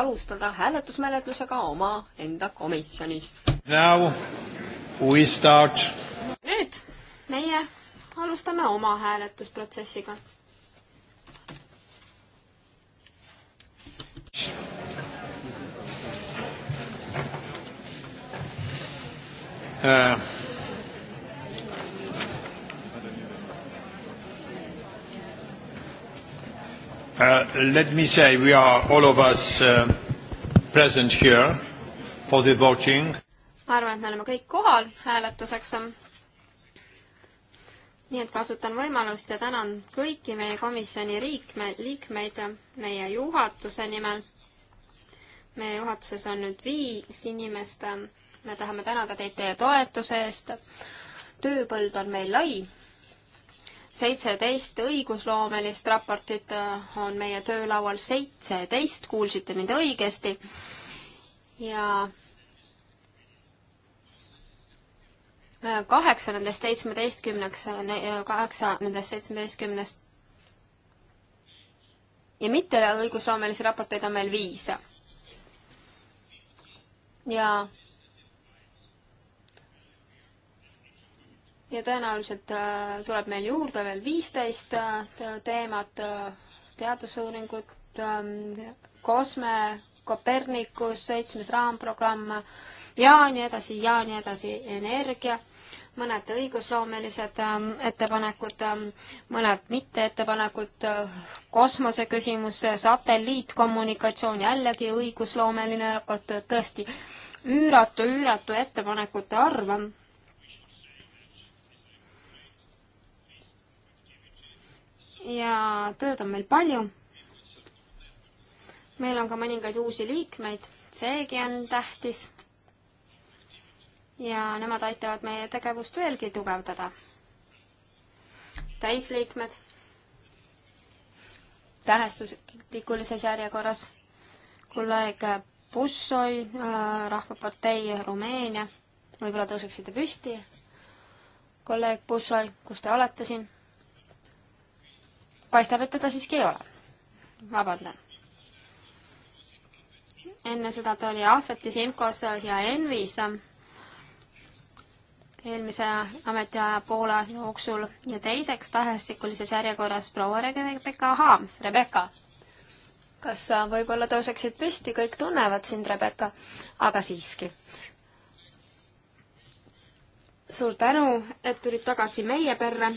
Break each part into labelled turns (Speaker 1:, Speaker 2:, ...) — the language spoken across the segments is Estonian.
Speaker 1: alustada hääletusmenetlusega omaenda komisjonis.
Speaker 2: Now we start.
Speaker 1: nüüd meie alustame oma hääletusprotsessiga.
Speaker 2: Uh Uh, let me say we are all of us uh, present here for the voting.
Speaker 1: arvan, et me oleme kõik kohal hääletuseks. nii et kasutan võimalust ja tänan kõiki meie komisjoni liikme, liikmeid meie juhatuse nimel. meie juhatuses on nüüd viis inimest. me tahame tänada teid teie toetuse eest. tööpõld on meil lai seitseteist õigusloomelist raportit äh, on meie töölaual, seitseteist, kuulsite mind õigesti. ja kaheksa nendest seitsmeteistkümneks, kaheksa nendest seitsmeteistkümnest ja mitte õigusloomelisi raporteid on meil viis. ja ja tõenäoliselt äh, tuleb meil juurde veel viisteist äh, teemat, äh, teadusuuringut, ähm, kosme, Kopernikus, seitsmes raamprogramm ja nii edasi ja nii edasi, energia, mõned õigusloomelised ähm, ettepanekud, ähm, mõned mitteettepanekud, kosmoseküsimus, satelliitkommunikatsioon, jällegi õigusloomeline raport, tõesti üüratu, üüratu ettepanekute arv ja tööd on meil palju. meil on ka mõningaid uusi liikmeid, seegi on tähtis. ja nemad aitavad meie tegevust veelgi tugevdada. täisliikmed tähestikulises järjekorras kolleeg Bussoi, äh, Rahvapartei Rumeenia, võib-olla tõuseksite püsti. kolleeg Bussoi, kus te olete siin? paistab, et teda siiski ei ole. vabandan. enne seda ta oli Ahvetis, Imkos ja Envis eelmise ametiaja poole jooksul ja teiseks tähestikulises järjekorras proua Rebecca Harms. Rebecca, kas sa võib-olla tõuseksid püsti, kõik tunnevad sind, Rebecca, aga siiski. suur tänu, et tulid tagasi meie perre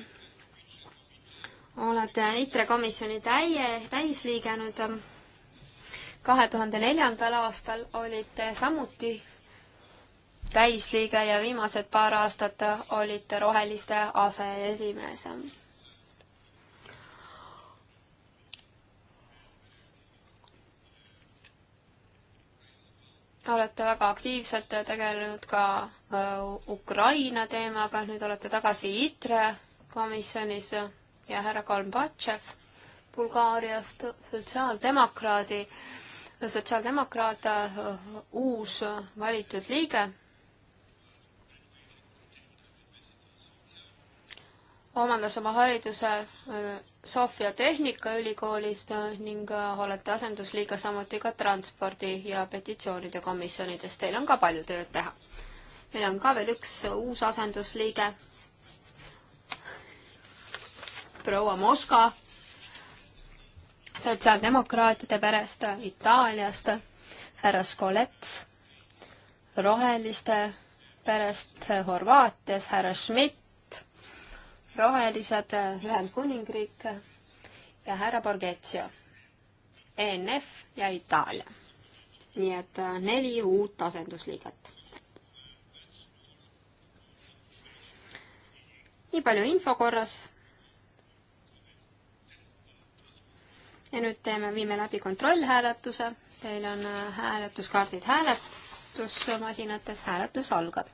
Speaker 1: oled ITRE komisjoni täie, täisliige nüüd. kahe tuhande neljandal aastal olite samuti täisliige ja viimased paar aastat olite Roheliste aseesimees. olete väga aktiivselt tegelenud ka äh, Ukraina teemaga, nüüd olete tagasi ITRE komisjonis ja härra Kalmbatšev Bulgaariast, sotsiaaldemokraadi, sotsiaaldemokraat, äh, uus valitud liige, omandas oma hariduse äh, Sofia Tehnikaülikoolist äh, ning olete asendusliige samuti ka transpordi ja petitsioonide komisjonides. Teil on ka palju tööd teha. meil on ka veel üks uus asendusliige proua Moska sotsiaaldemokraatide perest Itaaliast, härra Skolets roheliste perest Horvaatias, härra Schmidt, rohelised Ühendkuningriik ja härra Borghezio, ENF ja Itaalia. nii et äh, neli uut asendusliiget nii palju info korras. ja nüüd teeme, viime läbi kontrollhääletuse. Teil on äh, hääletuskaardid hääletusmasinates, hääletus algab.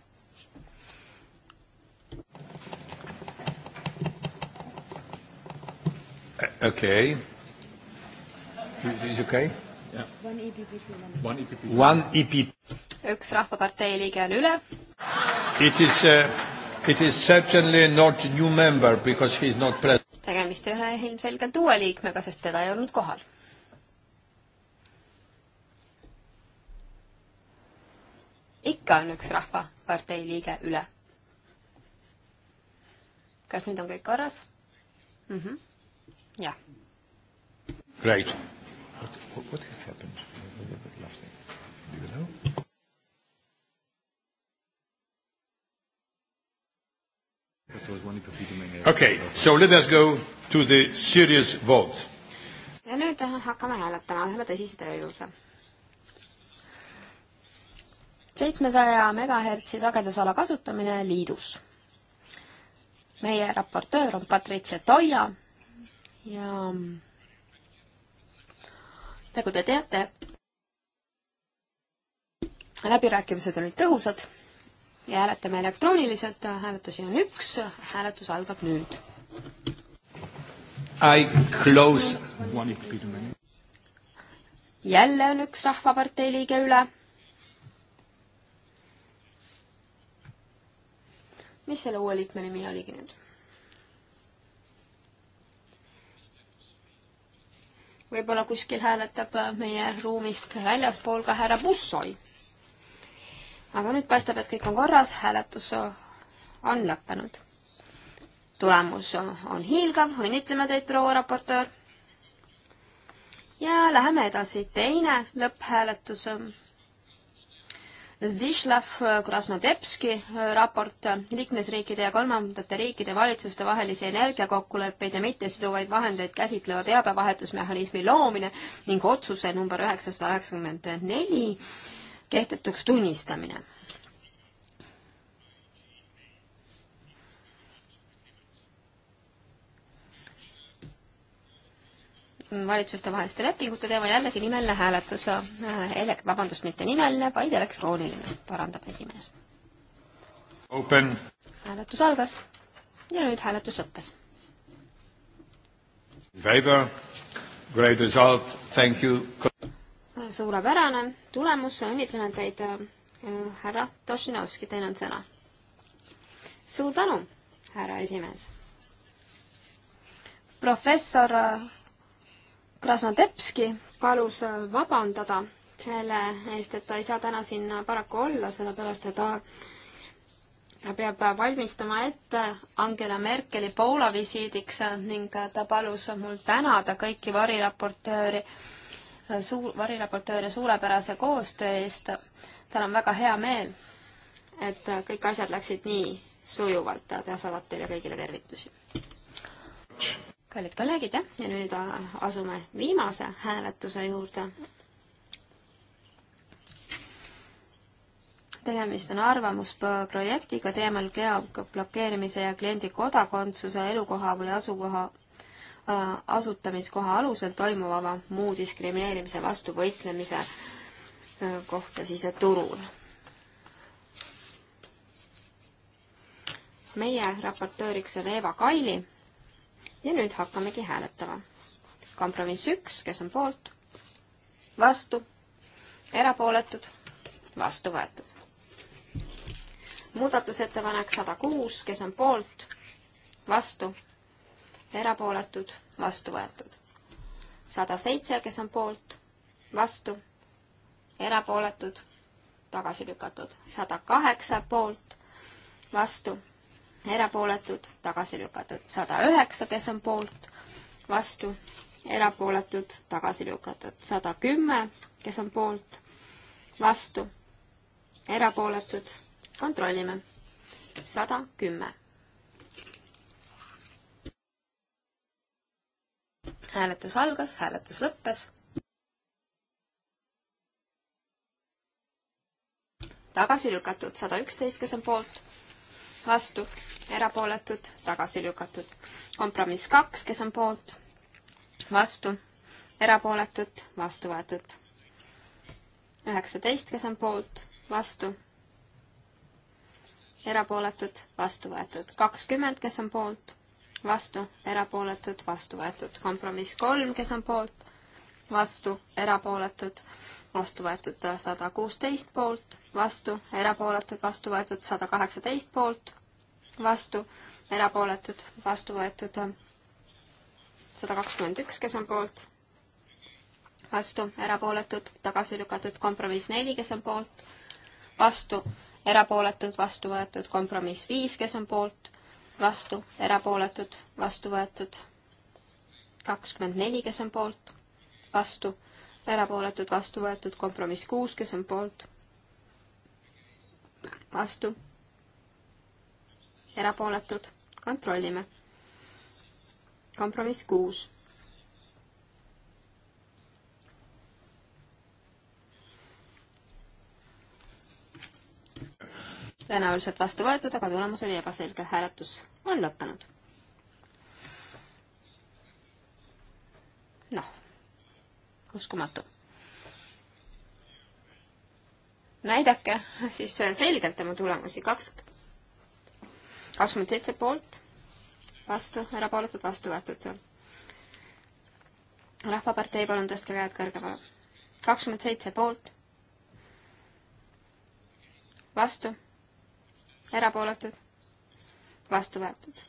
Speaker 2: okei okay.. Is okei okay?? Yeah. One EPP. One EPP. One EPP.
Speaker 1: E üks Rahvapartei liige on üle.
Speaker 2: It is uh,, it is certainly not new member because he is not present
Speaker 1: tegemist ei ole ilmselgelt uue liikmega, sest teda ei olnud kohal. ikka on üks Rahvapartei liige üle. kas nüüd on kõik korras mm? -hmm.
Speaker 2: jah. Great. What, what has happened? Did you know? okei okay,, so let us go to the serious vote.
Speaker 1: ja nüüd äh, hakkame hääletama, läheme tõsise töö juurde. seitsmesaja megahertsi sagedusala kasutamine liidus. meie raportöör on Patricia Toia ja mm, nagu te teate, läbirääkimised olid tõhusad ja hääletame elektrooniliselt, hääletusi on üks, hääletus algab nüüd.
Speaker 2: I close.
Speaker 1: jälle on üks Rahvapartei liige üle. mis selle uue liikme nimi oligi nüüd? võib-olla kuskil hääletab meie ruumist väljaspool ka härra Bussoi aga nüüd paistab, et kõik on korras, hääletus on lõppenud. tulemus on hiilgav, õnnitleme teid, proua raportöör. ja läheme edasi, teine lõpphääletus. Zdislav Krasnodebski raport liikmesriikide ja kolmandate riikide valitsuste vahelisi energiakokkuleppeid ja mittesiduvaid vahendeid käsitleva teabevahetusmehhanismi loomine ning otsuse number üheksasada üheksakümmend neli kehtetuks tunnistamine. valitsustevaheliste lepingute teema jällegi nimeline hääletus, äh, ele-, vabandust, mitte nimeline, vaid elektrooniline, parandab esimees. hääletus algas ja nüüd hääletus lõppes.
Speaker 2: Weber, great result, thank you
Speaker 1: suurepärane tulemus, õnnitlen teid, äh, härra Tošinovski, teil on sõna. suur tänu, härra esimees. professor äh, Krasnodebski palus äh, vabandada selle eest, et ta ei saa täna siin paraku olla, sellepärast et ta ta peab valmistama ette Angela Merkeli Poola visiidiks ning ta palus mul tänada kõiki variraportööri äh, suu-, variraportööre suurepärase koostöö eest. tal on väga hea meel, et kõik asjad läksid nii sujuvalt ja ta saadab teile kõigile tervitusi. kallid kolleegid, jah, ja nüüd asume viimase hääletuse juurde. tegemist on arvamusprojektiga teemal geoblokeerimise ja kliendi kodakondsuse, elukoha või asukoha asutamiskoha alusel toimuvama muu diskrimineerimise vastu võitlemise kohta siseturul. meie raportööriks on Eeva Kaili ja nüüd hakkamegi hääletama. kompromiss üks, kes on poolt, vastu, erapooletud, vastu võetud. muudatusettepanek sada kuus, kes on poolt, vastu, erapooletud vastu võetud. sada seitse, kes on poolt, vastu, erapooletud, tagasi lükatud. sada kaheksa poolt, vastu, erapooletud, tagasi lükatud. sada üheksa, kes on poolt, vastu, erapooletud, tagasi lükatud. sada kümme, kes on poolt, vastu, erapooletud, kontrollime. sada kümme hääletus algas, hääletus lõppes. tagasi lükatud sada üksteist, kes on poolt, vastu, erapooletud, tagasi lükatud. kompromiss kaks, kes on poolt, vastu, erapooletud, vastu võetud. üheksateist, kes on poolt, vastu, erapooletud, vastu võetud. kakskümmend, kes on poolt vastu, erapooletud, vastu võetud. kompromiss kolm, kes on poolt, vastu, erapooletud, vastu võetud sada kuusteist poolt, vastu, erapooletud, vastu võetud sada kaheksateist poolt, vastu, erapooletud, vastu võetud sada kakskümmend üks, kes on poolt, vastu, erapooletud, tagasi lükatud kompromiss neli, kes on poolt, vastu, erapooletud, vastu võetud kompromiss viis, kes on poolt vastu, erapooletud, vastu võetud. kakskümmend neli, kes on poolt, vastu, erapooletud, vastu võetud, kompromiss kuus, kes on poolt, vastu, erapooletud, kontrollime. kompromiss kuus tõenäoliselt vastu võetud, aga tulemus oli ebaselge. hääletus on lõppenud. noh, uskumatu. näidake siis selgelt tema tulemusi. kaks, kakskümmend seitse poolt, vastu, erapooletud, vastu võetud. rahvapartei, palun tõstke käed kõrgemale. kakskümmend seitse poolt, vastu erapooletud, vastu võetud.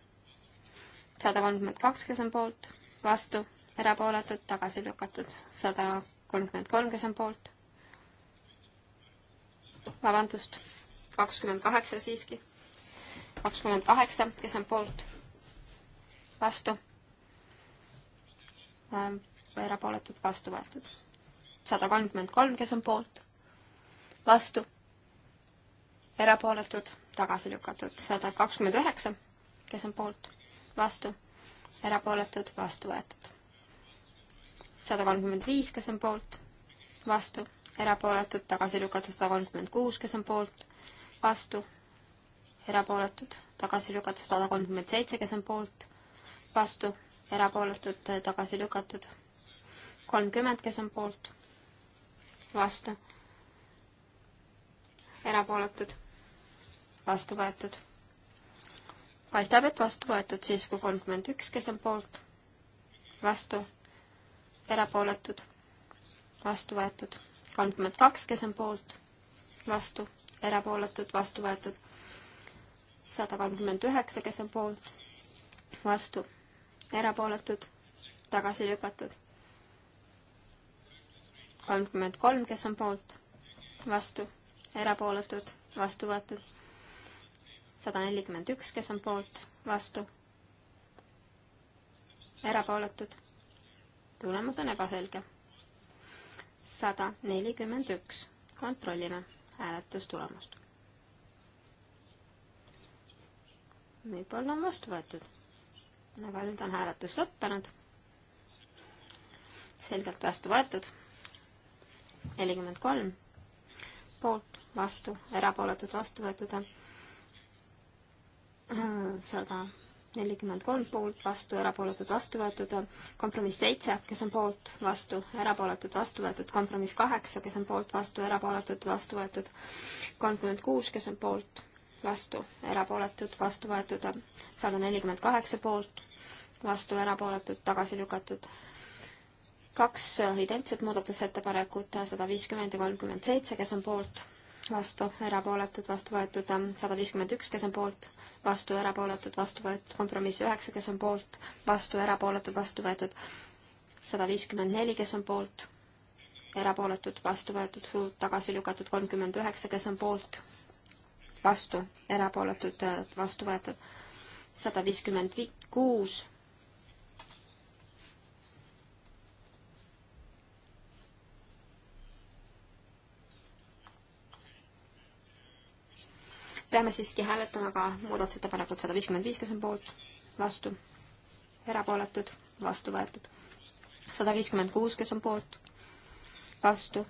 Speaker 1: sada kolmkümmend kaks, kes on poolt, vastu, erapooletud, tagasi lükatud. sada kolmkümmend kolm, kes on poolt. vabandust, kakskümmend kaheksa siiski. kakskümmend kaheksa, kes on poolt, vastu, ähm, erapooletud, vastu võetud. sada kolmkümmend kolm, kes on poolt, vastu erapooletud, tagasi lükatud sada kakskümmend üheksa, kes on poolt, vastu, erapooletud, vastu võetud. sada kolmkümmend viis, kes on poolt, vastu, erapooletud, tagasi lükatud sada kolmkümmend kuus, kes on poolt, vastu, erapooletud, tagasi lükatud sada kolmkümmend seitse, kes on poolt, vastu, erapooletud, tagasi lükatud kolmkümmend, kes on poolt, vastu, erapooletud vastu võetud. paistab, et vastu võetud siis, kui kolmkümmend üks, kes on poolt, vastu, erapooletud, vastu võetud. kolmkümmend kaks, kes on poolt, vastu, erapooletud, vastu võetud. sada kolmkümmend üheksa, kes on poolt, vastu, erapooletud, tagasi lükatud. kolmkümmend kolm, kes on poolt, vastu, erapooletud, vastu võetud sada nelikümmend üks, kes on poolt, vastu, erapooletud. tulemus on ebaselge. sada nelikümmend üks, kontrollime hääletustulemust. võib-olla on vastu võetud. aga nüüd on hääletus lõppenud. selgelt vastu võetud. nelikümmend kolm poolt, vastu, erapooletud, vastu võetud on sada nelikümmend kolm poolt, vastu, erapooletud, vastu võetud, kompromiss seitse, kes on poolt, vastu, erapooletud, vastu võetud, kompromiss kaheksa, kes on poolt, vastu, erapooletud, vastu võetud, kolmkümmend kuus, kes on poolt, vastu, erapooletud, vastu võetud, sada nelikümmend kaheksa poolt, vastu, erapooletud, tagasi lükatud, kaks identset muudatusettepanekut, sada viiskümmend ja kolmkümmend seitse, kes on poolt, vastu, erapooletud, vastu võetud ähm, sada viiskümmend üks, kes on poolt, vastu, erapooletud, vastu võetud, kompromiss üheksa, kes on poolt, vastu, erapooletud, vastu võetud sada viiskümmend neli, kes on poolt, erapooletud, vastu võetud, tagasi lükatud kolmkümmend üheksa, kes on poolt, vastu, erapooletud, vastu võetud sada viiskümmend kuus peame siiski hääletama ka muudatusettepanekut sada viiskümmend viis, kes on poolt, vastu, erapooletud, vastu võetud. sada viiskümmend kuus, kes on poolt, vastu,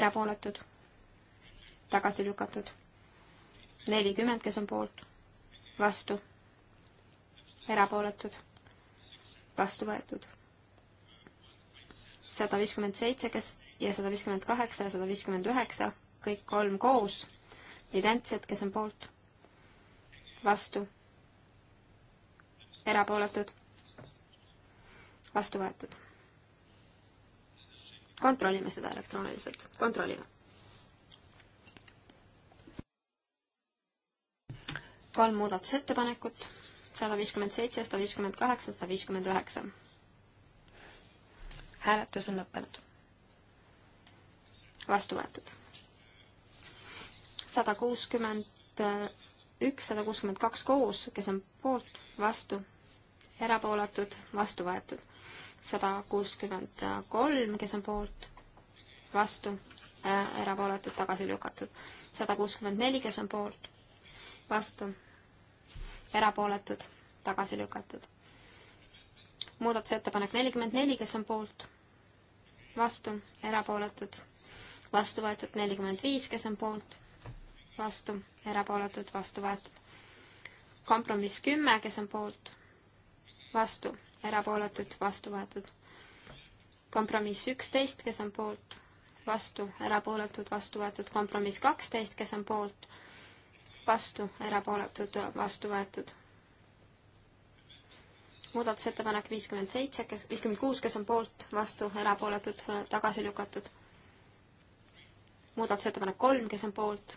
Speaker 1: erapooletud, tagasi lükatud. nelikümmend, kes on poolt, vastu, erapooletud, vastu võetud. sada viiskümmend seitse, kes ja sada viiskümmend kaheksa ja sada viiskümmend üheksa, kõik kolm koos identsed, kes on poolt, vastu, erapooletud, vastu võetud. kontrollime seda elektrooniliselt, kontrollime. kolm muudatusettepanekut, sada viiskümmend seitse, sada viiskümmend kaheksa, sada viiskümmend üheksa. hääletus on lõppenud. vastu võetud sada kuuskümmend üks, sada kuuskümmend kaks koos, kes on poolt, vastu, erapooletud, vastu võetud. sada kuuskümmend kolm, kes on poolt, vastu, erapooletud, tagasi lükatud. sada kuuskümmend neli, kes on poolt, vastu, erapooletud, tagasi lükatud. muudatusettepanek nelikümmend neli, kes on poolt, vastu, erapooletud, vastu võetud nelikümmend viis, kes on poolt vastu, erapooletud, vastu võetud. kompromiss kümme, kes on poolt, vastu, erapooletud, vastu võetud. kompromiss üksteist, kes on poolt, vastu, erapooletud, vastu võetud. kompromiss kaksteist, kes on poolt, vastu, erapooletud, vastu võetud muudatusettepanek viiskümmend seitse, kes, viiskümmend kuus, kes on poolt, vastu, erapooletud, tagasi lükatud. muudatusettepanek kolm, kes on poolt,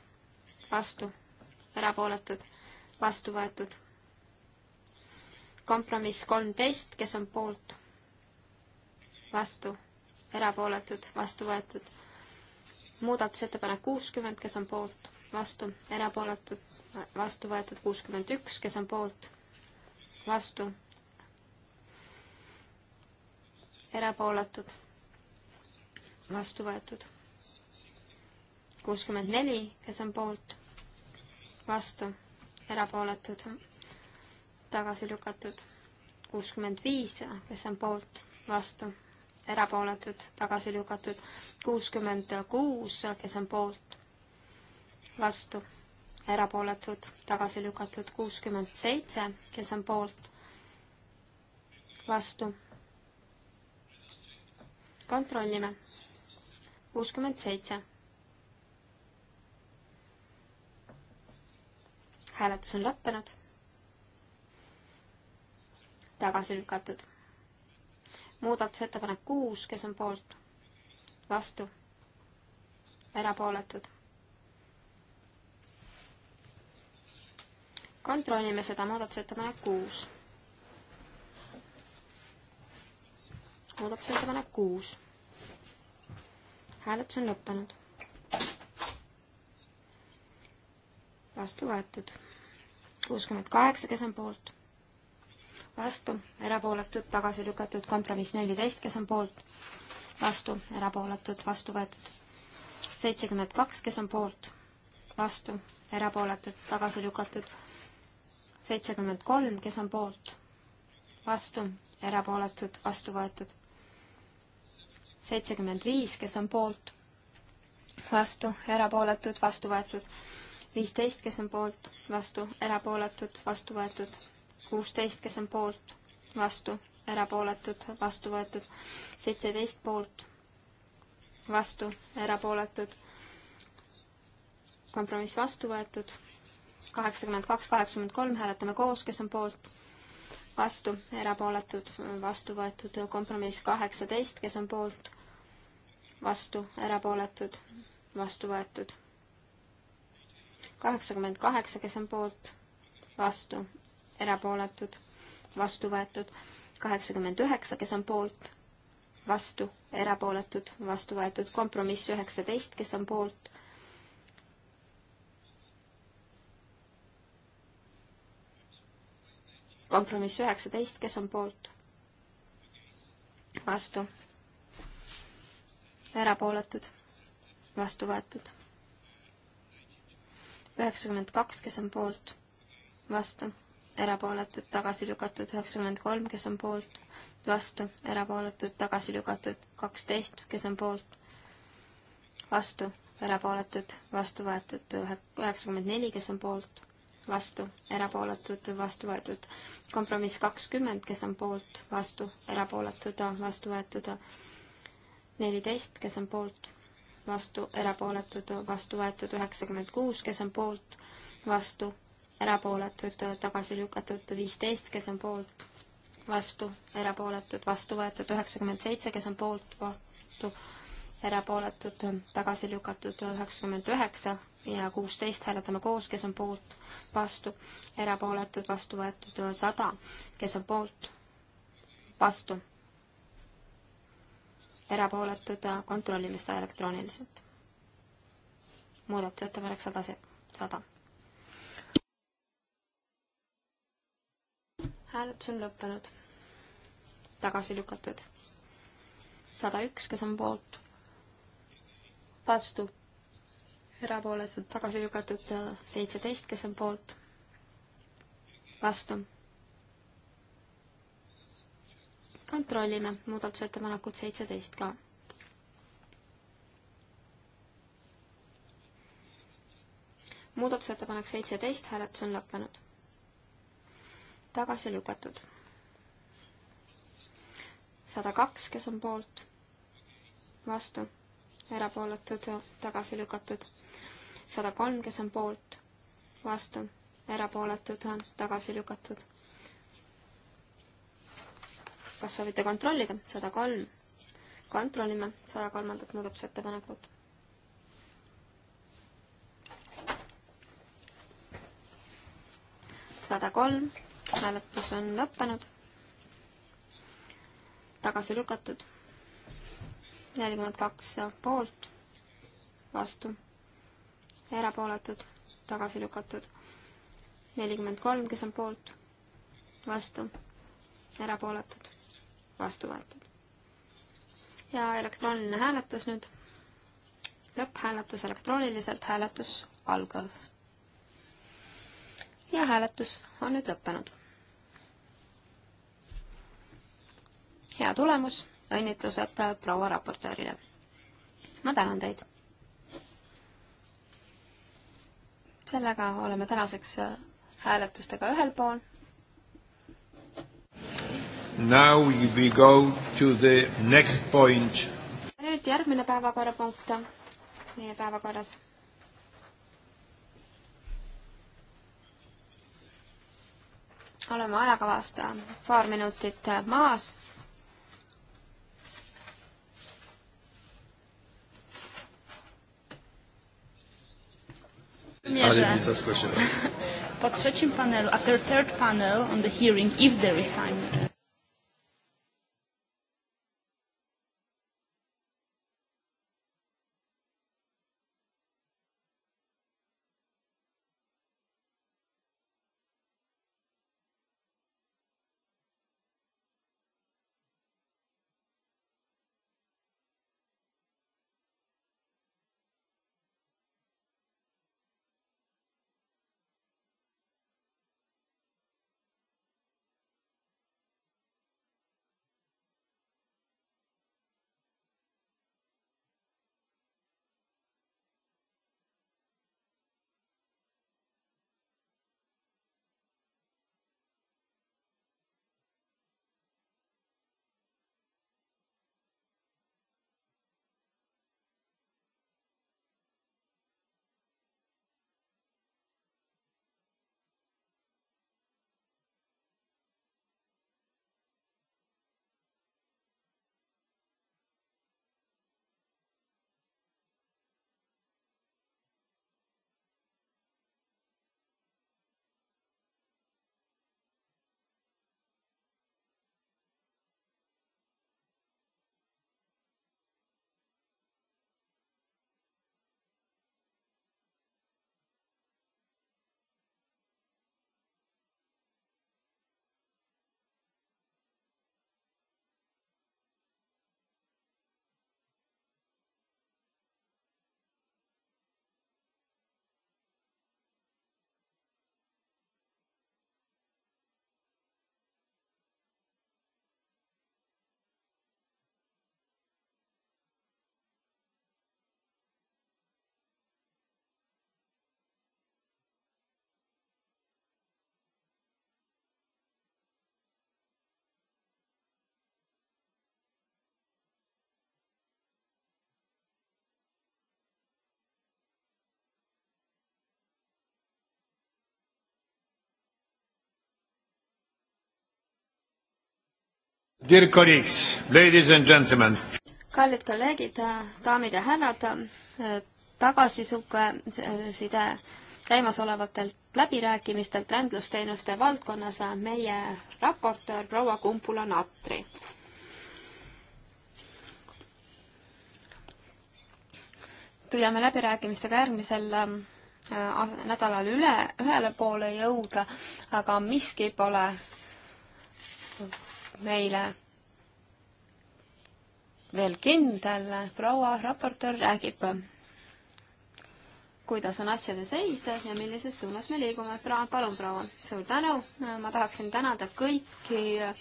Speaker 1: vastu, erapooletud, vastu võetud. kompromiss kolmteist, kes on poolt, vastu, erapooletud, vastu võetud. muudatusettepanek kuuskümmend, kes on poolt, vastu, erapooletud, vastu võetud kuuskümmend üks, kes on poolt, vastu, erapooletud, vastu võetud kuuskümmend neli, kes on poolt, vastu, erapooletud, tagasi lükatud. kuuskümmend viis, kes on poolt, vastu, erapooletud, tagasi lükatud. kuuskümmend kuus, kes on poolt, vastu, erapooletud, tagasi lükatud. kuuskümmend seitse, kes on poolt, vastu. kontrollime. kuuskümmend seitse hääletus on lõppenud. tagasi lükatud. muudatusettepanek kuus, kes on poolt? vastu? erapooletud? kontrollime seda muudatusettepanek kuus. muudatusettepanek kuus. hääletus on lõppenud vastu võetud. kuuskümmend kaheksa, kes on poolt? vastu, erapooletud, tagasi lükatud, kompromiss neliteist, kes on poolt? vastu, erapooletud, vastu võetud. seitsekümmend kaks, kes on poolt? vastu, erapooletud, tagasi lükatud. seitsekümmend kolm, kes on poolt? vastu, erapooletud, vastu võetud. seitsekümmend viis, kes on poolt? vastu, erapooletud, vastu võetud viisteist, kes on poolt, vastu, erapooletud, vastu võetud. kuusteist, kes on poolt, vastu, erapooletud, vastu võetud. seitseteist poolt, vastu, erapooletud. kompromiss vastu võetud. kaheksakümmend kaks, kaheksakümmend kolm, hääletame koos, kes on poolt, vastu, erapooletud, vastu võetud. kompromiss kaheksateist, kes on poolt, vastu, erapooletud, vastu võetud kaheksakümmend kaheksa, kes on poolt, vastu, erapooletud, vastu võetud. kaheksakümmend üheksa, kes on poolt, vastu, erapooletud, vastu võetud. kompromiss üheksateist, kes on poolt. kompromiss üheksateist, kes on poolt, vastu, erapooletud, vastu võetud üheksakümmend kaks, kes on poolt, vastu, erapooletud, tagasi lükatud, üheksakümmend kolm, kes on poolt, vastu, erapooletud, tagasi lükatud, kaksteist, kes on poolt, vastu, erapooletud, vastu võetud, üheksakümmend neli, kes on poolt, vastu, erapooletud, vastu võetud, kompromiss kakskümmend, kes on poolt, vastu, erapooletud, vastu võetud, neliteist, kes on poolt vastu, erapooletud, vastu võetud üheksakümmend kuus, kes on poolt, vastu, erapooletud, tagasi lükatud viisteist, kes on poolt, vastu, erapooletud, vastu võetud üheksakümmend seitse, kes on poolt, vastu, erapooletud, tagasi lükatud üheksakümmend üheksa ja kuusteist hääletame koos, kes on poolt, vastu, erapooletud, vastu võetud sada, kes on poolt, vastu erapooletud, kontrollime seda elektrooniliselt. muudatusettepanek sada, sada. hääletus on lõppenud. tagasi lükatud. sada üks, kes on poolt? vastu. erapooletud, tagasi lükatud seitseteist, kes on poolt? vastu kontrollime muudatusettepanekut seitseteist ka. muudatusettepanek seitseteist, hääletus on lõppenud. tagasi lükatud. sada kaks, kes on poolt, vastu, erapooletud, tagasi lükatud. sada kolm, kes on poolt, vastu, erapooletud, tagasi lükatud kas soovite kontrollida? sada kolm. kontrollime saja kolmandat muudatusettepanekut. sada kolm, hääletus on lõppenud. tagasi lükatud. nelikümmend kaks poolt, vastu, erapooletud, tagasi lükatud. nelikümmend kolm, kes on poolt, vastu erapooletud vastu võetud. ja elektrooniline hääletus nüüd. lõpphääletus elektrooniliselt, hääletus algas. ja hääletus on nüüd lõppenud. hea tulemus, õnnitlused proua raportöörile. ma tänan teid. sellega oleme tänaseks hääletustega ühel pool Now
Speaker 2: we go to the next point.
Speaker 1: nüüd järgmine päevakorrapunkt meie päevakorras. oleme ajakavast paar minutit maas
Speaker 3: premierze, po
Speaker 1: trzecim panelu, after third panel on the hearing, if there is time,
Speaker 2: Dear colleagues, ladies and gentlemen.
Speaker 1: kallid kolleegid, daamid ja härrad, tagasiside käimasolevatelt läbirääkimistelt rändlusteenuste valdkonnas meie raportöör proua Kumpula Natri. püüame läbirääkimistega järgmisel äh, nädalal üle, ühele poole jõuda, aga miski pole meile veel kindel, proua raportöör räägib, kuidas on asjade seis ja millises suunas me liigume. palun, proua, suur tänu. ma tahaksin tänada kõiki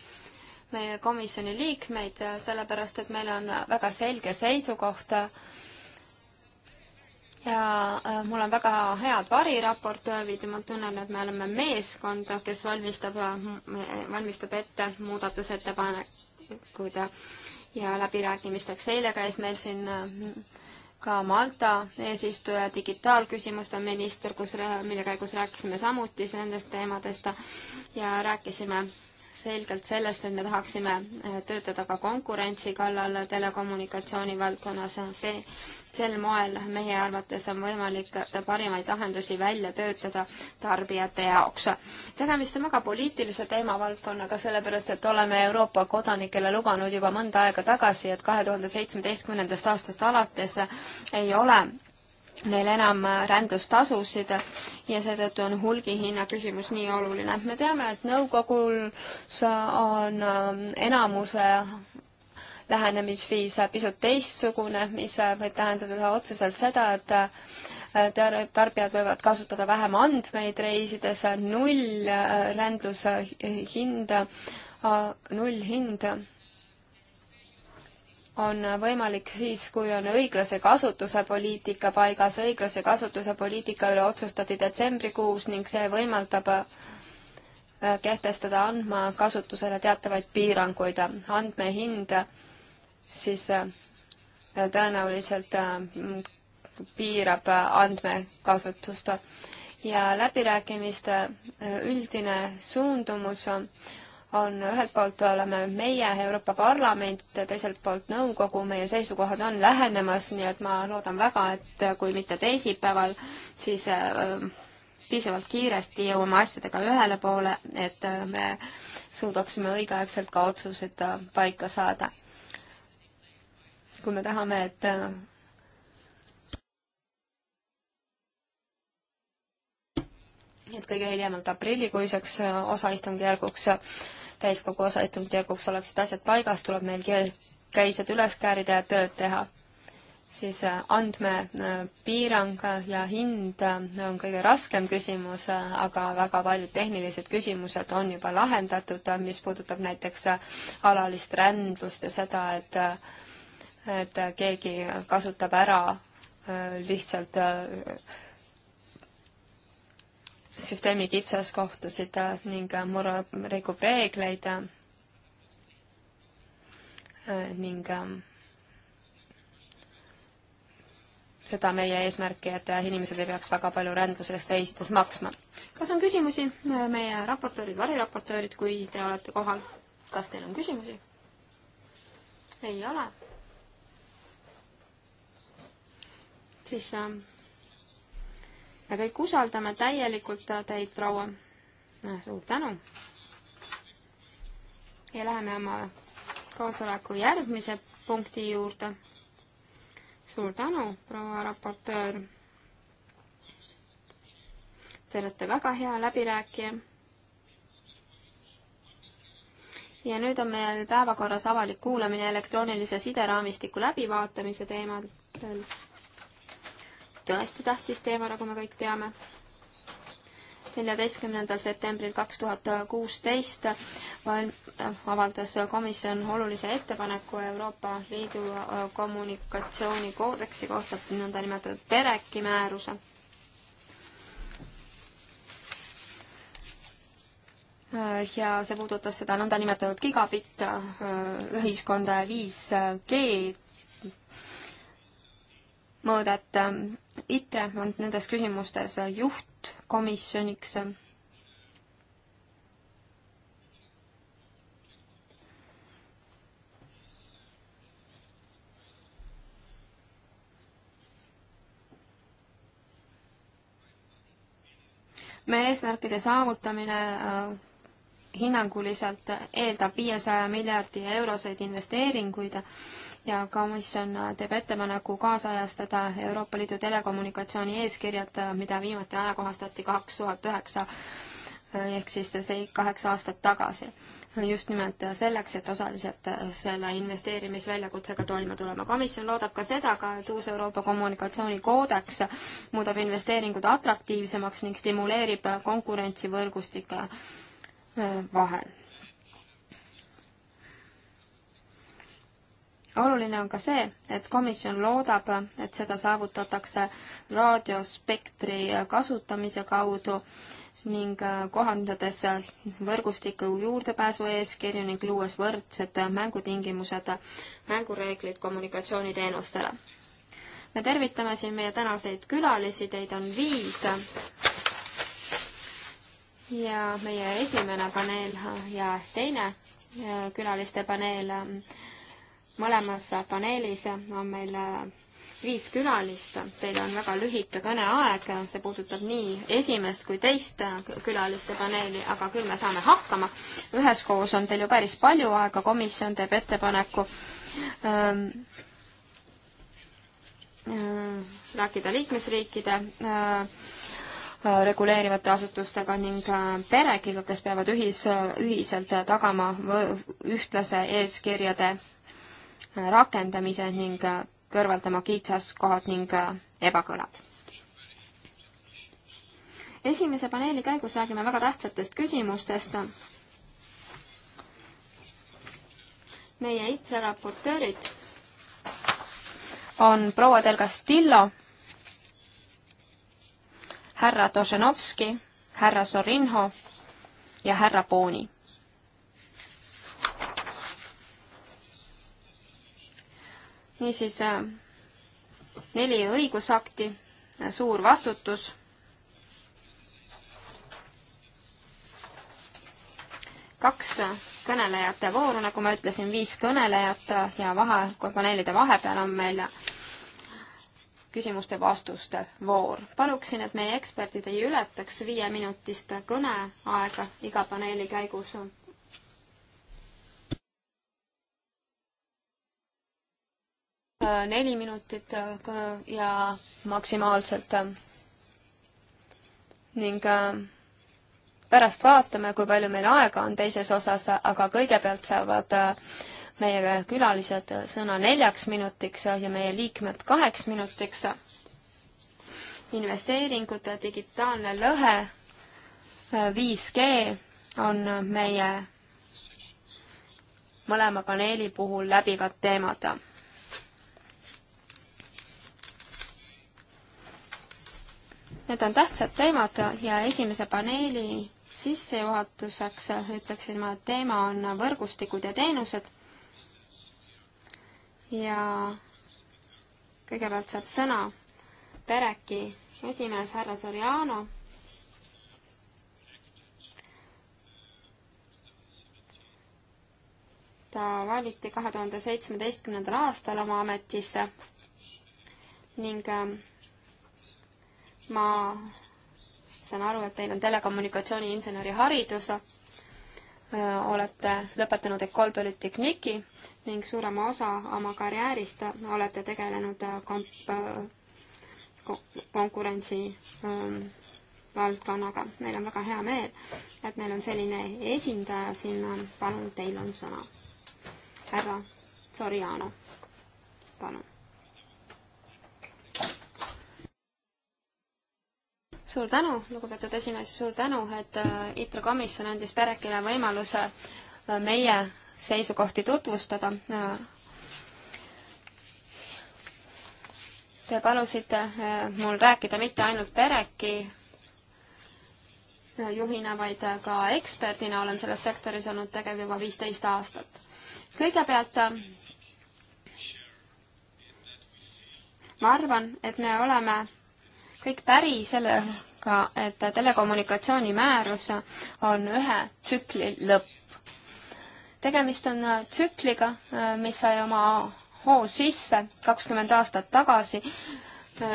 Speaker 1: meie komisjoni liikmeid, sellepärast et meil on väga selge seisukoht ja äh, mul on väga head variraportöörid ja ma tunnen, et me oleme meeskond, kes valmistab, äh, valmistab ette muudatusettepanekud ja, ja läbirääkimisteks. eile käis meil siin äh, ka Malta eesistuja digitaalküsimuste minister, kus, mille käigus rääkisime samuti nendest teemadest ja rääkisime selgelt sellest, et me tahaksime äh, töötada ka konkurentsi kallal telekommunikatsiooni valdkonnas. see, sel moel meie arvates on võimalik parimaid lahendusi välja töötada tarbijate jaoks. tegemist on väga poliitilise teemavaldkonnaga, sellepärast et oleme Euroopa kodanikele lubanud juba mõnda aega tagasi, et kahe tuhande seitsmeteistkümnendast aastast alates ei ole neil enam rändlustasusid ja seetõttu on hulgihinna küsimus nii oluline. me teame, et nõukogus on ähm, enamuse lähenemisviis pisut teistsugune, mis võib tähendada otseselt seda, et äh, tarbijad võivad kasutada vähem andmeid reisides, null äh, rändluse hinda, äh, null hinda on võimalik siis, kui on õiglase kasutuse poliitika paigas. õiglase kasutuse poliitika üle otsustati detsembrikuus ning see võimaldab äh, kehtestada andmakasutusele teatavaid piiranguid. andmehind siis äh, tõenäoliselt äh, piirab andmekasutust ja läbirääkimiste üldine suundumus on on ühelt poolt oleme meie, Euroopa Parlament, teiselt poolt nõukogu, meie seisukohad on lähenemas, nii et ma loodan väga, et kui mitte teisipäeval, siis äh, piisavalt kiiresti jõuame asjadega ühele poole, et äh, me suudaksime õigeaegselt ka otsused äh, paika saada. kui me tahame, et et kõige hiljemalt aprillikuiseks osaistungjärguks täiskogu osaistungjärguks oleksid asjad paigas, tuleb meil käised üles käärida ja tööd teha. siis äh, andmepiirang äh, ja hind äh, on kõige raskem küsimus, aga väga paljud tehnilised küsimused on juba lahendatud, mis puudutab näiteks alalist rändlust ja seda, et et keegi kasutab ära lihtsalt süsteemi kitsaskohtasid ning murra-, rikub reegleid ning ähm, seda meie eesmärki, et inimesed ei peaks väga palju rändlusest reisides maksma. kas on küsimusi, äh, meie raportöörid, variraportöörid, kui te olete kohal, kas teil on küsimusi? ei ole. siis äh, me kõik usaldame täielikult teid, proua. suur tänu. ja läheme oma koosoleku järgmise punkti juurde. suur tänu, proua raportöör. Te olete väga hea läbirääkija. ja nüüd on meil päevakorras avalik kuulamine elektroonilise sideraamistiku läbivaatamise teemadel tõesti tähtis teema, nagu me kõik teame. neljateistkümnendal septembril kaks tuhat kuusteist avaldas komisjon olulise ettepaneku Euroopa Liidu äh, kommunikatsioonikoodeksi kohta, nõndanimetatud Tereki määruse. Äh, ja see puudutas seda nõndanimetatud gigabitt äh, ühiskonda ja 5G-d mõõdet. Ähm, ITRE on nendes küsimustes äh, juhtkomisjoniks. meie eesmärkide saavutamine äh, hinnanguliselt eeldab viiesaja miljardi euroseid investeeringuid ja komisjon teeb ettepaneku kaasajastada Euroopa Liidu telekommunikatsiooni eeskirjad, mida viimati ajakohastati kaks tuhat üheksa ehk siis see kaheksa aastat tagasi. just nimelt selleks, et osaliselt selle investeerimisväljakutsega toime tulema. komisjon loodab ka seda, ka et uus Euroopa kommunikatsioonikoodeks muudab investeeringud atraktiivsemaks ning stimuleerib konkurentsi võrgustike vahel oluline on ka see, et komisjon loodab, et seda saavutatakse raadiospektri kasutamise kaudu ning äh, kohandades võrgustiku juurdepääsu eeskirju ning luues võrdsed mängutingimused, mängureeglid kommunikatsiooniteenustele. me tervitame siin meie tänaseid külalisi, teid on viis. ja meie esimene paneel ja teine äh, külaliste paneel äh, mõlemas paneelis on meil äh, viis külalist, teil on väga lühike kõneaeg, see puudutab nii esimest kui teist äh, külaliste paneeli, aga küll me saame hakkama. üheskoos on teil ju päris palju aega, komisjon teeb ettepaneku ähm, äh, rääkida liikmesriikide äh, äh reguleerivate asutustega ning perekiga, kes peavad ühis, ühiselt tagama ühtlase eeskirjade rakendamise ning äh, kõrvaldama kitsaskohad ning äh, ebakõlad. esimese paneeli käigus räägime väga tähtsatest küsimustest. meie ITRE raportöörid on proua Del Castillo, härra Tošenovski, härra Sorinho ja härra Pooni niisiis äh, neli õigusakti, äh, suur vastutus kaks äh, kõnelejate vooru, nagu ma ütlesin, viis kõnelejat ja vahe, paneelide vahepeal on meil küsimuste-vastuste voor. paluksin, et meie eksperdid ei ületaks viieminutist kõneaega iga paneeli käigus. Äh, neli minutit äh, ja maksimaalselt. Äh, ning pärast vaatame, kui palju meil aega on teises osas, aga kõigepealt saavad meie külalised sõna neljaks minutiks ja meie liikmed kaheks minutiks. investeeringud, digitaalne lõhe, 5G on meie mõlema paneeli puhul läbivad teemad Need on tähtsad teemad ja esimese paneeli sissejuhatuseks ütleksin ma, et teema on võrgustikud ja teenused. ja kõigepealt saab sõna Pereki esimees härra Soriano ta valiti kahe tuhande seitsmeteistkümnendal aastal oma ametisse ning ähm, ma saan aru, et teil on telekommunikatsiooniinseneri haridus, olete lõpetanud Ecole Polytechniki ning suurema osa oma karjäärist olete tegelenud komp-, konkurentsi valdkonnaga. meil on väga hea meel, et meil on selline esindaja siin, palun, teil on sõna. härra Soriano, palun. suur tänu, lugupeetud esimees, suur tänu, et äh, ITRE komisjon andis Perekile võimaluse äh, meie seisukohti tutvustada. Äh, te palusite mul rääkida mitte ainult Pereki juhina, vaid ka eksperdina olen selles sektoris olnud tegev juba viisteist aastat. kõigepealt ma arvan, et me oleme kõik päri sellega, et telekommunikatsiooni määrus on ühe tsükli lõpp. tegemist on tsükliga, mis sai oma hoo sisse kakskümmend aastat tagasi,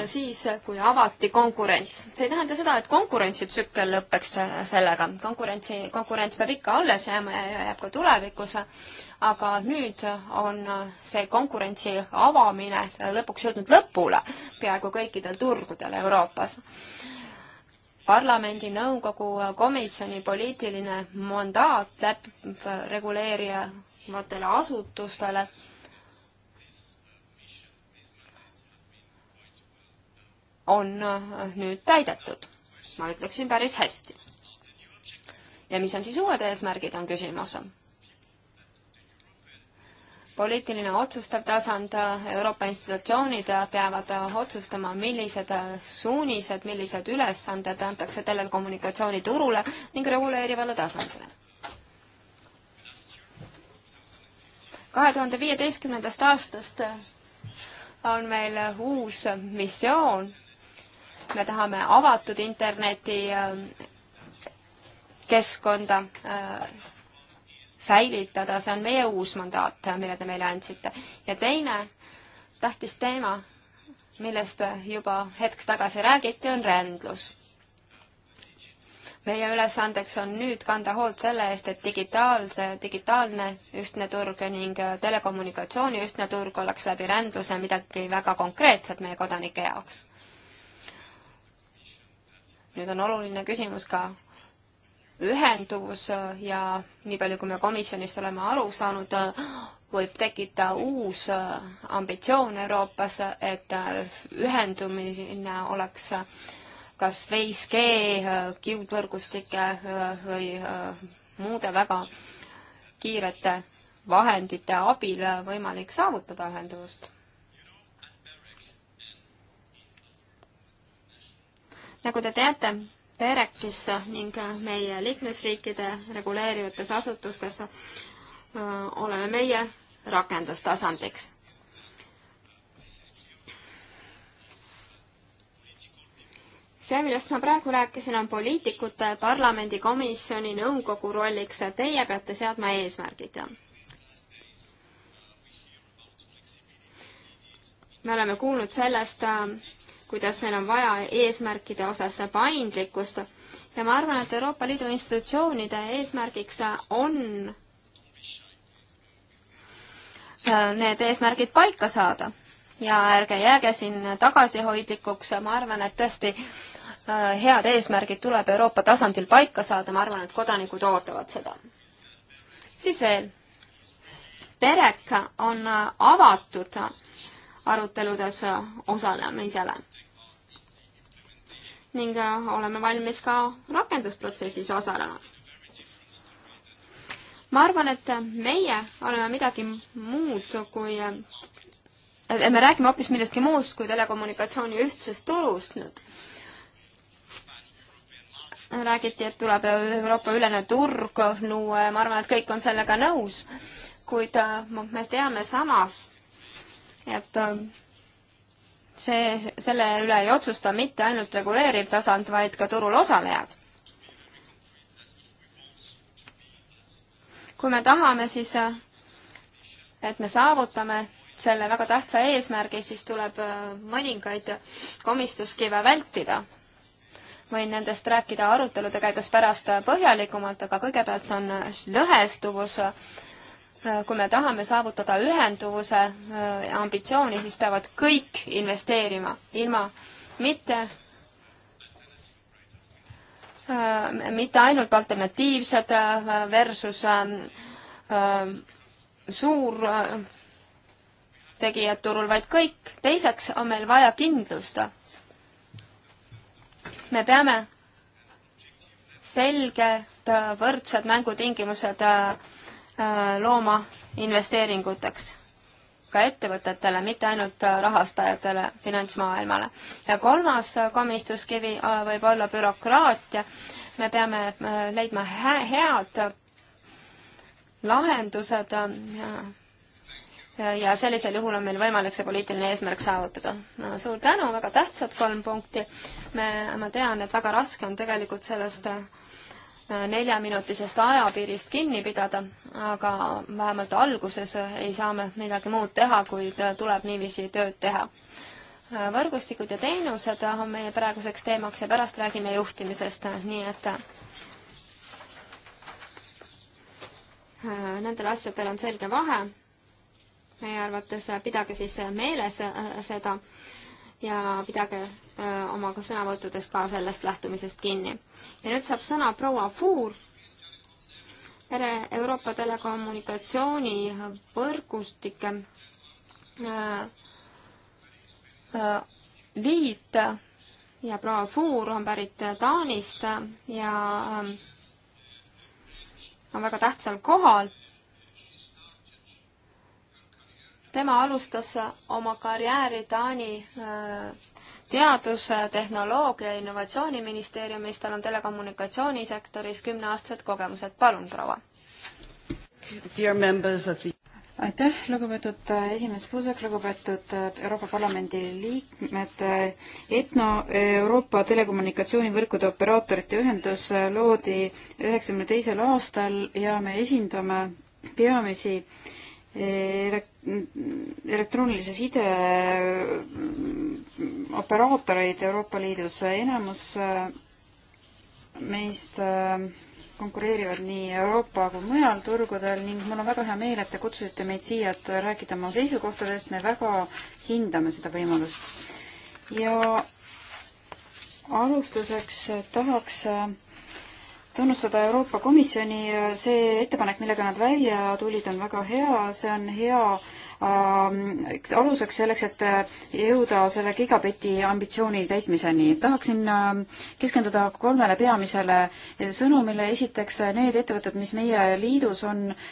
Speaker 1: siis, kui avati konkurents. see ei tähenda seda, et konkurentsitsükkel lõpeks sellega. konkurentsi, konkurents peab ikka alles jääma ja jääb ka tulevikus aga nüüd on see konkurentsi avamine lõpuks jõudnud lõpule peaaegu kõikidel turgudel Euroopas parlamendi, nõukogu, komisjoni poliitiline mandaat läb-, reguleerivatele asutustele on nüüd täidetud. ma ütleksin päris hästi. ja mis on siis uued eesmärgid, on küsimus poliitiline otsustav tasand, Euroopa institutsioonid peavad otsustama, millised suunised, millised ülesanded antakse telekommunikatsiooniturule ning reguleerivale tasandile. kahe tuhande viieteistkümnendast aastast on meil uus missioon. me tahame avatud interneti äh, keskkonda äh, säilitada, see on meie uus mandaat, mille te meile andsite. ja teine tähtis teema, millest juba hetk tagasi räägiti, on rändlus. meie ülesandeks on nüüd kanda hoolt selle eest, et digitaalse, digitaalne ühtne turg ning telekommunikatsiooni ühtne turg oleks läbi rändluse midagi väga konkreetset meie kodanike jaoks. nüüd on oluline küsimus ka ühenduvus ja nii palju, kui me komisjonist oleme aru saanud, võib tekkida uus ambitsioon Euroopas, et ühendumine oleks kas 5G, kiudvõrgustike või muude väga kiirete vahendite abil võimalik saavutada ühenduvust. nagu te teate, PEREC-isse ning meie liikmesriikide reguleerivates asutustes oleme meie rakendustasandiks. see, millest ma praegu rääkisin, on poliitikute, parlamendikomisjoni, nõukogu rolliks, teie peate seadma eesmärgid me oleme kuulnud sellest, kuidas meil on vaja eesmärkide osas paindlikkust ja ma arvan, et Euroopa Liidu institutsioonide eesmärgiks on äh, need eesmärgid paika saada ja ärge jääge siin tagasihoidlikuks, ma arvan, et tõesti äh, head eesmärgid tuleb Euroopa tasandil paika saada, ma arvan, et kodanikud ootavad seda. siis veel. pereka on avatud aruteludes osalemisele ning äh, oleme valmis ka rakendusprotsessis osalema. ma arvan, et meie oleme midagi muud kui äh, me räägime hoopis millestki muust kui telekommunikatsiooni ühtsest turust nüüd räägiti, et tuleb Euroopa ülene turg luua ja ma arvan, et kõik on sellega nõus. kuid äh, me teame samas, et see, selle üle ei otsusta mitte ainult reguleeriv tasand, vaid ka turul osalejad. kui me tahame, siis et me saavutame selle väga tähtsa eesmärgi, siis tuleb äh, mõningaid komistuskive vältida. võin nendest rääkida arutelude käigus pärast põhjalikumalt, aga kõigepealt on lõhestuvus Äh, kui me tahame saavutada ühenduvuse äh, ambitsiooni, siis peavad kõik investeerima, ilma mitte äh, mitte ainult alternatiivsed versus ähm, ähm, suur tegijad turul, vaid kõik. teiseks on meil vaja kindlust. me peame selged võrdsed mängutingimused äh, Äh, looma investeeringuteks ka ettevõtetele, mitte ainult äh, rahastajatele, finantsmaailmale. ja kolmas äh, komistuskivi võib olla bürokraatia. me peame leidma head lahendused ja sellisel juhul on meil võimalik see poliitiline eesmärk saavutada no,. suur tänu, väga tähtsad kolm punkti. me, ma tean, et väga raske on tegelikult sellest äh, neljaminutisest ajapiirist kinni pidada, aga vähemalt alguses ei saa me midagi muud teha, kuid tuleb niiviisi tööd teha. võrgustikud ja teenused on meie praeguseks teemaks ja pärast räägime juhtimisest, nii et nendel asjadel on selge vahe. meie arvates pidage siis meeles seda ja pidage äh, oma sõnavõttudes ka sellest lähtumisest kinni. ja nüüd saab sõna proua Fuur, Euroopa telekommunikatsioonivõrgustike äh, äh, liit ja proua Fuur on pärit Taanist ja on väga tähtsal kohal tema alustas oma karjääri Taani äh, teadus-, tehnoloogia ja innovatsiooniministeeriumis, tal on telekommunikatsioonisektoris kümneaastased
Speaker 3: kogemused, palun, proua. aitäh, lugupeetud äh, esimees Puusek, lugupeetud äh, Euroopa Parlamendi liikmed. Etno Euroopa telekommunikatsioonivõrkude operaatorite ühendus loodi üheksakümne teisel aastal ja me esindame peamisi äh, elektroonilise side mm, operaatoreid Euroopa Liidus, enamus äh, meist äh, konkureerivad nii Euroopa kui mujal turgudel ning mul on väga hea meel, et te kutsusite meid siia, et rääkida oma seisukohtadest, me väga hindame seda võimalust. ja alustuseks tahaks äh, tunnustada Euroopa Komisjoni, äh, see ettepanek, millega nad välja tulid, on väga hea, see on hea äh, aluseks selleks, et äh, jõuda selle gigabitti ambitsiooni täitmiseni. tahaksin äh, keskenduda kolmele peamisele sõnumile. esiteks, äh, need ettevõtted, mis meie liidus on äh,,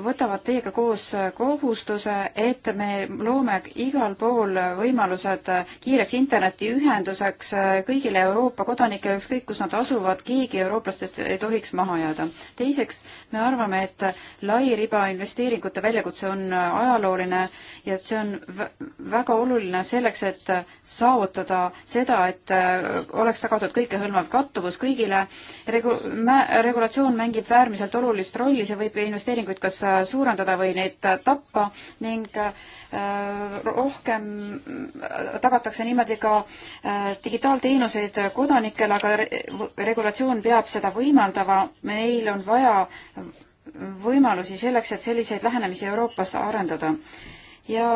Speaker 3: võtavad teiega koos kohustuse, et me loome igal pool võimalused kiireks internetiühenduseks kõigile Euroopa kodanikele, ükskõik kus nad asuvad, keegi eurooplastest ei tohiks maha jääda. teiseks, me arvame, et lairiba investeeringute väljakutse on ajalooline äh, ja et see on väga oluline selleks, et saavutada seda, et äh, oleks tagatud kõikehõlmav kattuvus kõigile Regu. regulatsioon mängib äärmiselt olulist rolli, see võib investeeringuid kas äh, suurendada või neid äh, tappa ning rohkem tagatakse niimoodi ka digitaalteenuseid kodanikele, aga regulatsioon peab seda võimaldama, meil on vaja võimalusi selleks, et selliseid lähenemisi Euroopas arendada ja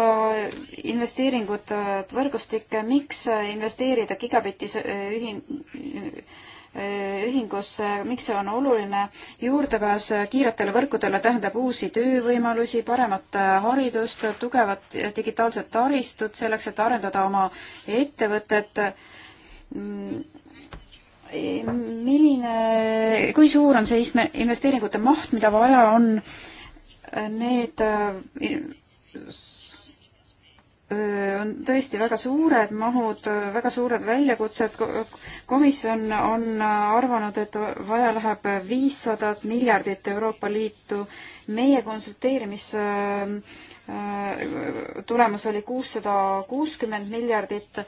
Speaker 3: investeeringud äh, võrgustikke, miks äh, investeerida gigabitti äh, ühing-, ühingusse, miks see on oluline, juurdepääs kiiretele võrkudele tähendab uusi töövõimalusi, paremat haridust, tugevat digitaalset taristut selleks, et arendada oma ettevõtet. Mm, milline, kui suur on see investeeringute maht, mida vaja on, need on tõesti väga suured mahud, väga suured väljakutsed. komisjon on arvanud, et vaja läheb viissadat miljardit Euroopa Liitu. meie konsulteerimis tulemus oli kuussada kuuskümmend miljardit,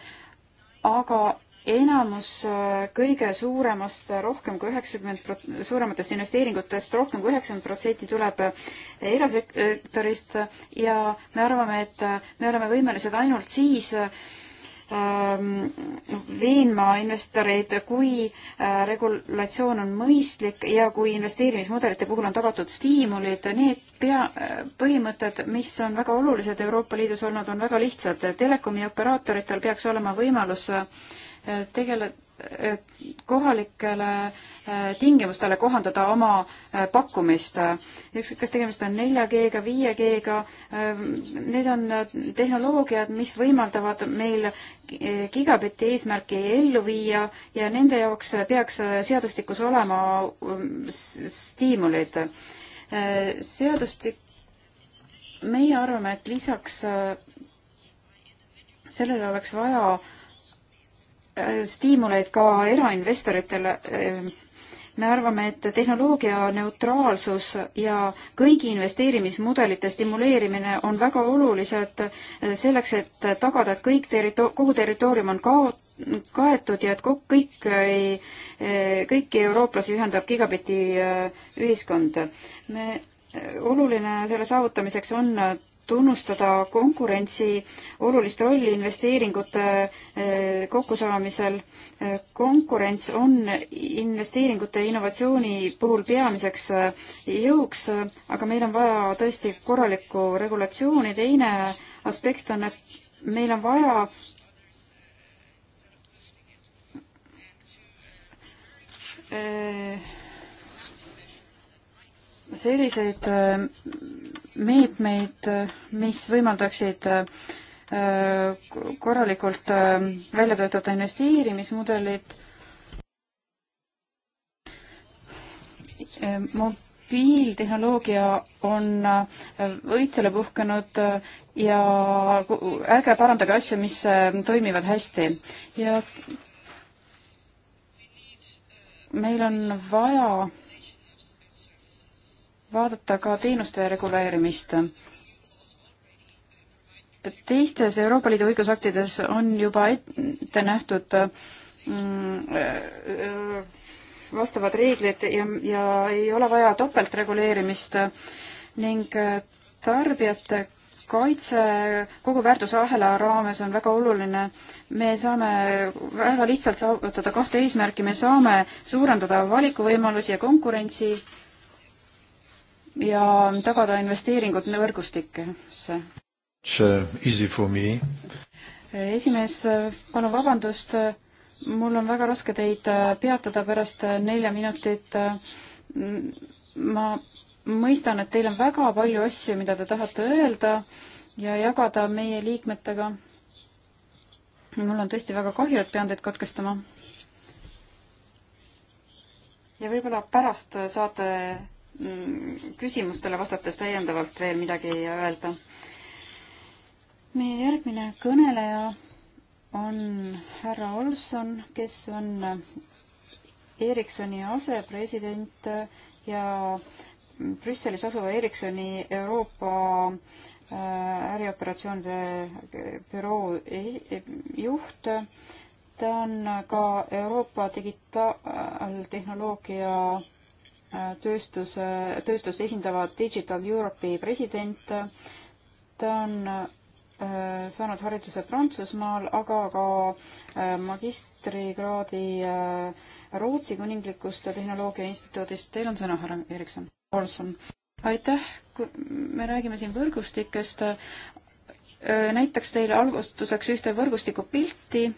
Speaker 3: aga enamus äh, kõige suuremast äh, rohkem kui üheksakümmend prot-, suurematest investeeringutest rohkem kui üheksakümmend protsenti tuleb äh, erasektorist ja me arvame, et me oleme võimelised ainult siis ähm, noh, veenma investoreid, kui regulatsioon on mõistlik ja kui investeerimismudelite puhul on tagatud stiimulid, need pea, põhimõtted, mis on väga olulised Euroopa Liidus olnud, on väga lihtsad. telekomi operaatoritel peaks olema võimalus äh, tegele-, kohalikele eh, tingimustele kohandada oma eh, pakkumist. ükskõik, kas tegemist on 4G-ga, 5G-ga, eh, need on tehnoloogiad, mis võimaldavad meil gigabitti eesmärki ellu viia ja nende jaoks peaks seadustikus olema mm, stiimulid. seadustik, meie arvame, et lisaks sellele oleks vaja äh, stiimuleid ka erainvestoritele. me arvame, et tehnoloogia neutraalsus ja kõigi investeerimismudelite stimuleerimine on väga olulised selleks, et tagada, et kõik territo-, kogu territoorium on kaot-, kaetud ja et kõik ei, kõiki eurooplasi ühendab gigabitti ühiskond. me oluline selle saavutamiseks on tunnustada konkurentsi olulist rolli investeeringute eh, kokkusaamisel. Eh, konkurents on investeeringute innovatsiooni puhul peamiseks eh, jõuks, aga meil on vaja tõesti korralikku regulatsiooni. teine aspekt on, et meil on vaja selliseid meetmeid, mis võimaldaksid äh, korralikult äh, välja töötada investeerimismudelid, mobiiltehnoloogia on äh, õitsele puhkenud ja ärge parandage asju, mis toimivad hästi. ja meil on vaja vaadata ka teenuste reguleerimist. teistes Euroopa Liidu õigusaktides on juba ette nähtud mm, vastavad reeglid ja, ja ei ole vaja topeltreguleerimist ning tarbijate kaitse kogu väärtusahela raames on väga oluline. me saame väga lihtsalt saavutada kahte eesmärki, me saame suurendada valikuvõimalusi ja konkurentsi ja tagada investeeringud võrgustikesse.
Speaker 1: Uh, easy for me.
Speaker 3: esimees, palun vabandust, mul on väga raske teid äh, peatada pärast äh, nelja minutit. Mm, ma mõistan, et teil on väga palju asju, mida te tahate öelda ja jagada meie liikmetega. mul on tõesti väga kahju, et pean teid katkestama. ja võib-olla pärast saate Mm, küsimustele vastates täiendavalt veel midagi öelda. meie järgmine kõneleja on härra Olson, kes on Ericssoni asepresident ja Brüsselis asuva Ericssoni Euroopa äh, ärioperatsioonide äh, büroo eh, juht. ta on ka Euroopa digitaaltehnoloogia tööstuse, tööstust esindava Digital Europe'i president. ta on äh, saanud hariduse Prantsusmaal, aga ka äh, magistrikraadi äh, Rootsi Kuninglikust Tehnoloogia Instituudist. Teil on sõna, härra Erikson. Olson. aitäh, me räägime siin võrgustikest. näitaks teile algustuseks ühte võrgustiku pilti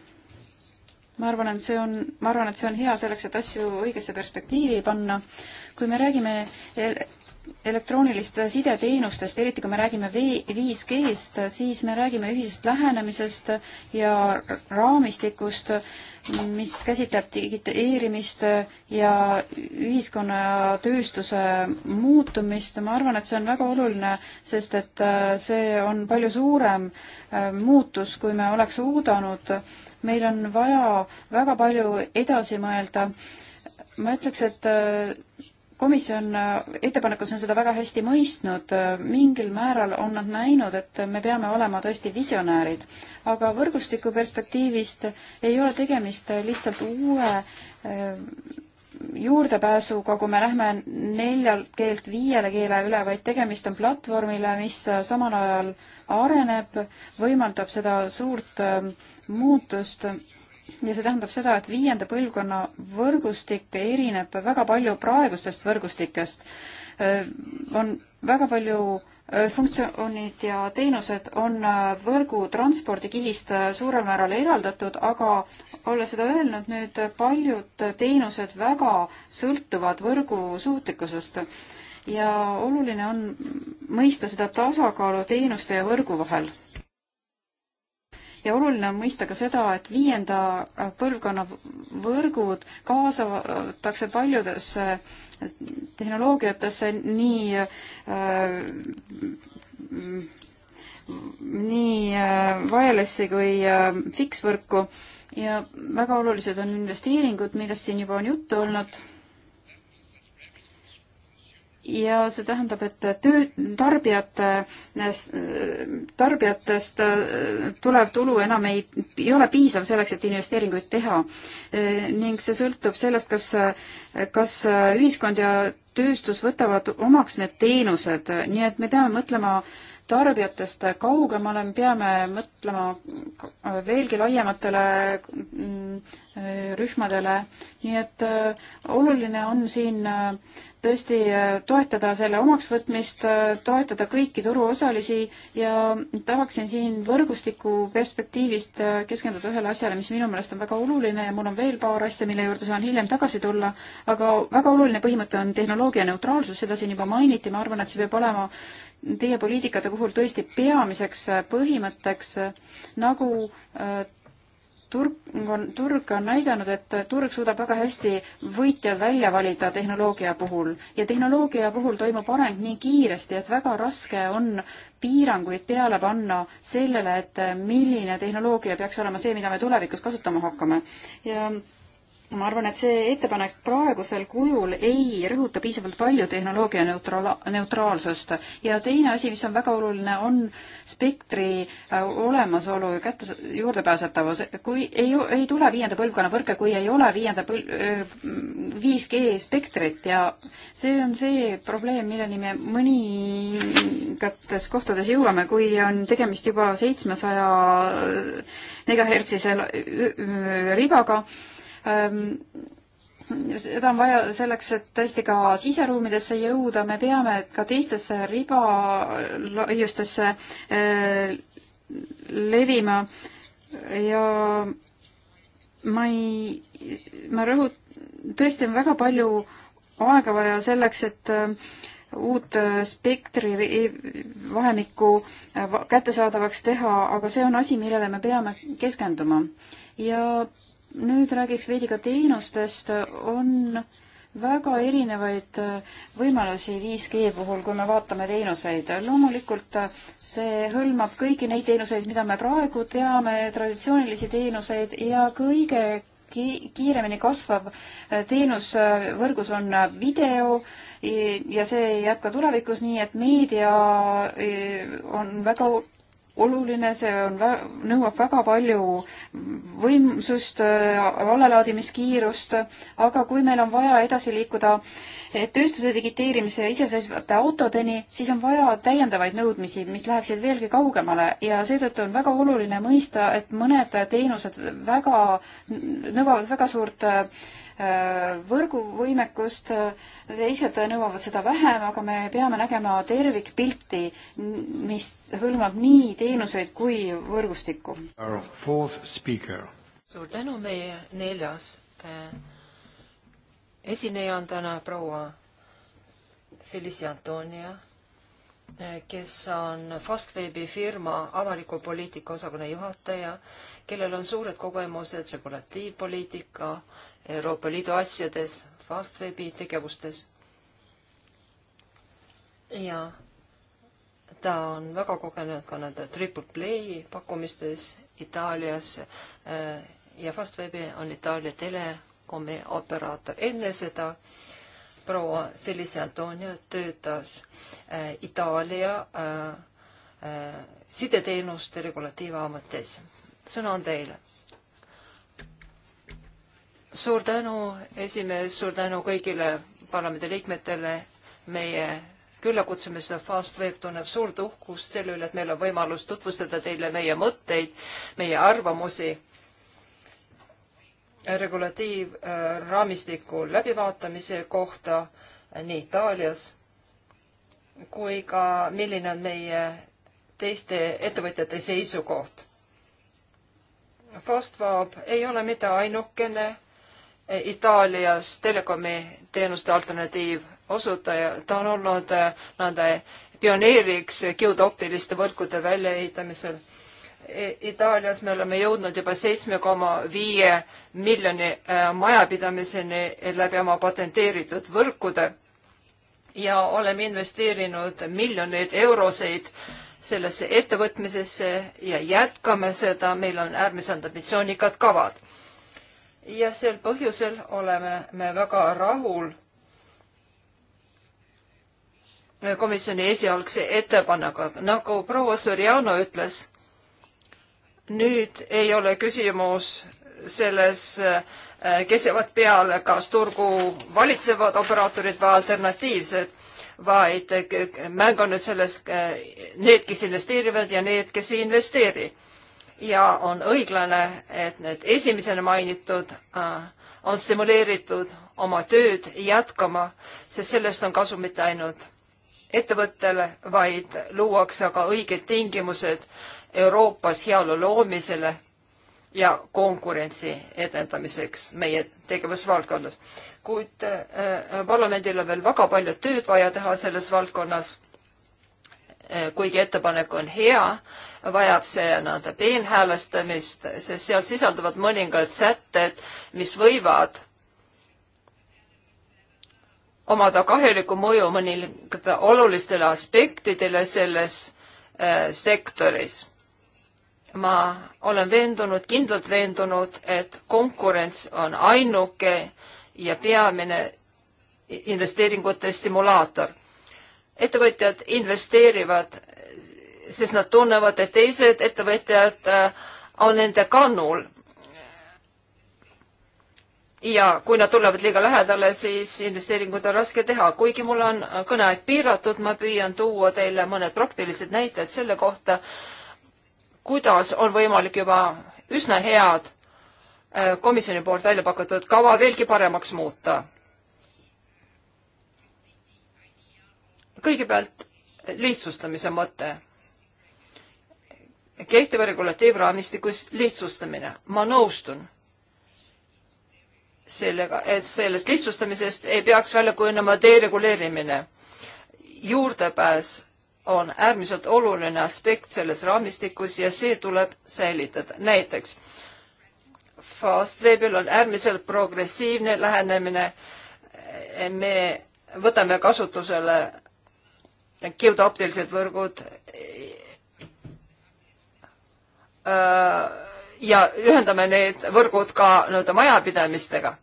Speaker 3: ma arvan, et see on, ma arvan, et see on hea selleks, et asju õigesse perspektiivi panna. kui me räägime elektrooniliste sideteenustest, eriti kui me räägime 5G-st, siis me räägime ühisest lähenemisest ja raamistikust, mis käsitleb digiteerimist ja ühiskonna ja tööstuse muutumist. ma arvan, et see on väga oluline, sest et äh, see on palju suurem äh, muutus, kui me oleks oodanud meil on vaja väga palju edasi mõelda. ma ütleks, et äh, komisjon äh, ettepanekus on seda väga hästi mõistnud, äh, mingil määral on nad näinud, et me peame olema tõesti visionäärid. aga võrgustiku perspektiivist ei ole tegemist lihtsalt uue juurdepääsuga, kui me lähme neljalt keelt viiele keele üle, vaid tegemist on platvormile, mis samal ajal areneb, võimaldab seda suurt muutust ja see tähendab seda, et viienda põlvkonna võrgustik erineb väga palju praegustest võrgustikest. on väga palju funktsioonid ja teenused on võrgu transpordikihist suurel määral eraldatud, aga olles seda öelnud, nüüd paljud teenused väga sõltuvad võrgu suutlikkusest ja oluline on mõista seda tasakaalu teenuste ja võrgu vahel ja oluline on mõista ka seda, et viienda põlvkonna võrgud kaasatakse paljudesse tehnoloogiatesse nii äh, nii äh, wireless'i kui äh, fiksvõrku ja väga olulised on investeeringud, millest siin juba on juttu olnud ja see tähendab, et töö, tarbijate, tarbijatest äh, tulev tulu enam ei, ei ole piisav selleks, et investeeringuid teha. Äh, ning see sõltub sellest, kas, kas äh, ühiskond ja tööstus võtavad omaks need teenused, nii et me peame mõtlema tarbijatest kaugemale, me peame mõtlema veelgi laiematele mm, rühmadele, nii et oluline on siin äh, tõesti äh, toetada selle omaksvõtmist, äh, toetada kõiki turuosalisi ja tahaksin siin võrgustiku perspektiivist äh, keskenduda ühele asjale, mis minu meelest on väga oluline ja mul on veel paar asja, mille juurde saan hiljem tagasi tulla, aga väga oluline põhimõte on tehnoloogia neutraalsus, seda siin juba mainiti, ma arvan, et see peab olema teie poliitikate puhul tõesti peamiseks põhimõtteks, nagu turg on, turg on näidanud, et turg suudab väga hästi võitjad välja valida tehnoloogia puhul ja tehnoloogia puhul toimub areng nii kiiresti, et väga raske on piiranguid peale panna sellele, et milline tehnoloogia peaks olema see, mida me tulevikus kasutama hakkame. ja ma arvan, et see ettepanek praegusel kujul ei rõhuta piisavalt palju tehnoloogia neutraal-, neutraalsust. ja teine asi, mis on väga oluline, on spektri äh, olemasolu ja kätte, juurdepääsetavus. kui ei, ei tule viienda põlvkonna võrke, kui ei ole viienda põl-, 5G äh, spektrit ja see on see probleem, milleni me mõningates kohtades jõuame, kui on tegemist juba seitsmesaja megahertsise äh, ribaga, Ehm, seda on vaja selleks, et tõesti ka siseruumidesse jõuda, me peame ka teistesse ribalaiustesse eh, levima ja ma ei, ma rõhut-, tõesti on väga palju aega vaja selleks, et eh, uut eh, spektri vahemikku kättesaadavaks teha, aga see on asi, millele me peame keskenduma. ja nüüd räägiks veidi ka teenustest, on väga erinevaid äh, võimalusi 5G puhul, kui me vaatame teenuseid. loomulikult äh, see hõlmab kõiki neid teenuseid, mida me praegu teame, traditsioonilisi teenuseid ja kõige ki-, kiiremini kasvav äh, teenus võrgus on video ja see jääb ka tulevikus nii, et meedia on väga oluline, see on, nõuab väga palju võimsust, äh, allalaadimiskiirust, aga kui meil on vaja edasi liikuda eh, tööstuse digiteerimise ja iseseisvate autodeni, siis on vaja täiendavaid nõudmisi, mis läheksid veelgi kaugemale ja seetõttu on väga oluline mõista, et mõned teenused väga, nõuavad väga suurt äh, Äh, võrguvõimekust, teised nõuavad seda vähem, aga me peame nägema tervikpilti, mis hõlmab nii teenuseid kui võrgustikku. suur
Speaker 2: tänu, meie neljas äh, esineja on täna proua Felicia Antonia, äh, kes on Fastwebi firma avaliku poliitika osakonna juhataja, kellel on suured kogemused regulatiivpoliitika äh, Euroopa Liidu asjades, Fastwebi tegevustes. ja ta on väga kogenud ka nende Triple Play pakkumistes Itaalias äh, ja Fastwebi on Itaalia telekomi operaator. enne seda proua Felice Antonio töötas äh, Itaalia äh, sideteenuste regulatiivametis. sõna on teile suur tänu, esimees, suur tänu kõigile parlamendiliikmetele meie küllakutsumisse Fast Web tunneb suurt uhkust selle üle, et meil on võimalus tutvustada teile meie mõtteid, meie arvamusi regulatiivraamistiku äh, läbivaatamise kohta nii Itaalias kui ka milline on meie teiste ettevõtjate seisukoht. FastFab ei ole mitte ainukene Itaalias telekomi teenuste alternatiiv osutaja, ta on olnud äh, nõnda pioneeriks kiudoptiliste võrkude väljaehitamisel. E, Itaalias me oleme jõudnud juba seitsme koma viie miljoni äh, majapidamiseni läbi oma patenteeritud võrkude ja oleme investeerinud miljoneid euroseid sellesse ettevõtmisesse ja jätkame seda, meil on äärmiselt ambitsioonikad kavad ja sel põhjusel oleme me väga rahul komisjoni esialgse ettepanega. nagu proua Soriano ütles, nüüd ei ole küsimus selles, äh, kes jäävad peale, kas turgu valitsevad operaatorid või alternatiivsed, vaid äh, mäng on nüüd selles, äh, need, kes investeerivad ja need, kes ei investeeri ja on õiglane, et need esimesena mainitud äh, on stimuleeritud oma tööd jätkama, sest sellest on kasu mitte ainult ettevõttele, vaid luuakse ka õiged tingimused Euroopas heaolu loomisele ja konkurentsi edendamiseks meie tegevusvaldkonnas. kuid äh, äh parlamendil on veel väga palju tööd vaja teha selles valdkonnas kuigi ettepanek on hea, vajab see nii-öelda peenhäälestamist, sest seal sisalduvad mõningad sätted, mis võivad omada kahjulikku mõju mõningatele olulistele aspektidele selles äh, sektoris. ma olen veendunud, kindlalt veendunud, et konkurents on ainuke ja peamine investeeringute stimulaator ettevõtjad investeerivad, sest nad tunnevad, et teised ettevõtjad äh, on nende kannul. ja kui nad tulevad liiga lähedale, siis investeeringuid on raske teha, kuigi mul on kõneaeg piiratud, ma püüan tuua teile mõned praktilised näited selle kohta, kuidas on võimalik juba üsna head äh, komisjoni poolt välja pakutud kava veelgi paremaks muuta kõigepealt lihtsustamise mõte. kehtiva regulatiivraamistikus lihtsustamine, ma nõustun sellega, et sellest lihtsustamisest ei peaks välja kujunema dereguleerimine. juurdepääs on äärmiselt oluline aspekt selles raamistikus ja see tuleb säilitada. näiteks Fastwebil on äärmiselt progressiivne lähenemine. me võtame kasutusele kiudoptilised võrgud äh, ja ühendame need võrgud ka nii-öelda majapidamistega.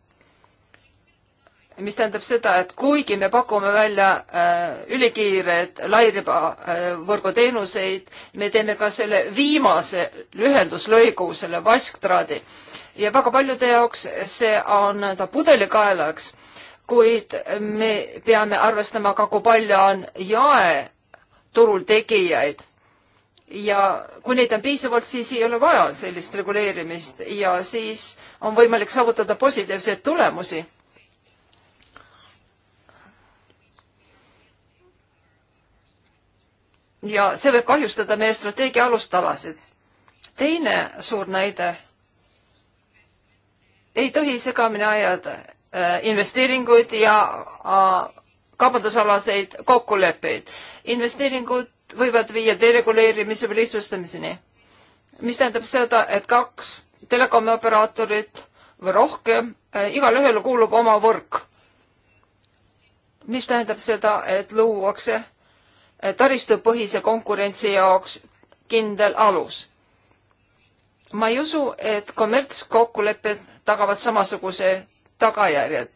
Speaker 2: mis tähendab seda, et kuigi me pakume välja äh, ülikiired lairibavõrgu äh, teenuseid, me teeme ka selle viimase ühenduslõigu, selle vasktraadi ja väga paljude jaoks see on nii-öelda pudelikaelaks äh, kuid me peame arvestama ka, kui palju on jaeturul tegijaid. ja kui neid on piisavalt, siis ei ole vaja sellist reguleerimist ja siis on võimalik saavutada positiivseid tulemusi ja see võib kahjustada meie strateegia alustalasid. teine suur näide. ei tohi segamini ajada Äh, investeeringuid ja äh, kaubandusalaseid kokkuleppeid. investeeringud võivad viia dereguleerimise või lihtsustamiseni, mis tähendab seda, et kaks telekomioperaatorit või rohkem, äh, igalühel kuulub oma võrk. mis tähendab seda, et luuakse taristupõhise konkurentsi jaoks kindel alus. ma ei usu, et kommertskokkulepped tagavad samasuguse tagajärjed,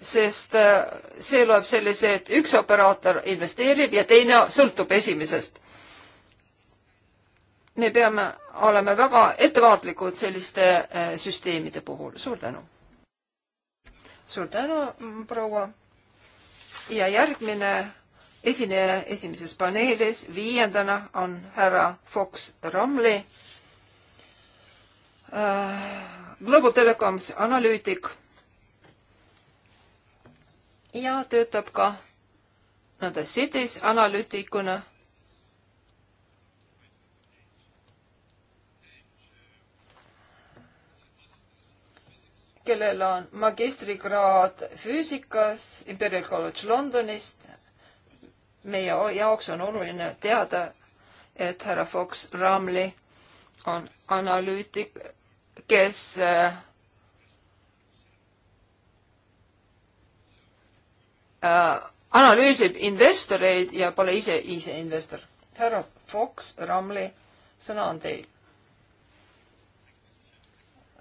Speaker 2: sest äh, see loeb sellise, et üks operaator investeerib ja teine sõltub esimesest. me peame olema väga ettevaatlikud selliste äh, süsteemide puhul. suur tänu. suur tänu, mm, proua. ja järgmine esineja esimeses paneelis viiendana on härra Fox Ramli äh,, Global Telecoms analüütik ja töötab ka nõnda CITES analüütikuna. kellel on magistrikraad füüsikas Imperial College Londonist. meie jaoks on oluline teada, et härra Fox Ramli on analüütik, kes äh, Äh, analüüsib investoreid ja pole ise ise investor. härra Fox, Ramli, sõna on teil.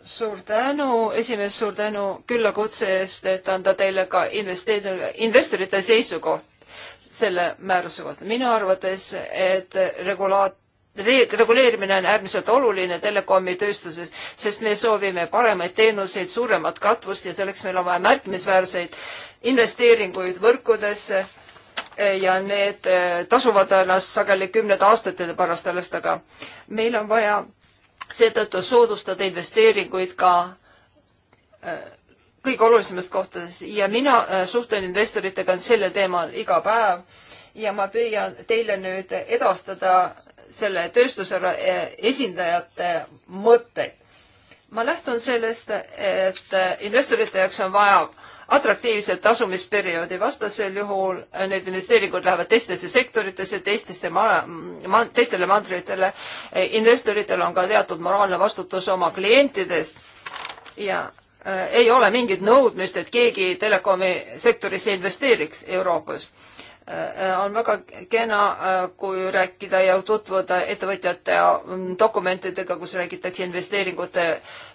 Speaker 2: suur tänu, esimees, suur tänu küllakutse eest, et anda teile ka investeerida, investorite seisukoht selle määruse kohta. minu arvates, et regulaat-, reguleerimine on äärmiselt oluline telekomi tööstuses, sest me soovime paremaid teenuseid, suuremat katvust ja selleks meil on vaja märkimisväärseid investeeringuid võrkudesse ja need eh, tasuvad ennast sageli kümnete aastate pärast alles, aga meil on vaja seetõttu soodustada investeeringuid ka eh, kõige olulisemas kohtades ja mina eh, suhtlen investoritega sellel teemal iga päev ja ma püüan teile nüüd edastada selle tööstuse eh, esindajate mõtteid. ma lähtun sellest, et eh, investorite jaoks on vaja atraktiivset tasumisperioodi, vastasel juhul eh, need investeeringud lähevad teistesse sektoritesse, teistesse ma-, ma-, teistele mandritele. investoritel on ka teatud moraalne vastutus oma klientidest ja äh, ei ole mingit nõudmist, et keegi telekomi sektorisse investeeriks Euroopas Äh, on väga kena, äh, kui rääkida ja tutvuda ettevõtjate mm, dokumentidega, kus räägitakse investeeringute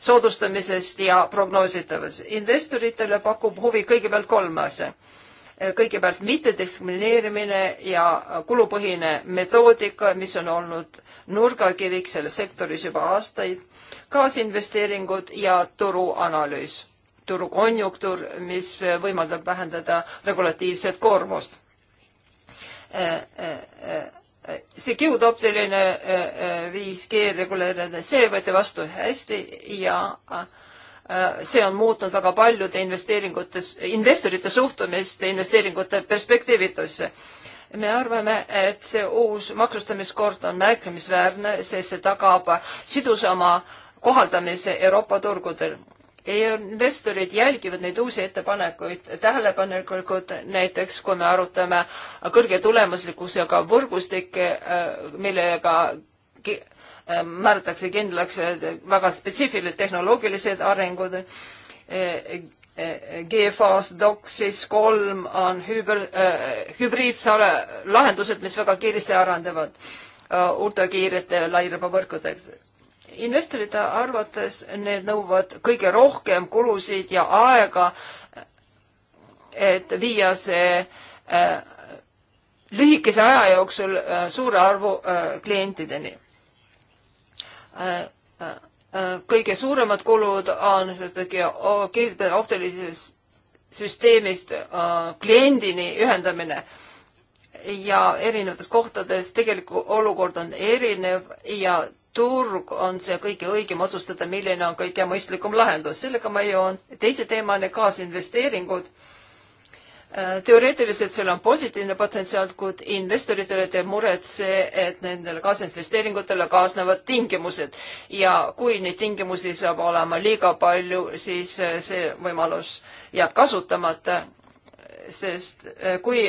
Speaker 2: soodustamisest ja prognoositavusest. investoritele pakub huvi kõigepealt kolm asja. Äh, kõigepealt mittediskrimineerimine ja kulupõhine metoodika, mis on olnud nurgakiviks selles sektoris juba aastaid, kaasinvesteeringud ja turuanalüüs turukonjunktuur, mis võimaldab vähendada regulatiivset koormust see kiudoptiline 5G äh, äh, reguleerimine, see võeti vastu hästi ja äh, see on muutnud väga paljude investeeringutes, investorite suhtumist investeeringute perspektiivitusse. me arvame, et see uus maksustamiskord on märkimisväärne, sest see tagab sidusama kohaldamise Euroopa turgudel investorid jälgivad neid uusi ettepanekuid tähelepanelikult, näiteks kui me arutame kõrge tulemuslikkusega võrgustikke, äh, millega äh, määratakse kindlaks äh, väga spetsiifilised tehnoloogilised arengud. GFAS DOCSIS kolm on hüber, hübriidsale lahendused, mis väga kiiresti arendavad ultrakiirete lairibavõrkudeks investorite arvates need nõuavad kõige rohkem kulusid ja aega, et viia see äh, lühikese aja jooksul äh, suure arvu äh, klientideni äh, äh, äh, kõige suuremad kulud on ikkagi ohtilisest süsteemist kliendini ühendamine ja erinevates kohtades tegelik olukord on erinev ja turg on see kõige õigem otsustada, milline on kõige mõistlikum lahendus. sellega ma joon teise teemani kaasinvesteeringud. Äh, teoreetiliselt seal on positiivne potentsiaal, kuid investoritele teeb muret see, et nendele kaasinvesteeringutele kaasnevad tingimused ja kui neid tingimusi saab olema liiga palju, siis äh, see võimalus jääb kasutamata, sest äh, kui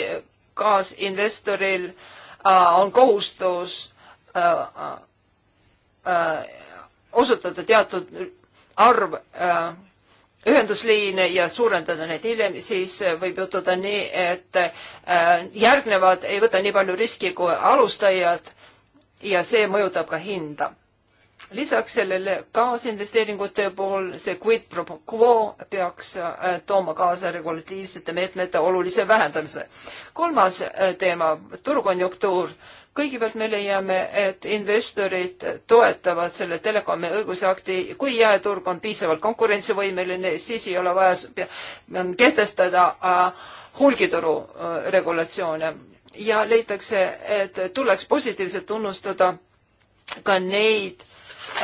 Speaker 2: kaasinvestoril on kohustus äh, osutada teatud arv äh, ühendusliine ja suurendada neid hiljem, siis äh, võib juhtuda nii, et äh, järgnevad ei võta nii palju riski kui alustajad ja see mõjutab ka hinda. lisaks sellele kaasinvesteeringute puhul see quid pro quo peaks äh, tooma kaasa regulatiivsete meetmete olulise vähendamise. kolmas äh, teema, turukonjunktuur äh, kõigepealt me leiame, et investorid toetavad selle telekomi õigusakti, kui jaeturg on piisavalt konkurentsivõimeline, siis ei ole vaja kehtestada äh, hulgituru äh, regulatsioone ja leitakse, et tuleks positiivselt tunnustada ka neid,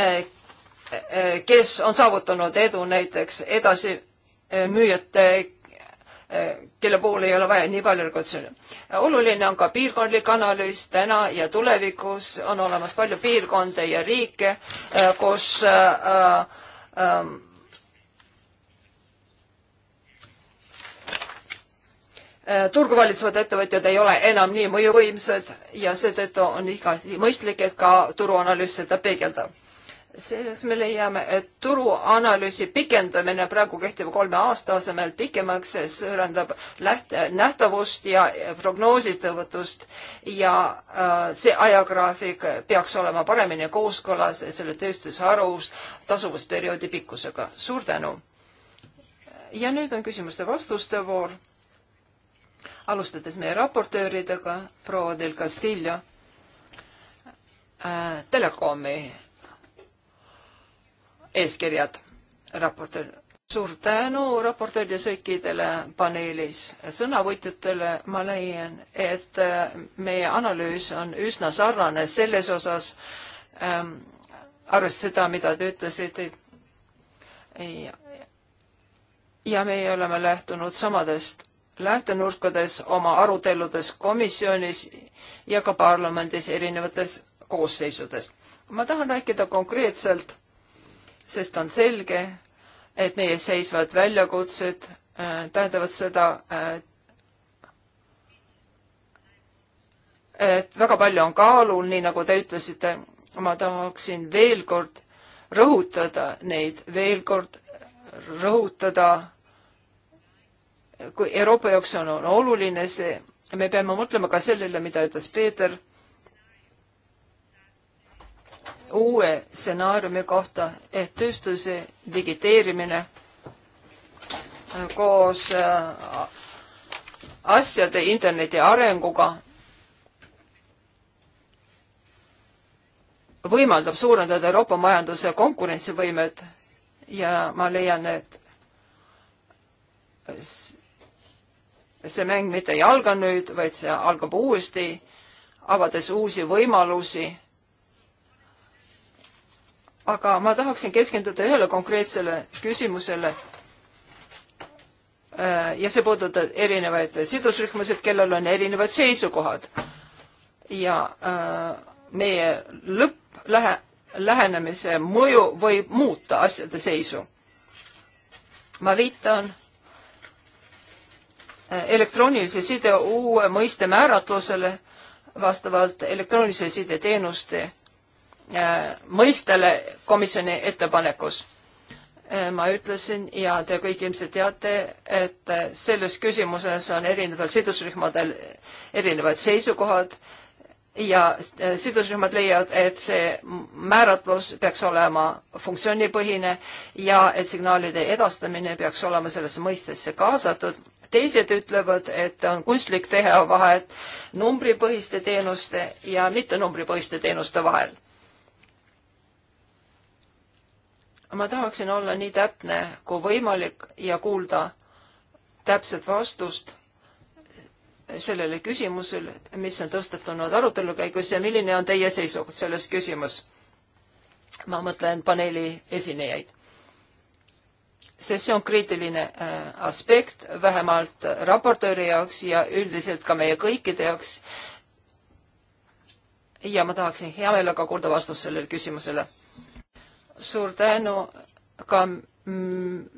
Speaker 2: äh, kes on saavutanud edu näiteks edasimüüjate kelle puhul ei ole vaja nii palju regulatsioone. oluline on ka piirkondlik analüüs täna ja tulevikus on olemas palju piirkondi ja riike, äh, kus äh, äh, äh, turgu valitsevad ettevõtjad ei ole enam nii mõjuvõimsad ja seetõttu on igati mõistlik, et ka turuanalüüs seda peegeldab selleks me leiame, et turuanalüüsi pikendamine praegu kehtiva kolme aasta asemel pikemaks suurendab läht-, nähtavust ja prognoositavutust ja äh, see ajagraafik peaks olema paremini kooskõlas selle tööstusharus tasuvusperioodi pikkusega. suur tänu! ja nüüd on küsimuste-vastuste voor, alustades meie raportööridega, proua Del Castillo äh,, Telekomi eeskirjad. raportöör, suur tänu raportöörile kõikidele paneelis sõnavõtjatele. ma leian, et äh, meie analüüs on üsna sarnane selles osas ähm,, arvestades seda, mida te ütlesite. ja meie oleme lähtunud samadest lähtenurkades oma aruteludes komisjonis ja ka parlamendis erinevates koosseisudes. ma tahan rääkida konkreetselt sest on selge, et meie ees seisvad väljakutsed äh, tähendavad seda, äh, et väga palju on kaalul, nii nagu te ütlesite, ma tahaksin veel kord rõhutada neid, veel kord rõhutada, kui Euroopa jaoks on, on oluline see, me peame mõtlema ka sellele, mida ütles Peeter uue stsenaariumi kohta ehk tööstuse digiteerimine koos äh, asjade interneti arenguga võimaldab suurendada Euroopa majanduse konkurentsivõimet ja ma leian, et see mäng mitte ei alga nüüd, vaid see algab uuesti, avades uusi võimalusi aga ma tahaksin keskenduda ühele konkreetsele küsimusele. Äh, ja see puudutab erinevaid sidusrühmasid, kellel on erinevad seisukohad. ja äh, meie lõpplähe, lähenemise mõju võib muuta asjade seisu. ma viitan äh, elektroonilise side uue mõiste määratlusele vastavalt elektroonilise side teenuste Äh, mõistele komisjoni ettepanekus. Äh, ma ütlesin ja te kõik ilmselt teate, et äh, selles küsimuses on erinevatel sidusrühmadel erinevad seisukohad ja sidusrühmad leiavad, et see määratlus peaks olema funktsioonipõhine ja et signaalide edastamine peaks olema sellesse mõistesse kaasatud. teised ütlevad, et on kunstlik teha vahet numbripõhiste teenuste ja mittenumbripõhiste teenuste vahel ma tahaksin olla nii täpne kui võimalik ja kuulda täpset vastust sellele küsimusele, mis on tõstetunud arutelu käigus ja milline on teie seisukoht selles küsimus? ma mõtlen paneeli esinejaid. sest see on kriitiline äh, aspekt vähemalt raportööri jaoks ja üldiselt ka meie kõikide jaoks. ja ma tahaksin hea meelega kuulda vastust sellele küsimusele suur tänu ka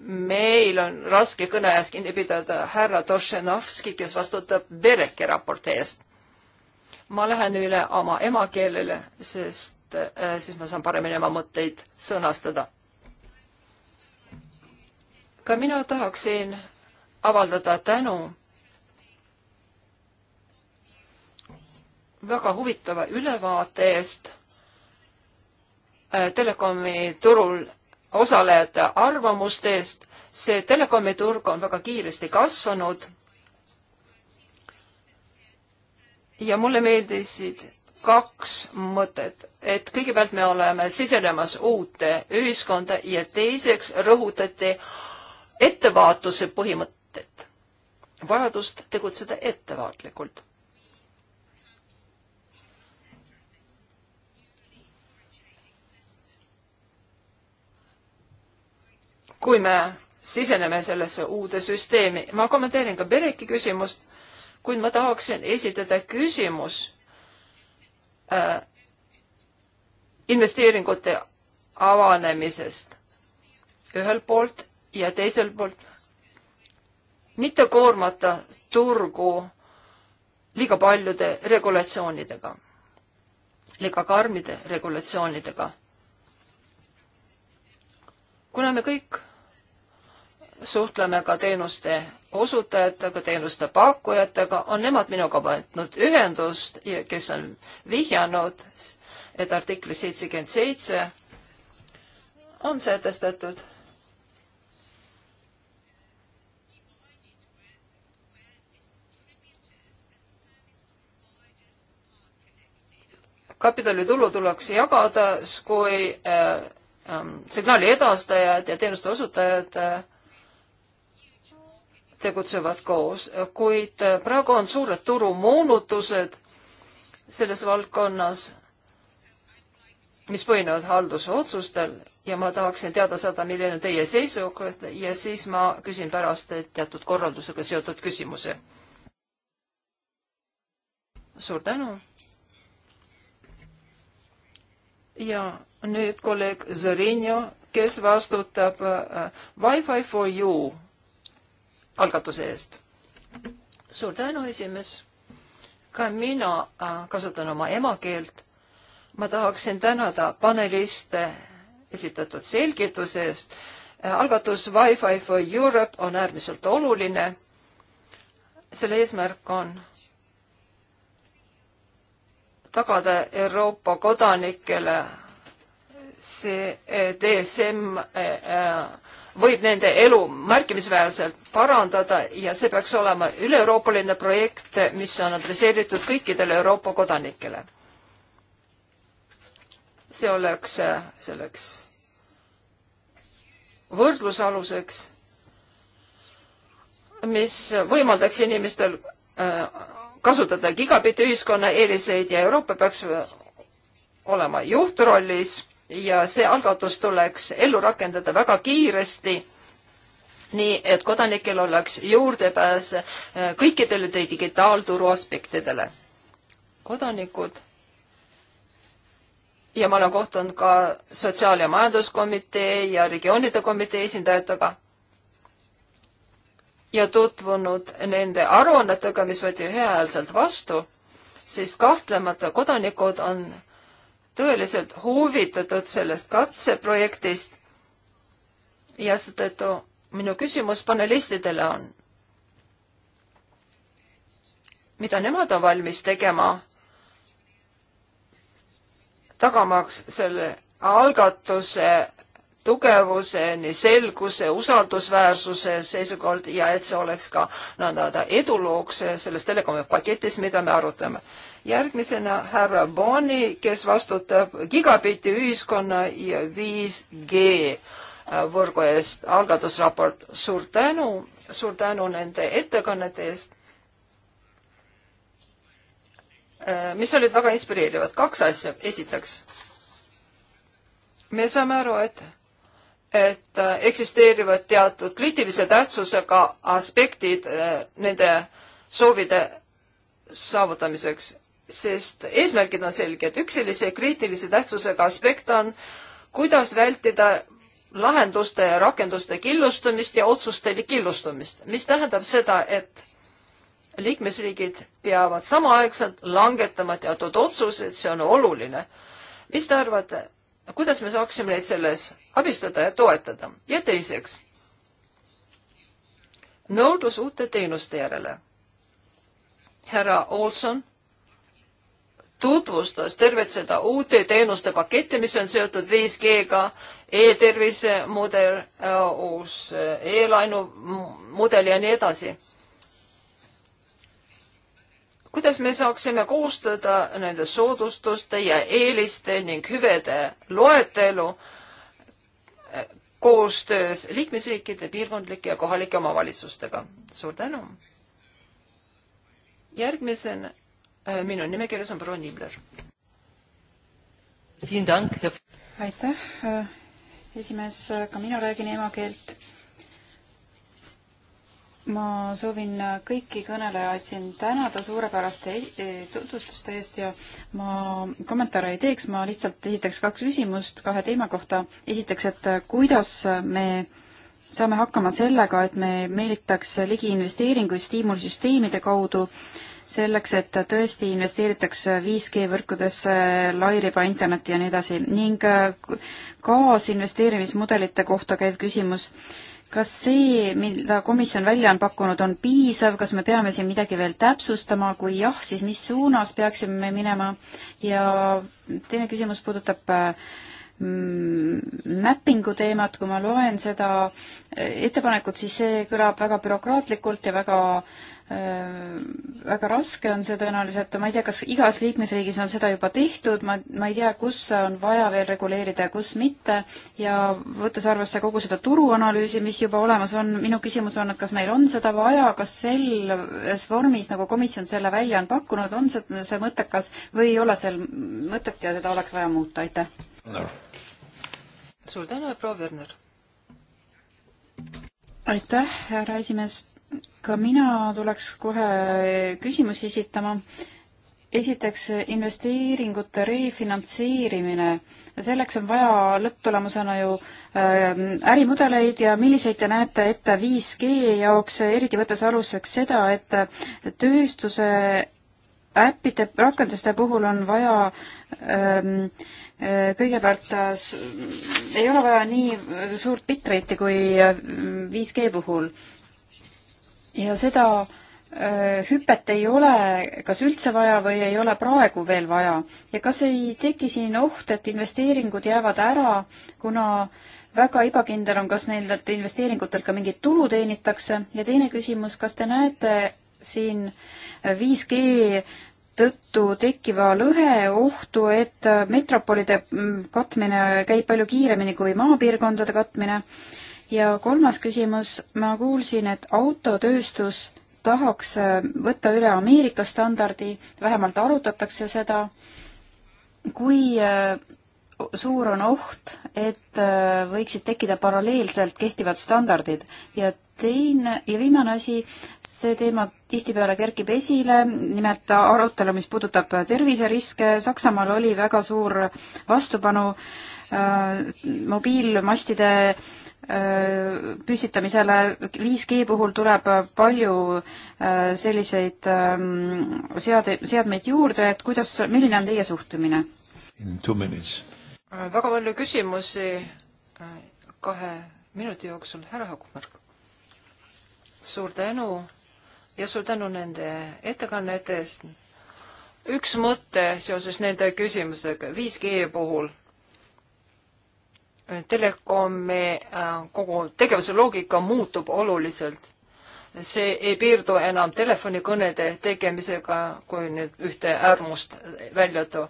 Speaker 2: meil on raske kõne ees kinni pidada härra Tošenovski, kes vastutab Bereki raporti eest. ma lähen üle oma emakeelele, sest äh, siis ma saan paremini oma mõtteid sõnastada. ka mina tahaksin avaldada tänu väga huvitava ülevaate eest Äh, telekomi turul osalejate arvamuste eest. see telekomi turg on väga kiiresti kasvanud. ja mulle meeldisid kaks mõtet, et kõigepealt me oleme sisenemas uute ühiskonda ja teiseks rõhutati ettevaatuse põhimõtet, vajadust tegutseda ettevaatlikult kui me siseneme sellesse uude süsteemi. ma kommenteerin ka Bereki küsimust, kuid ma tahaksin esitada küsimus äh, investeeringute avanemisest ühelt poolt ja teiselt poolt mitte koormata turgu liiga paljude regulatsioonidega, liiga karmide regulatsioonidega. kuna me kõik suhtleme ka teenuste osutajatega, teenuste pakkujatega, on nemad minuga võtnud ühendust, kes on vihjanud, et artiklis seitsekümmend seitse on sätestatud kapitalitulu tuleks jagada, kui äh, ähm, signaali edastajad ja teenuste osutajad äh, tegutsevad koos, kuid praegu on suured turumoonutused selles valdkonnas, mis põhinevad haldusotsustel ja ma tahaksin teada saada, milline on teie seisukoht ja siis ma küsin pärast teatud korraldusega seotud küsimuse. suur tänu. ja nüüd kolleeg Zorinio, kes vastutab äh, Wi-Fi for you algatuse eest. suur tänu, esimees. ka mina äh, kasutan oma emakeelt. ma tahaksin tänada paneliste esitatud selgituse eest. Äh, algatus Wi-Fi for Europe on äärmiselt oluline. selle eesmärk on tagada Euroopa kodanikele see eh, DSM äh, eh, eh, võib nende elu märkimisväärselt parandada ja see peaks olema üleeuroopaline projekt, mis on adresseeritud kõikidele Euroopa kodanikele. see oleks äh, selleks võrdlusaluseks, mis võimaldaks inimestel äh, kasutada gigabitti ühiskonna eeliseid ja Euroopa peaks olema juhtrollis ja see algatus tuleks ellu rakendada väga kiiresti nii, et kodanikel oleks juurdepääs äh, kõikidele digitaalturu aspektidele. kodanikud ja ma olen kohtunud ka Sotsiaal- ja Majanduskomitee ja regioonide komitee esindajatega ja tutvunud nende aruannetega, mis võeti ühehäälselt vastu, siis kahtlemata kodanikud on tõeliselt huvitatud sellest katseprojektist ja seetõttu minu küsimus panelistidele on, mida nemad on valmis tegema, tagamaks selle algatuse tugevuse, nii selguse, usaldusväärsuse seisukohalt ja et see oleks ka nõnda-öelda edulooks selles telekomi paketis, mida me arutame. järgmisena härra Bonni, kes vastutab gigabitti ühiskonna ja 5G võrgu eest algatusraport. suur tänu, suur tänu nende ettekannete eest, mis olid väga inspireerivad. kaks asja. esiteks, me saame aru, et et äh, eksisteerivad teatud kriitilise tähtsusega aspektid äh, nende soovide saavutamiseks, sest eesmärgid on selged. üks sellise kriitilise tähtsusega aspekt on, kuidas vältida lahenduste ja rakenduste killustumist ja otsuste killustumist, mis tähendab seda, et liikmesriigid peavad samaaegselt langetama teatud otsused, see on oluline. mis te arvate, kuidas me saaksime neid selles abistada ja toetada. ja teiseks, nõudlus uute teenuste järele. härra Olson tutvustas tervet seda uute teenuste paketti, mis on seotud 5G-ga e, e-tervise mudel, äh, uus äh, e-laenu mudel ja nii edasi. kuidas me saaksime koostada nende soodustuste ja eeliste ning hüvede loetelu äh, koostöös liikmesriikide, piirkondlike ja kohalike omavalitsustega. suur tänu! järgmisena äh, minu nimekirjas on proua Niibler.
Speaker 3: aitäh, äh, esimees, ka mina räägin emakeelt ma soovin kõiki kõnelejaid siin tänada suurepäraste e-, tutvustuste eest ja ma kommentaare ei teeks, ma lihtsalt esitaks kaks küsimust kahe teema kohta. esiteks, et kuidas me saame hakkama sellega, et me meelitaks ligi investeeringuid stiimulsüsteemide kaudu selleks, et tõesti investeeritaks 5G võrkudesse, lairiba internetti ja nii edasi ning äh, kaasinvesteerimismudelite kohta käiv küsimus kas see, mida komisjon välja on pakkunud, on piisav, kas me peame siin midagi veel täpsustama, kui jah, siis mis suunas peaksime me minema ja teine küsimus puudutab mm, mappingu teemat, kui ma loen seda eh, ettepanekut, siis see kõlab väga bürokraatlikult ja väga äh, Äh, väga raske on see tõenäoliselt, ma ei tea, kas igas liikmesriigis on seda juba tehtud, ma, ma ei tea, kus on vaja veel reguleerida ja kus mitte ja võttes arvesse kogu seda turuanalüüsi, mis juba olemas on, minu küsimus on, et kas meil on seda vaja, kas selles vormis, nagu komisjon selle välja on pakkunud, on see, see mõttekas või ei ole seal mõtet ja seda oleks vaja muuta, aitäh
Speaker 2: no.! suur tänu ja proua Werner!
Speaker 3: aitäh, härra esimees ka mina tuleks kohe küsimusi esitama. esiteks investeeringute refinantseerimine, selleks on vaja lõpptulemusena ju ähm, ärimudeleid ja milliseid te näete ette 5G jaoks, eriti võttes aluseks seda, et tööstuse äppide, rakenduste puhul on vaja ähm, äh, kõigepealt äh, ei ole vaja nii suurt bitrate'i kui äh, 5G puhul ja seda äh, hüpet ei ole kas üldse vaja või ei ole praegu veel vaja ja kas ei teki siin oht, et investeeringud jäävad ära, kuna väga ebakindel on, kas nendelt investeeringutelt ka mingit tulu teenitakse ja teine küsimus, kas te näete siin 5G tõttu tekkiva lõhe ohtu, et metropolide mm, katmine käib palju kiiremini kui maapiirkondade katmine ja kolmas küsimus, ma kuulsin, et autotööstus tahaks äh, võtta üle Ameerika standardi, vähemalt arutatakse seda, kui äh, suur on oht, et äh, võiksid tekkida paralleelselt kehtivad standardid ja teine ja viimane asi, see teema tihtipeale kerkib esile, nimelt arutelu, mis puudutab terviseriske, Saksamaal oli väga suur vastupanu äh, mobiilmastide äh, Äh, püstitamisele 5G puhul tuleb palju äh, selliseid ähm, seade, seadmeid juurde, et kuidas, milline on teie suhtumine?
Speaker 2: Äh, väga palju küsimusi kahe minuti jooksul, härra Hakumark. suur tänu ja suur tänu nende ettekannete eest. üks mõte seoses nende küsimusega 5G puhul telekomi äh, kogu tegevuse loogika muutub oluliselt. see ei piirdu enam telefonikõnede tegemisega, kui nüüd ühte äärmust välja tuua.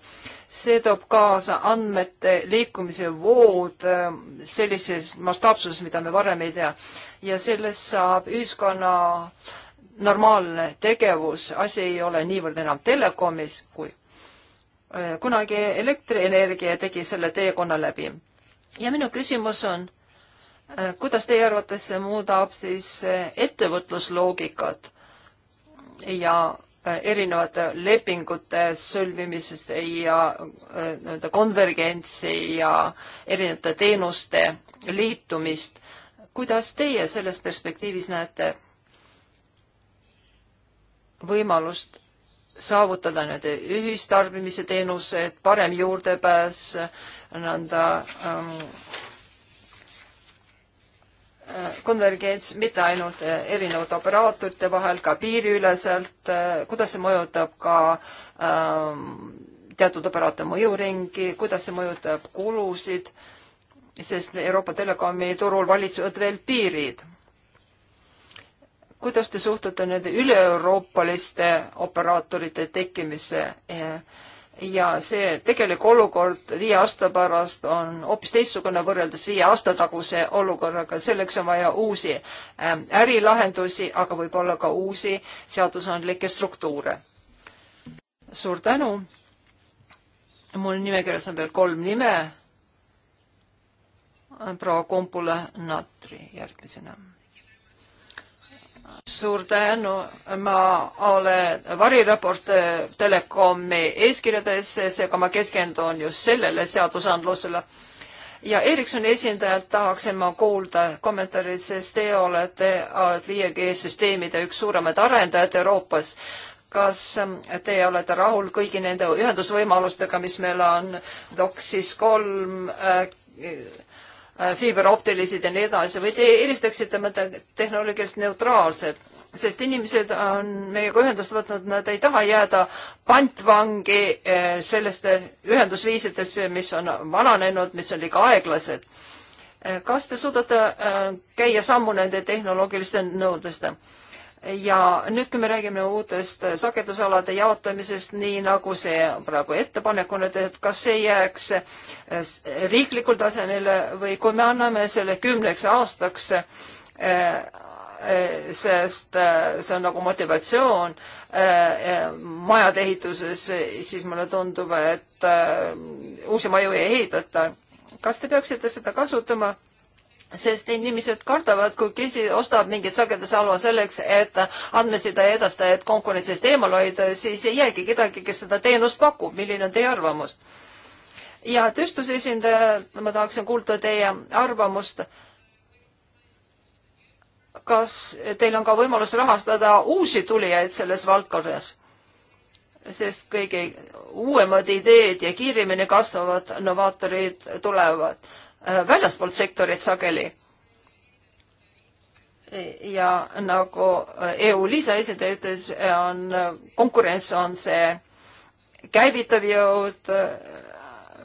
Speaker 2: see toob kaasa andmete liikumise vood äh, sellises mastaapsuses, mida me varem ei tea. ja sellest saab ühiskonna normaalne tegevus, asi ei ole niivõrd enam telekomis, kui äh, kunagi elektrienergia tegi selle teekonna läbi ja minu küsimus on, äh, kuidas teie arvates see muudab siis äh, ettevõtlusloogikat ja äh, erinevate lepingute sõlmimisest ja nii-öelda konvergentsi ja erinevate teenuste liitumist. kuidas teie selles perspektiivis näete võimalust saavutada need ühistarbimise teenused, parem juurdepääs, nõnda ähm, äh, konvergents mitte ainult äh, erinevate operaatorite vahel, ka piiriüleselt, äh, kuidas see mõjutab ka ähm, teatud operaator mõjuringi, kuidas see mõjutab kulusid, sest Euroopa Telekomi turul valitsevad veel piirid kuidas te suhtute nende üle-euroopaliste operaatorite tekkimisse ja see tegelik olukord viie aasta pärast on hoopis teistsugune võrreldes viie aasta taguse olukorraga, selleks on vaja uusi ähm, ärilahendusi, aga võib-olla ka uusi seadusandlikke struktuure. suur tänu. mul nimekirjas on veel kolm nime. proua Kumbula Natri järgmisena suur tänu, ma olen variraportöör Telekomi eeskirjades, seega ma keskendun just sellele seadusandlusele. ja Ericssoni esindajalt tahaksin ma kuulda kommentaarid, sest te olete, olete 5G süsteemide üks suuremaid arendajaid Euroopas kas te olete rahul kõigi nende ühendusvõimalustega, mis meil on DOCSIS kolm äh,, Äh, fiiberoptilised ja nii edasi või te eelistaksite mõnda tehnoloogiliselt neutraalset, sest inimesed on meiega ühendust võtnud, nad ei taha jääda pantvangi äh, selliste ühendusviisidesse, mis on vananenud, mis on liiga aeglased. Äh, kas te suudate käia sammu nende tehnoloogiliste nõudmiste? ja nüüd, kui me räägime uutest sagedusalade jaotamisest, nii nagu see praegu ettepanek on, et, et kas see jääks eh, riiklikul tasemele või kui me anname selle kümneks aastaks eh, eh, sest see on nagu motivatsioon majade ehituses, siis mulle tundub, et uusi maju ei ehitata. kas te peaksite seda kasutama sest inimesed kardavad, kui keegi ostab mingit sagedushalva selleks, et andmeside edastajad konkurentsist eemal hoida, siis ei jäägi kedagi, kes seda teenust pakub. milline on teie arvamus? ja tööstuse esindajalt ma tahaksin kuulda teie arvamust. kas teil on ka võimalus rahastada uusi tulijaid selles valdkonnas? sest kõige uuemad ideed ja kiiremini kasvavad novaatorid tulevad Äh, väljaspoolt sektorit sageli. ja nagu äh, EU Liisa esindaja ütles, on äh, konkurents, on see käivitav jõud,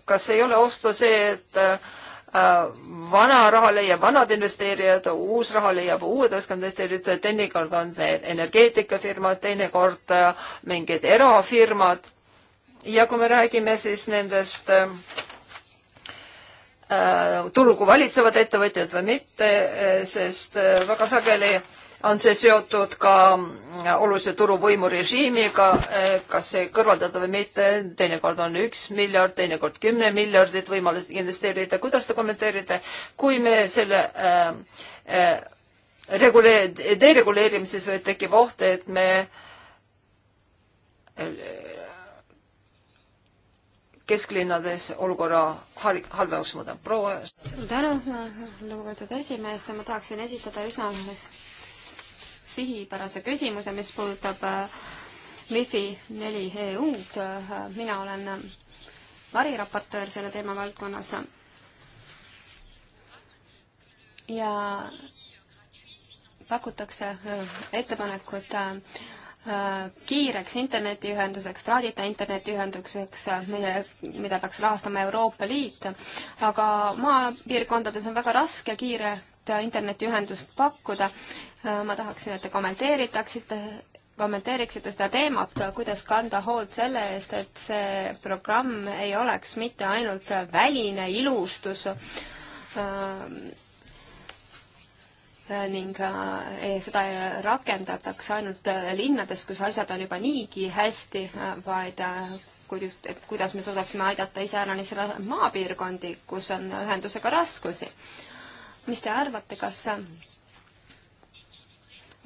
Speaker 2: kas ei ole ohtu see, et vana raha leiab vanad investeerijad, uus raha leiab uued investeerijad, teinekord on need energeetikafirmad, teinekord mingid erafirmad. ja kui me räägime siis nendest äh, Äh, turgu valitsevad ettevõtjad või mitte, äh, sest äh, väga sageli on see seotud ka olulise turuvõimu režiimiga, kas see kõrvaldada või mitte, teinekord on üks miljard, teinekord kümme miljardit võimalust investeerida, kuidas te kommenteerite, kui me selle äh, äh, regulee-, dereguleerimises võib tekkida oht, et me kesklinnades olukorra halvemaks muudab. proua. suur
Speaker 1: tänu, lugupeetud esimees, ma tahaksin esitada üsna sihipärase küsimuse, mis puudutab äh, MIFI neli EU-d. mina olen äh, variraportöör selle teemavaldkonnas. ja pakutakse äh, ettepanekut Äh, kiireks internetiühenduseks, traadita internetiühenduseks, äh, mille, mida peaks rahastama Euroopa Liit, aga maapiirkondades on väga raske kiiret internetiühendust pakkuda. Äh, ma tahaksin, et te kommenteeritaksite, kommenteeriksite seda teemat, kuidas kanda hoolt selle eest, et see programm ei oleks mitte ainult väline ilustus, ning äh, e, seda äh, rakendatakse ainult äh, linnades, kus asjad on juba niigi hästi, vaid et kuidas me suudaksime aidata iseäranis maapiirkondi, kus on ühendusega raskusi. mis te arvate, kas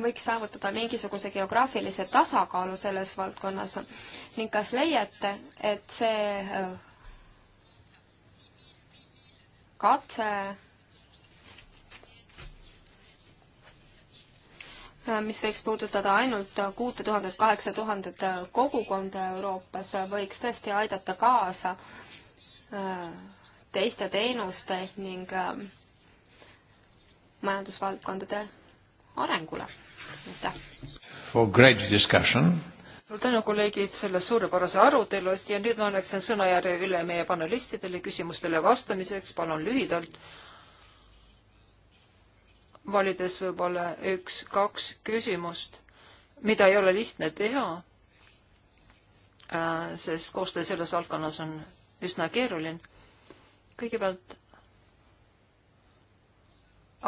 Speaker 1: võiks saavutada mingisuguse geograafilise tasakaalu selles valdkonnas ning kas leiate, et see katse mis võiks puudutada ainult kuute tuhandet, kaheksa tuhandet kogukonda Euroopas, võiks tõesti aidata kaasa äh, teiste teenuste ning äh, majandusvaldkondade
Speaker 2: arengule. aitäh!
Speaker 3: For great discussion
Speaker 2: suur tänu, kolleegid, selle suurepärase arutelu eest ja nüüd ma annaksin sõnajärje üle meie panelistidele küsimustele vastamiseks, palun lühidalt valides võib-olla üks-kaks küsimust, mida ei ole lihtne teha, äh, sest koostöö selles valdkonnas on üsna keeruline. kõigepealt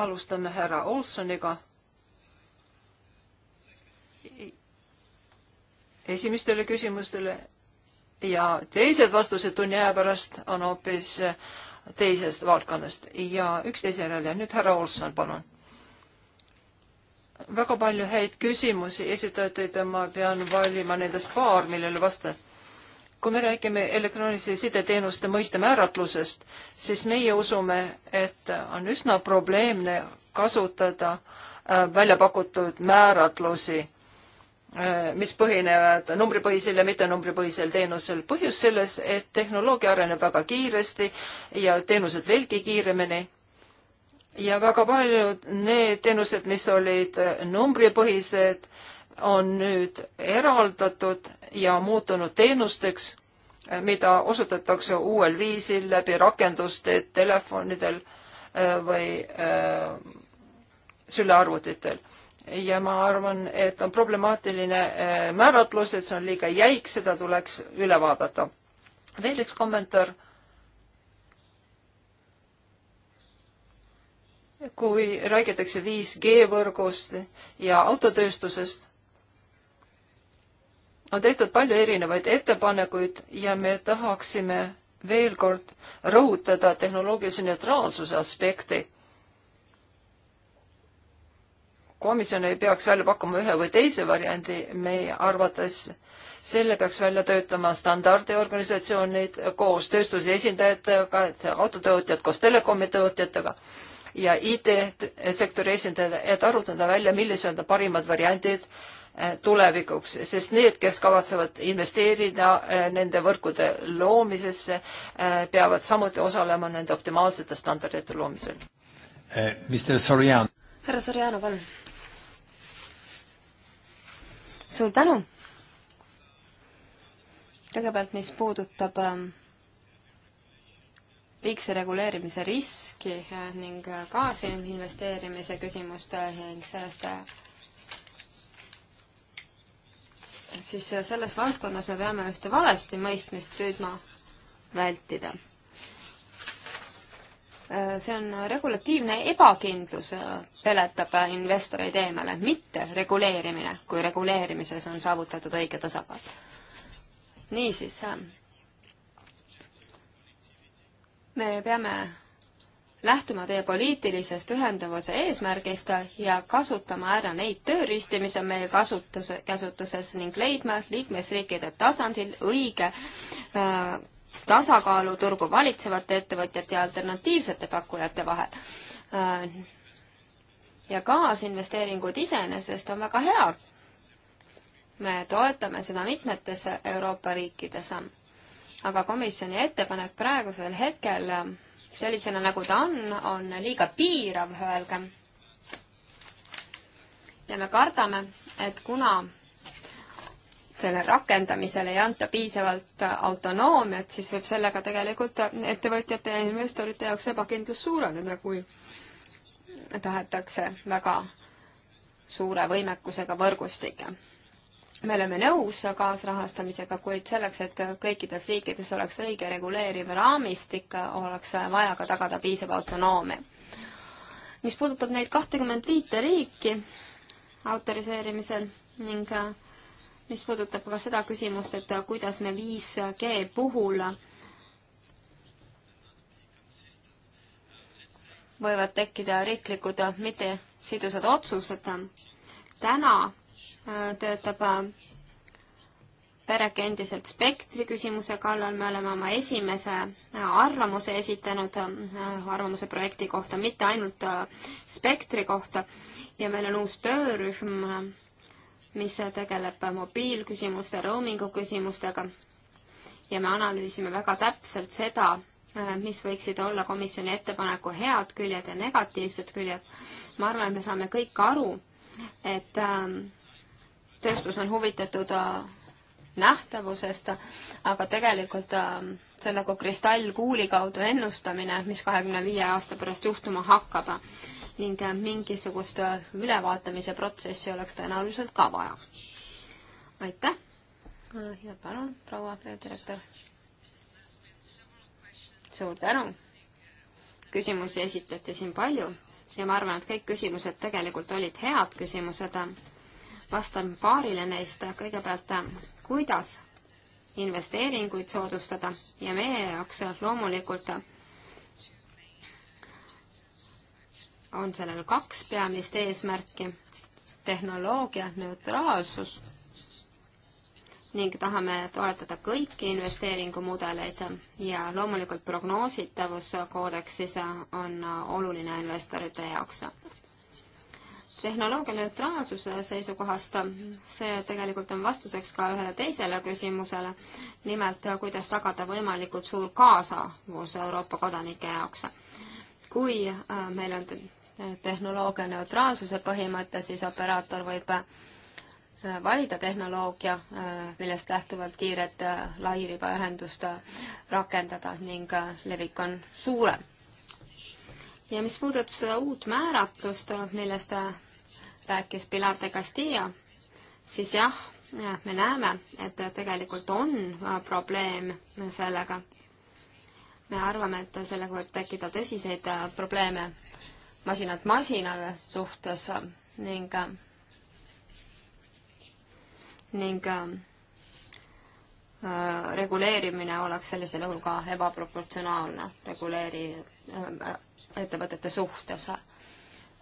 Speaker 2: alustame härra Olsoniga. esimestele küsimustele ja teised vastused tunni aja pärast on hoopis teisest valdkonnast ja üksteise järel ja nüüd härra Olson, palun väga palju häid küsimusi esitatud ja ma pean valima nendest paar, millele vastan. kui me räägime elektroonilise sideteenuste mõiste määratlusest, siis meie usume, et on üsna probleemne kasutada äh, välja pakutud määratlusi, äh, mis põhinevad numbripõhisel ja mittenumbripõhisel teenusel. põhjus selles, et tehnoloogia areneb väga kiiresti ja teenused veelgi kiiremini ja väga paljud need teenused, mis olid numbripõhised, on nüüd eraldatud ja muutunud teenusteks, mida osutatakse uuel viisil läbi rakenduste telefonidel äh, või äh, sülearvutitel. ja ma arvan, et on problemaatiline äh, määratlus, et see on liiga jäik, seda tuleks üle vaadata. veel üks kommentaar kui räägitakse 5G võrgust ja autotööstusest, on tehtud palju erinevaid ettepanekuid ja me tahaksime veel kord rõhutada tehnoloogilise neutraalsuse aspekti. komisjon ei peaks välja pakkuma ühe või teise variandi, meie arvates selle peaks välja töötama standardiorganisatsioonid koos tööstuse esindajatega, autotöötajad koos telekomi tootjatega ja IT-sektori esindajad, et arutada välja, millised on parimad variandid eh, tulevikuks, sest need, kes kavatsevad investeerida eh, nende võrkude loomisesse, eh, peavad samuti osalema nende optimaalsete standardite loomisel. härra Soriano, palun.
Speaker 1: suur tänu. kõigepealt, mis puudutab ähm, liigse reguleerimise riski ning kaasinvesteerimise küsimust ning sellest siis selles valdkonnas me peame ühte valesti mõistmist püüdma vältida. see on regulatiivne ebakindlus peletab investoreid eemale, mitte reguleerimine, kui reguleerimises on saavutatud õige tasakaal. niisiis me peame lähtuma teie poliitilisest ühenduvuse eesmärgist ja kasutama ära neid tööriisti, mis on meie kasutuse, käsutuses ning leidma liikmesriikide tasandil õige äh, tasakaalu turgu valitsevate ettevõtjate ja alternatiivsete pakkujate vahel äh,. ja kaasinvesteeringud iseenesest on väga head. me toetame seda mitmetes Euroopa riikides aga komisjoni ettepanek praegusel hetkel äh, sellisena, nagu ta on, on liiga piirav, öelgem. ja me kardame, et kuna selle rakendamisel ei anta piisavalt äh, autonoomiat, siis võib sellega tegelikult äh, ettevõtjate ja investorite jaoks ebakindlus suureneda, kui tahetakse väga suure võimekusega võrgustikke me oleme nõus kaasrahastamisega, kuid selleks, et kõikides riikides oleks õige reguleeriv raamistik, oleks vaja ka tagada piisav autonoomia. mis puudutab neid kahtekümmet viite riiki autoriseerimisel ning äh, mis puudutab ka seda küsimust, et äh, kuidas me 5G puhul võivad tekkida riiklikud mittesidusad otsused, täna Äh, töötab äh, Perek endiselt spektri küsimuse kallal, me oleme oma esimese äh, arvamuse esitanud arvamuse projekti kohta, mitte ainult spektri kohta ja meil on uus töörühm, mis tegeleb mobiilküsimuste, roamingu küsimustega ja me analüüsime väga täpselt seda, mis võiksid olla komisjoni ettepaneku head küljed ja negatiivsed küljed. ma arvan, et me saame kõik aru, et äh, tööstus on huvitatud äh, nähtavusest, aga tegelikult äh, see nagu kristallkuuli kaudu ennustamine, mis kahekümne viie aasta pärast juhtuma hakkab ning äh, mingisugust ülevaatamise protsessi oleks tõenäoliselt ka vaja. aitäh ja palun, proua direktor. suur tänu. küsimusi esitati siin palju ja ma arvan, et kõik küsimused tegelikult olid head küsimused vastan paarile neist. kõigepealt, kuidas investeeringuid soodustada ja meie jaoks loomulikult on sellel kaks peamist eesmärki. tehnoloogia neutraalsus ning tahame toetada kõiki investeeringumudeleid ja loomulikult prognoositavus koodeksis on oluline investorite jaoks tehnoloogia neutraalsuse seisukohast, see tegelikult on vastuseks ka ühele teisele küsimusele, nimelt kuidas tagada võimalikult suur kaasavus Euroopa kodanike jaoks. kui äh, meil on tehnoloogia neutraalsuse põhimõte, siis operaator võib äh, valida tehnoloogia, äh, millest lähtuvalt kiiret lairibaühendust rakendada ning levik on suurem. ja mis puudutab seda uut määratlust, millest rääkis Pilar de Castilla, siis jah, me näeme, et tegelikult on probleem sellega. me arvame, et sellega võib tekkida tõsiseid probleeme masinalt masinale suhtes ning, ning äh, reguleerimine oleks sellisel juhul ka ebaproportsionaalne reguleeri- äh,, ettevõtete suhtes.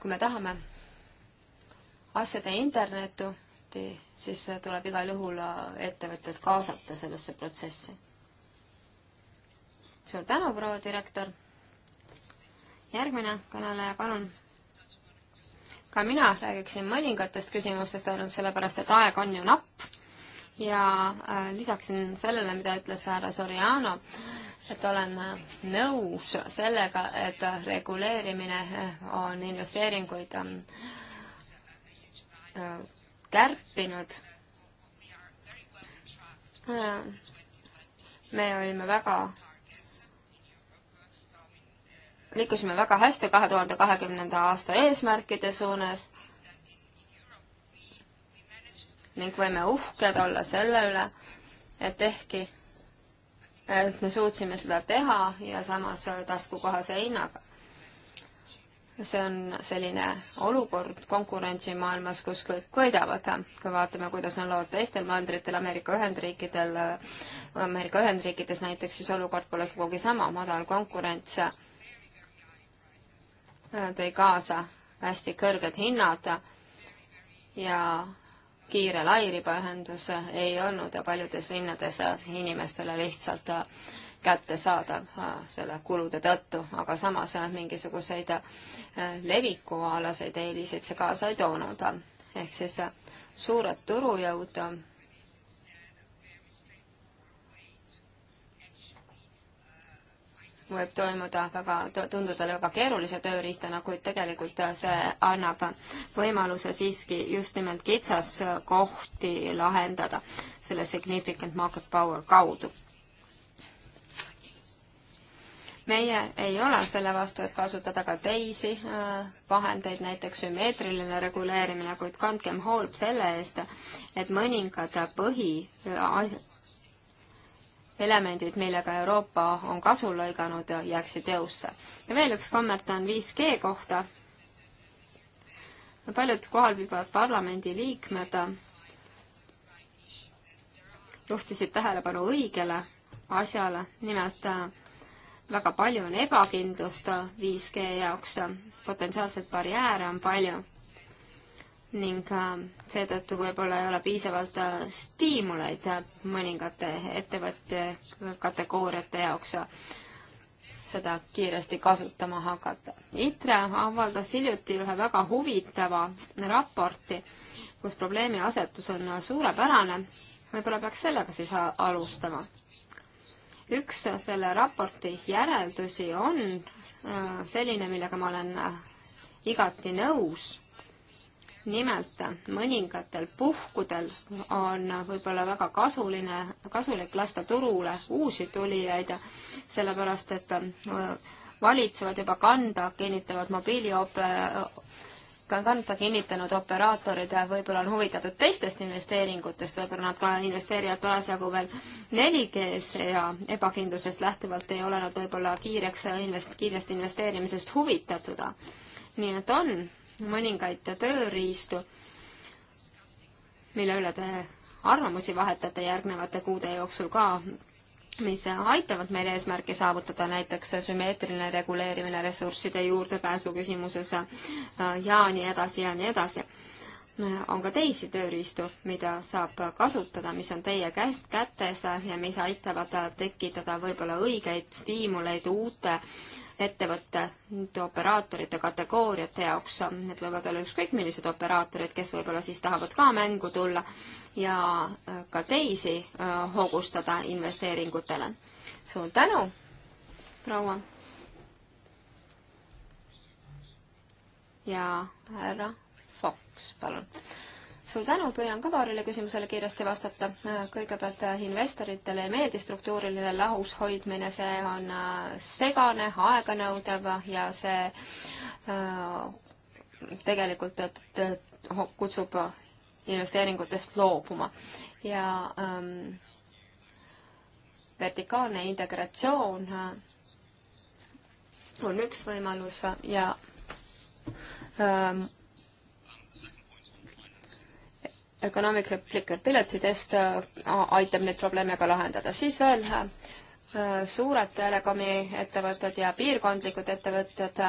Speaker 1: kui me tahame asjade internetu, siis tuleb igal juhul äh, ettevõtted kaasata sellesse protsessi. suur tänu, proua direktor. järgmine kõneleja, palun. ka mina räägiksin mõningatest küsimustest ainult sellepärast, et aeg on ju napp ja äh, lisaksin sellele, mida ütles härra Soriano, et olen äh, nõus sellega, et reguleerimine on investeeringuid ähm, Äh, kärpinud. Äh, me olime väga, liikusime väga hästi kahe tuhande kahekümnenda aasta eesmärkide suunas ning võime uhked olla selle üle, et ehkki, et me suutsime seda teha ja samas taskukohase hinnaga see on selline olukord konkurentsimaailmas, kus kõik võidavad. kui vaatame, kuidas on lood teistel mandritel, Ameerika Ühendriikidel, Ameerika Ühendriikides näiteks, siis olukord pole sugugi sama, madal konkurents tõi kaasa hästi kõrged hinnad ja kiire lairibaühendus ei olnud ja paljudes linnades inimestele lihtsalt kättesaadav äh, selle kulude tõttu, aga samas äh, mingisuguseid äh, levikualaseid eeliseid see kaasa ei toonud. ehk siis suured turujõud võib toimuda väga, tunduda väga keerulise tööriistana, kuid tegelikult see annab võimaluse siiski just nimelt kitsaskohti lahendada selle significant market power kaudu meie ei ole selle vastu, et kasutada ka teisi äh, vahendeid, näiteks sümmeetriline reguleerimine, kuid kandkem hoolt selle eest, et mõningad põhi äh, elemendid, millega Euroopa on kasu lõiganud, jääksid jõusse. ja veel üks kommentaar on 5G kohta. paljud kohal viibivad parlamendi liikmed juhtisid tähelepanu õigele asjale, nimelt äh, väga palju on ebakindlust 5G jaoks, potentsiaalseid barjääre on palju ning äh, seetõttu võib-olla ei ole piisavalt äh, stiimuleid mõningate ettevõtjate kategooriate jaoks seda kiiresti kasutama hakata. ITRE avaldas hiljuti ühe väga huvitava raporti, kus probleemi asetus on suurepärane. võib-olla peaks sellega siis alustama üks selle raporti järeldusi on äh, selline, millega ma olen äh, igati nõus. nimelt mõningatel puhkudel on võib-olla väga kasuline, kasulik lasta turule uusi tulijaid, sellepärast et äh, valitsevad juba kanda kinnitavad mobiiliop-, kanda kinnitanud operaatorid võib-olla on huvitatud teistest investeeringutest, võib-olla nad ka investeerivad parasjagu veel 4G-s ja ebakindlusest lähtuvalt ei ole nad võib-olla kiireks invest-, kiirest investeerimisest huvitatud. nii et on mõningaid tööriistu, mille üle te arvamusi vahetate järgnevate kuude jooksul ka mis aitavad meil eesmärki saavutada, näiteks sümmeetriline reguleerimine ressursside juurdepääsu küsimuses äh, ja nii edasi ja nii edasi. on ka teisi tööriistu, mida saab kasutada, mis on teie käest kätes ja mis aitavad tekitada võib-olla õigeid stiimuleid uute ettevõtete operaatorite kategooriate jaoks, need võivad olla ükskõik millised operaatorid, kes võib-olla siis tahavad ka mängu tulla ja äh, ka teisi äh, hoogustada investeeringutele. suur tänu, proua. ja härra Fox, palun suur tänu, püüan ka paarile küsimusele kiiresti vastata. Äh, kõigepealt investoritele ei meeldi struktuuriline lahus hoidmine, see on segane, aeganõudev ja see tegelikult kutsub investeeringutest loobuma ja ähm, vertikaalne integratsioon äh, on üks võimalus ja ähm, Economic Replica Piloti test äh, aitab neid probleeme ka lahendada. siis veel äh, suured telekomi ettevõtted ja piirkondlikud ettevõtted,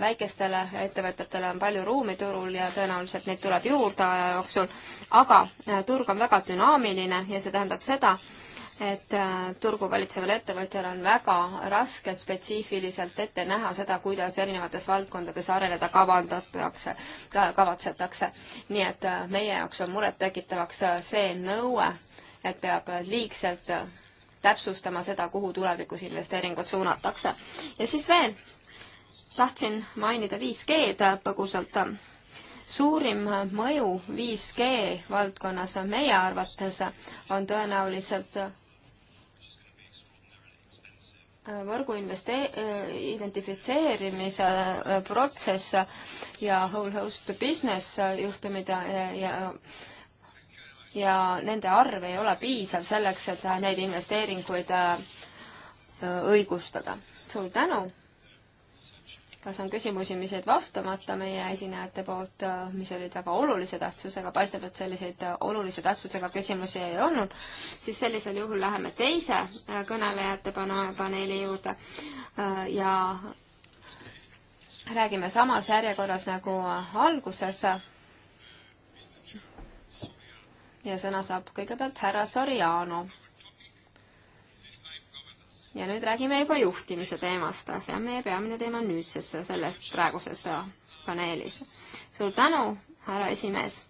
Speaker 1: väikestele ettevõtetele on palju ruumi turul ja tõenäoliselt neid tuleb juurde aja jooksul, aga äh, turg on väga dünaamiline ja see tähendab seda, et äh, turgu valitseval ettevõtjal on väga raske spetsiifiliselt ette näha seda, kuidas erinevates valdkondades areneda kavandatakse, kavatsetakse. nii et äh, meie jaoks on murettekitavaks see nõue, et peab liigselt täpsustama seda, kuhu tulevikus investeeringud suunatakse. ja siis veel, tahtsin mainida 5G-d põgusalt. suurim mõju 5G valdkonnas meie arvates on tõenäoliselt võrgu investee-, identifitseerimise protsess ja whole host business juhtumid ja, ja, ja ja nende arv ei ole piisav selleks, et neid investeeringuid äh, õigustada. suur tänu! kas on küsimusi, mis jäid vastamata meie esinejate poolt, äh, mis olid väga olulise tähtsusega, paistab, et selliseid äh, olulise tähtsusega küsimusi ei olnud, siis sellisel juhul läheme teise kõnelejate paneeli juurde ja räägime samas järjekorras nagu alguses ja sõna saab kõigepealt härra Soriano. ja nüüd räägime juba juhtimise teemast, see on meie peamine teema nüüdses, selles praeguses paneelis. suur tänu, härra esimees!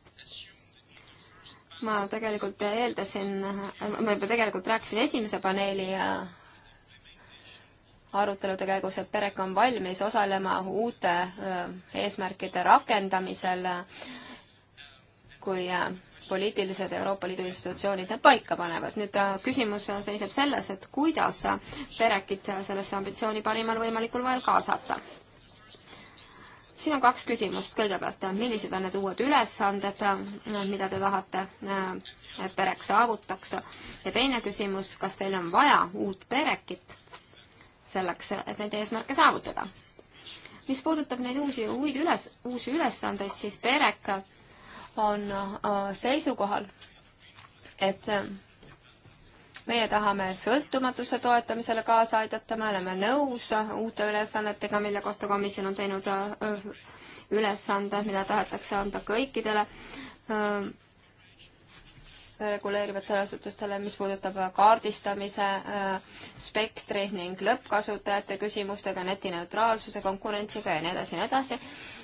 Speaker 1: ma tegelikult eeldasin, ma juba tegelikult rääkisin esimese paneeli ja arutelude käigus, et pereka on valmis osalema uute eesmärkide rakendamisel, kui poliitilised Euroopa Liidu institutsioonid need paika panevad. nüüd äh, küsimus äh, seisneb selles, et kuidas äh, perekid sellesse ambitsiooni parimal võimalikul moel kaasata. siin on kaks küsimust. kõigepealt, millised on need uued ülesanded, mida te tahate, et perek saavutaks? ja teine küsimus, kas teil on vaja uut perekit selleks, et neid eesmärke saavutada? mis puudutab neid uusi, uuid üles, uusi ülesandeid, siis pereka on äh, seisukohal, et äh, meie tahame sõltumatuse toetamisele kaasa aidata, me oleme nõus äh, uute ülesannetega, mille kohta komisjon on teinud ülesande, mida tahetakse anda kõikidele reguleerivatele asutustele, mis puudutab äh, kaardistamise äh, spektri ning lõppkasutajate küsimustega, netineutraalsuse, konkurentsiga ja nii edasi ja nii edasi.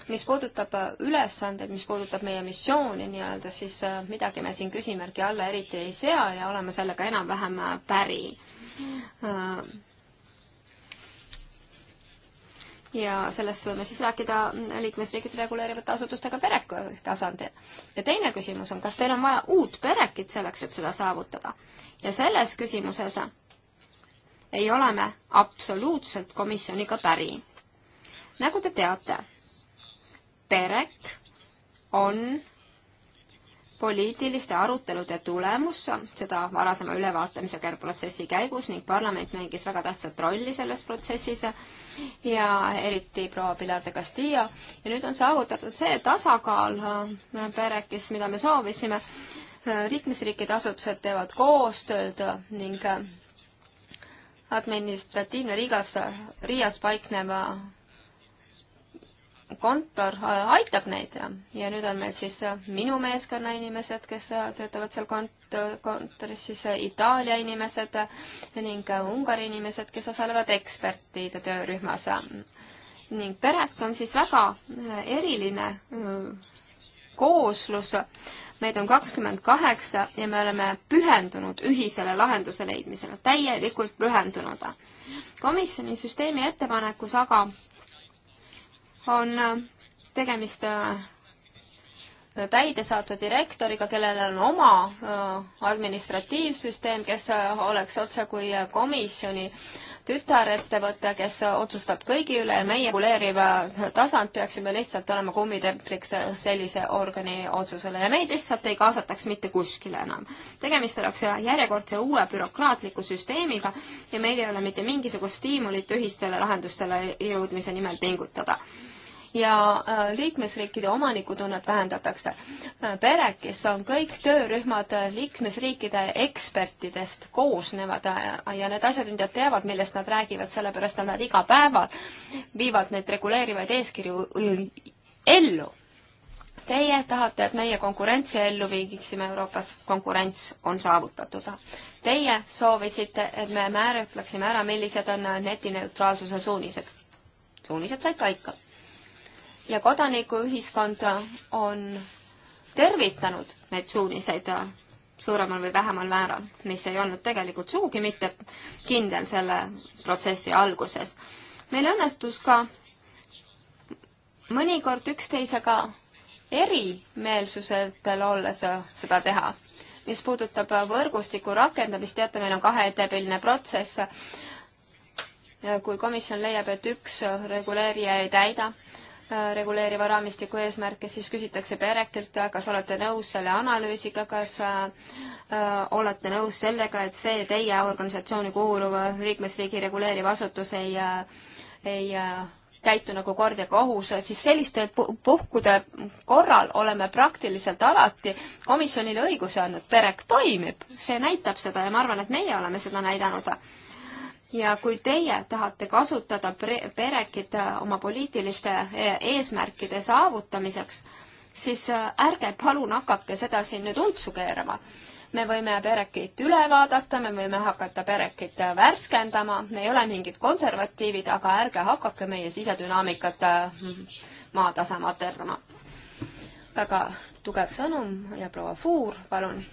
Speaker 1: mis puudutab äh, ülesandeid, mis puudutab meie missiooni nii-öelda, siis midagi me siin küsimärgi alla eriti ei sea ja oleme sellega enam-vähem päri ja sellest võime siis rääkida liikmesriigid reguleerivate asutustega pereka tasandil. ja teine küsimus on, kas teil on vaja uut perekit selleks, et seda saavutada? ja selles küsimuses ei ole me absoluutselt komisjoniga päri. nagu te teate, perek on poliitiliste arutelude tulemus, seda varasema ülevaatamise protsessi käigus ning parlament mängis väga tähtsat rolli selles protsessis ja eriti proua Pilar de Castilla. ja nüüd on saavutatud see tasakaal äh, PERECis, mida me soovisime. Äh, liikmesriikide asutused teevad koostööd ning äh, administratiivne Riigas, Riias paikneva kontor äh, aitab neid ja nüüd on meil siis äh, minu meeskonna inimesed, kes äh, töötavad seal kont-, kontoris, siis Itaalia inimesed ning Ungari inimesed, kes osalevad ekspertide töörühmas. ning Perek on siis väga eriline kooslus, meid on kakskümmend kaheksa ja me oleme pühendunud ühisele lahenduse leidmisele, täielikult pühendunud. komisjoni süsteemi ettepanekus aga on äh, tegemist äh, täidesaatva direktoriga, kellel on oma äh, administratiivsüsteem, kes oleks otsekui komisjoni tütarettevõte, kes otsustab kõigi üle ja meie reguleeriv tasand peaksime lihtsalt olema kummitempliks sellise organi otsusele ja meid lihtsalt ei kaasataks mitte kuskile enam. tegemist oleks järjekordse uue bürokraatliku süsteemiga ja meil ei ole mitte mingisugust stiimulit ühistele lahendustele jõudmise nimel pingutada ja äh, liikmesriikide omanikutunnet vähendatakse. Berekis äh, on kõik töörühmad äh, liikmesriikide ekspertidest koosnevad ja need asjatundjad teavad, millest nad räägivad, sellepärast et nad iga päev viivad neid reguleerivaid eeskirju ellu. Teie tahate, et meie konkurentsi ellu viigiksime Euroopas, konkurents on saavutatud. Teie soovisite, et me määratleksime ära, millised on netineutraalsuse suunised. suunised said paika ja kodanikuühiskond on tervitanud neid suuniseid äh, suuremal või vähemal määral, mis ei olnud tegelikult sugugi mitte kindel selle protsessi alguses. meil õnnestus ka mõnikord üksteisega erimeelsusetel olles äh, seda teha. mis puudutab äh, võrgustiku rakendamist, teate, meil on kaheetapiline protsess. kui komisjon leiab, et üks reguleerija ei täida Äh, reguleeriva raamistiku eesmärke, siis küsitakse Berechtilt, äh, kas olete nõus selle analüüsiga, kas äh, olete nõus sellega, et see teie organisatsiooni kuuluv liikmesriigi reguleeriv asutus ei, ei käitu nagu kord ja kohus, siis selliste puhkude korral oleme praktiliselt alati komisjonile õiguse andnud. PEREK toimib, see näitab seda ja ma arvan, et meie oleme seda näidanud ja kui teie tahate kasutada perekit äh, oma poliitiliste äh, eesmärkide saavutamiseks, siis äh, ärge palun hakake seda siin nüüd untsu keerama. me võime perekit üle vaadata, me võime hakata perekit värskendama, me ei ole mingid konservatiivid, aga ärge hakake meie sisedünaamikat maatasa materdama. väga tugev sõnum ja proua Fuur, palun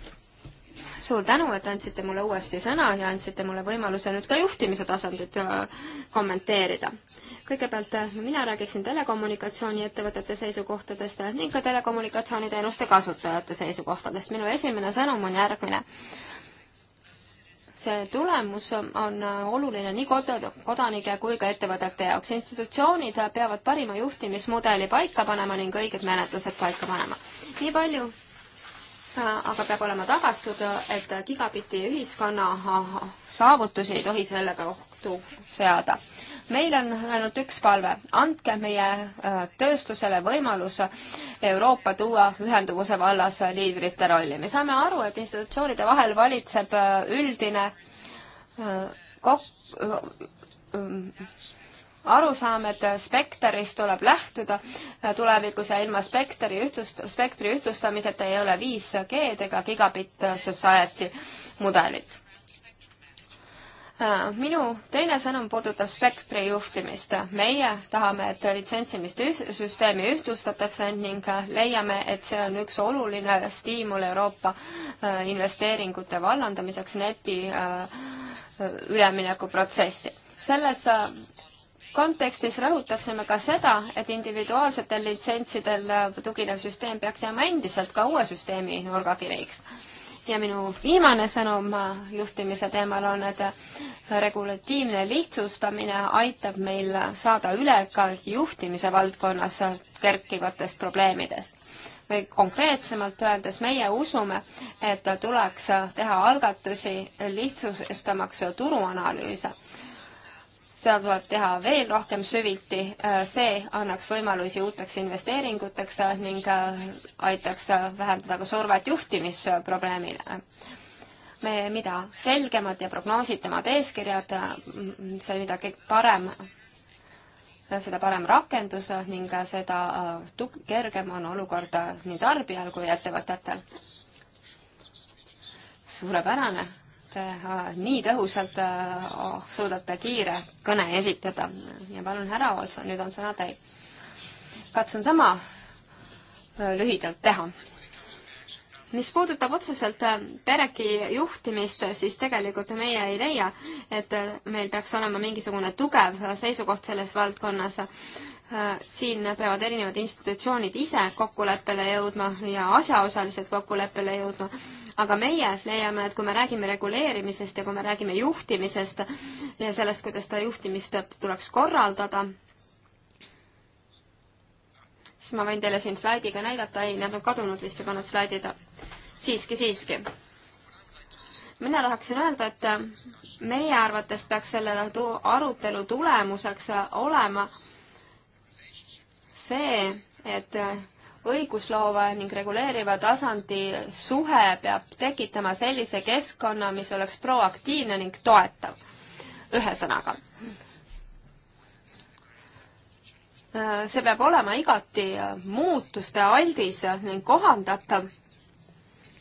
Speaker 1: suur tänu, et andsite mulle uuesti sõna ja andsite mulle võimaluse nüüd ka juhtimise tasandit äh, kommenteerida. kõigepealt äh, mina räägiksin telekommunikatsiooniettevõtete seisukohtadest ning ka telekommunikatsiooniteenuste kasutajate seisukohtadest. minu esimene sõnum on järgmine. see tulemus on äh, oluline nii kod-, kodanike kui ka ettevõtete jaoks. institutsioonid peavad parima juhtimismudeli paika panema ning õiged menetlused paika panema. nii palju Äh, aga peab olema tagatud, et gigabitti ühiskonna saavutusi ei tohi sellega ohtu seada. meil on ainult üks palve, andke meie äh, tööstusele võimalus Euroopa tuua ühenduvuse vallas liidrite rolli. me saame aru, et institutsioonide vahel valitseb äh, üldine kok-, arusaam, et spekterist tuleb lähtuda äh, tulevikus ja ilma spektri ühtlust-, spektri ühtlustamiseta ei ole 5G-d ega gigabitt society mudelit. Äh, minu teine sõnum puudutab spektri juhtimist. meie tahame, et litsentsimist üh-, süsteemi ühtlustatakse ning äh, leiame, et see on üks oluline stiimul Euroopa investeeringute vallandamiseks neti üleminekuprotsessi selles kontekstis rõhutaksime ka seda, et individuaalsetel litsentsidel tuginev süsteem peaks jääma endiselt ka uue süsteemi nurgakiviks. ja minu viimane sõnum juhtimise teemal on, et regulatiivne lihtsustamine aitab meil saada üle ka juhtimise valdkonnas kerkivatest probleemidest või konkreetsemalt öeldes meie usume, et tuleks teha algatusi lihtsustamaks turuanalüüse seda tuleb teha veel rohkem süviti, äh, see annaks võimalusi uuteks investeeringuteks äh, ning äh, aitaks vähendada ka survet juhtimisprobleemile. me, mida selgemad ja prognoositavamad eeskirjad, see, mida parem, seda parem rakendus ning seda kergem on olukord nii tarbijal kui ettevõtetel. suurepärane te äh, nii tõhusalt äh, suudate kiire kõne esitada ja palun, härra Olson, nüüd on sõna teil. katsun sama äh, lühidalt teha. mis puudutab otseselt pereki juhtimist, siis tegelikult meie ei leia, et meil peaks olema mingisugune tugev seisukoht selles valdkonnas Äh, siin peavad erinevad institutsioonid ise kokkuleppele jõudma ja asjaosalised kokkuleppele jõudma, aga meie leiame, et kui me räägime reguleerimisest ja kui me räägime juhtimisest ja sellest, kuidas seda juhtimist tuleks korraldada, siis ma võin teile siin slaidiga näidata, ei, nad on kadunud vist juba, need slaidid. siiski, siiski mina tahaksin öelda, et meie arvates peaks selle arutelu tulemuseks olema äh, see, et õigusloova ning reguleeriva tasandi suhe peab tekitama sellise keskkonna, mis oleks proaktiivne ning toetav, ühesõnaga. see peab olema igati muutuste aldis ning kohandatav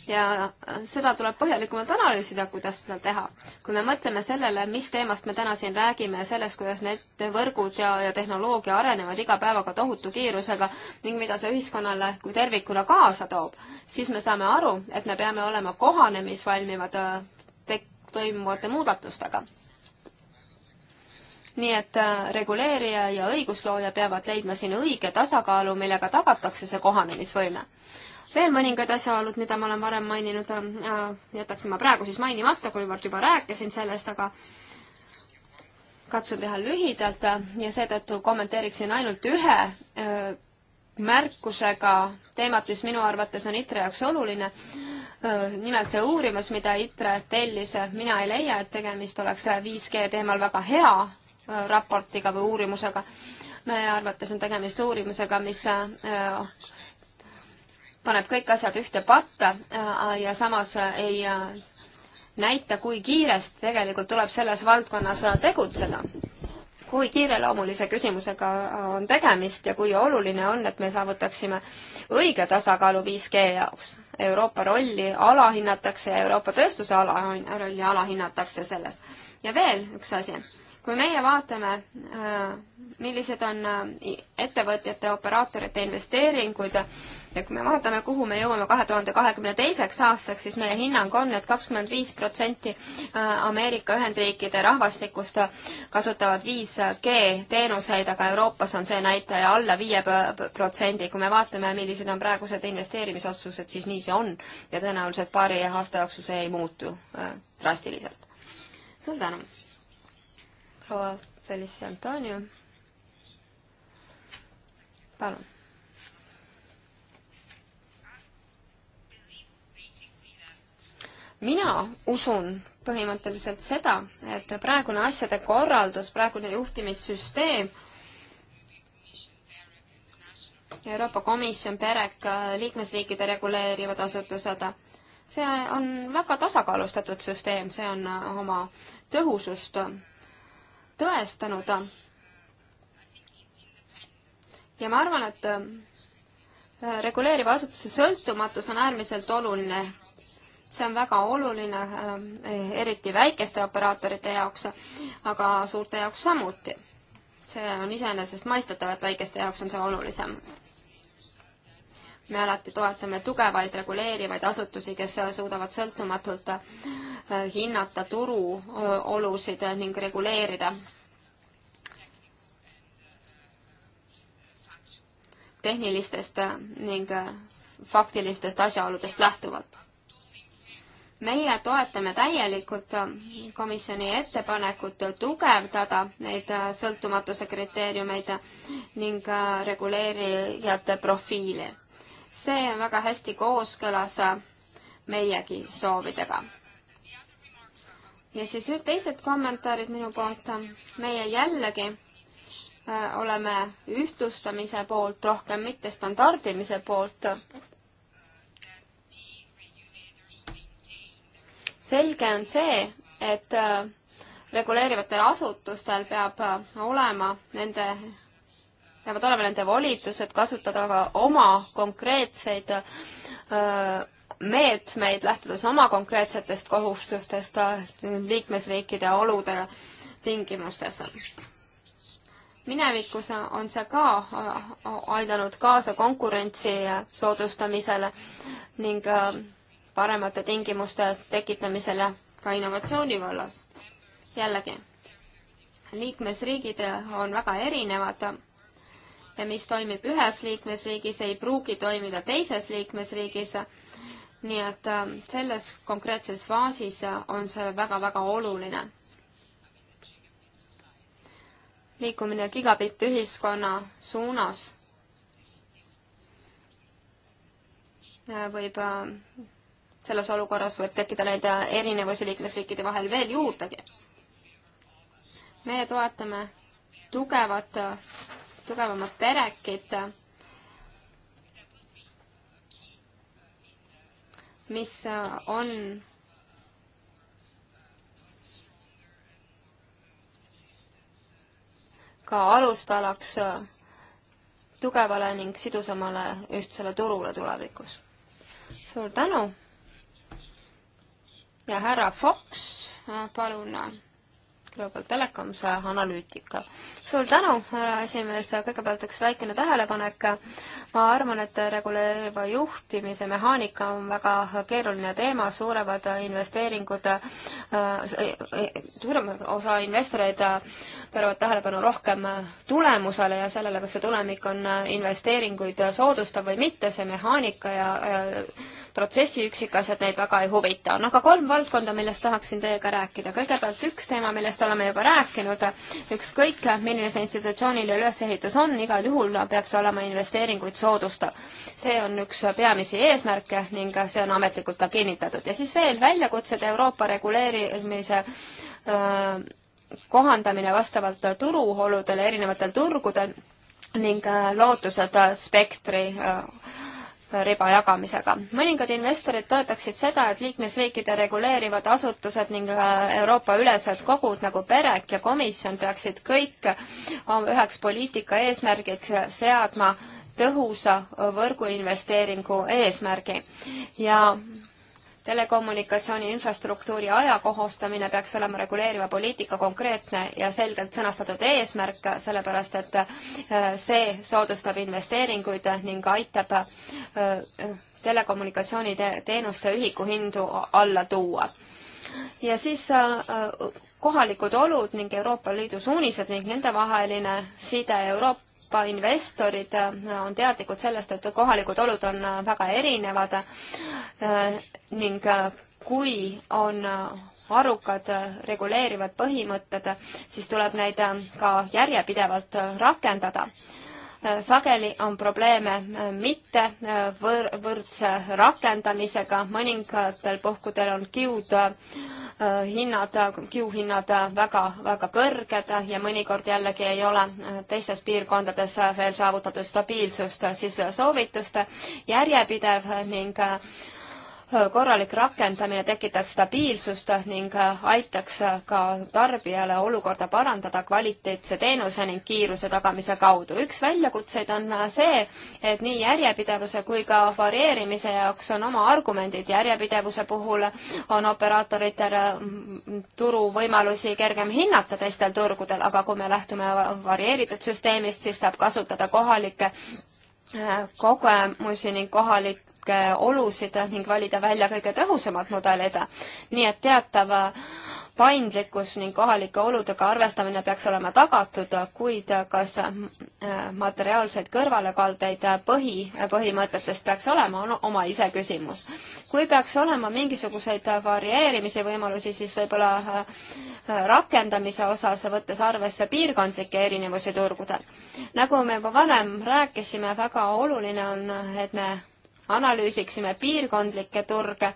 Speaker 1: ja äh, seda tuleb põhjalikumalt analüüsida, kuidas seda teha. kui me mõtleme sellele, mis teemast me täna siin räägime ja sellest, kuidas need võrgud ja, ja tehnoloogia arenevad iga päevaga tohutu kiirusega ning mida see ühiskonnale kui tervikule kaasa toob, siis me saame aru, et me peame olema kohanemisvalmivad äh, toimuvate muudatustega. nii et äh, reguleerija ja õiguslooja peavad leidma siin õige tasakaalu, millega tagatakse see kohanemisvõime veel mõningad asjaolud, mida ma olen varem maininud, äh, jätaksin ma praegu siis mainimata, kuivõrd juba rääkisin sellest, aga katsun teha lühidalt ja seetõttu kommenteeriksin ainult ühe äh, märkusega teemat, mis minu arvates on ITRE jaoks oluline. Äh, nimelt see uurimus, mida ITRE tellis, mina ei leia, et tegemist oleks 5G teemal väga hea raportiga või uurimusega. meie arvates on tegemist uurimusega, mis paneb kõik asjad ühte patta äh, ja samas äh, ei äh, näita, kui kiiresti tegelikult tuleb selles valdkonnas tegutseda. kui kiireloomulise küsimusega on tegemist ja kui oluline on, et me saavutaksime õige tasakaalu 5G jaoks. Euroopa rolli alahinnatakse ja Euroopa tööstuse ala, rolli alahinnatakse selles. ja veel üks asi kui meie vaatame, millised on ettevõtjate, operaatorite investeeringud ja kui me vaatame, kuhu me jõuame kahe tuhande kahekümne teiseks aastaks, siis meie hinnang on et, et kakskümmend viis protsenti äh, Ameerika Ühendriikide rahvastikust äh, kasutavad 5G teenuseid, aga Euroopas on see näitaja alla viie protsendi. kui me vaatame, millised on praegused investeerimisotsused, siis nii see on ja tõenäoliselt paari aasta jooksul see ei muutu äh, drastiliselt. suur tänu, proua Felicia Antonio. palun mina usun põhimõtteliselt seda, et praegune asjade korraldus, praegune juhtimissüsteem Euroopa Komisjon, PEREK, liikmesriikide reguleerivad asutused. see on väga tasakaalustatud süsteem, see on oma tõhusust tõestanud. ja ma arvan, et reguleeriva asutuse sõltumatus on äärmiselt oluline see on väga oluline, ähm, eriti väikeste operaatorite jaoks, aga suurte jaoks samuti. see on iseenesestmõistetav, et väikeste jaoks on see olulisem. me alati toetame tugevaid reguleerivaid asutusi, kes suudavad sõltumatult äh, hinnata turuolusid äh, ning reguleerida tehnilistest äh, ning faktilistest asjaoludest lähtuvalt meie toetame täielikult komisjoni ettepanekut tugevdada neid sõltumatuse kriteeriumeid ning reguleerijate profiili. see on väga hästi kooskõlas meiegi soovidega. ja siis nüüd teised kommentaarid minu poolt. meie jällegi äh, oleme ühtlustamise poolt, rohkem mitte standardimise poolt selge on see, et äh, reguleerivatel asutustel peab äh, olema nende, peavad olema nende volitused kasutada ka oma konkreetseid äh, meetmeid, lähtudes oma konkreetsetest kohustustest liikmesriikide olude tingimustes. minevikus on see ka aidanud kaasa konkurentsi soodustamisele ning paremate tingimuste tekitamisele ka innovatsiooni vallas. jällegi, liikmesriigid on väga erinevad ja mis toimib ühes liikmesriigis, ei pruugi toimida teises liikmesriigis. nii et ähm, selles konkreetses faasis äh, on see väga-väga oluline. liikumine gigabitt-ühiskonna suunas äh, võib ähm, selles olukorras võib tekkida neid erinevusi liikmesriikide vahel veel juurdegi. meie toetame tugevat, tugevamat perekit, mis on ka alustalaks tugevale ning sidusamale ühtsele turule tulevikus. suur tänu! ja härra Fox, äh, palun, äh, Global Telecoms analüütik. suur tänu, härra esimees, kõigepealt üks väikene tähelepanek. ma arvan, et reguleeriva juhtimise mehaanika on väga keeruline teema, suuremad investeeringud, äh, suurem osa investoreid pööravad tähelepanu rohkem tulemusele ja sellele, kas see tulemik on investeeringuid soodustav või mitte, see mehaanika ja, ja protsessi üksikasjad neid väga ei huvita. on aga kolm valdkonda, millest tahaksin teiega rääkida. kõigepealt üks teema, millest oleme juba rääkinud, ükskõik milline see institutsiooniline ülesehitus on, igal juhul peab see olema investeeringuid soodustav. see on üks peamisi eesmärke ning see on ametlikult ka kinnitatud. ja siis veel väljakutsed Euroopa reguleerimise öö, äh, kohandamine vastavalt turuoludele erinevatel turgudel ning äh, lootused spektri äh, riba jagamisega. mõningad investorid toetaksid seda, et liikmesriikide reguleerivad asutused ning äh, Euroopa-ülesed kogud nagu PEREK ja komisjon peaksid kõik äh, üheks poliitika eesmärgiks seadma tõhusa võrguinvesteeringu eesmärgi ja telekommunikatsiooni infrastruktuuri ajakohastamine peaks olema reguleeriva poliitika konkreetne ja selgelt sõnastatud eesmärk, sellepärast et äh, see soodustab investeeringuid ning aitab äh, telekommunikatsiooniteenuste ühikuhindu alla tuua. ja siis äh, kohalikud olud ning Euroopa Liidu suunised ning nende vaheline side Euroopa Euroopa investorid äh, on teadlikud sellest, et kohalikud olud on äh, väga erinevad äh, ning kui on arukad reguleerivad põhimõtted, siis tuleb neid ka järjepidevalt rakendada. sageli on probleeme mitte võr-, võrdse rakendamisega, mõningatel puhkudel on kiud Äh, hinnad, äh, kiuhinnad väga-väga äh, kõrged ja mõnikord jällegi ei ole teistes piirkondades veel saavutatud stabiilsust, siis soovituste järjepidev ning äh, korralik rakendamine tekitaks stabiilsust ning aitaks ka tarbijale olukorda parandada kvaliteetse teenuse ning kiiruse tagamise kaudu. üks väljakutseid on see, et nii järjepidevuse kui ka varieerimise jaoks on oma argumendid. järjepidevuse puhul on operaatoritel turuvõimalusi kergem hinnata teistel turgudel, aga kui me lähtume varieeritud süsteemist, siis saab kasutada kohalikke kogemusi ning kohalikke olusid ning valida välja kõige tõhusamad mudelid. nii et teatav paindlikkus ning kohalike oludega arvestamine peaks olema tagatud, kuid kas äh, materiaalseid kõrvalekaldeid äh, põhi, äh, põhimõtetest peaks olema, on oma iseküsimus. kui peaks olema mingisuguseid varieerimise võimalusi, siis võib-olla rakendamise osas, võttes arvesse piirkondlikke erinevusi turgudel. nagu me juba varem rääkisime, väga oluline on, et me analüüsiksime piirkondlikke turge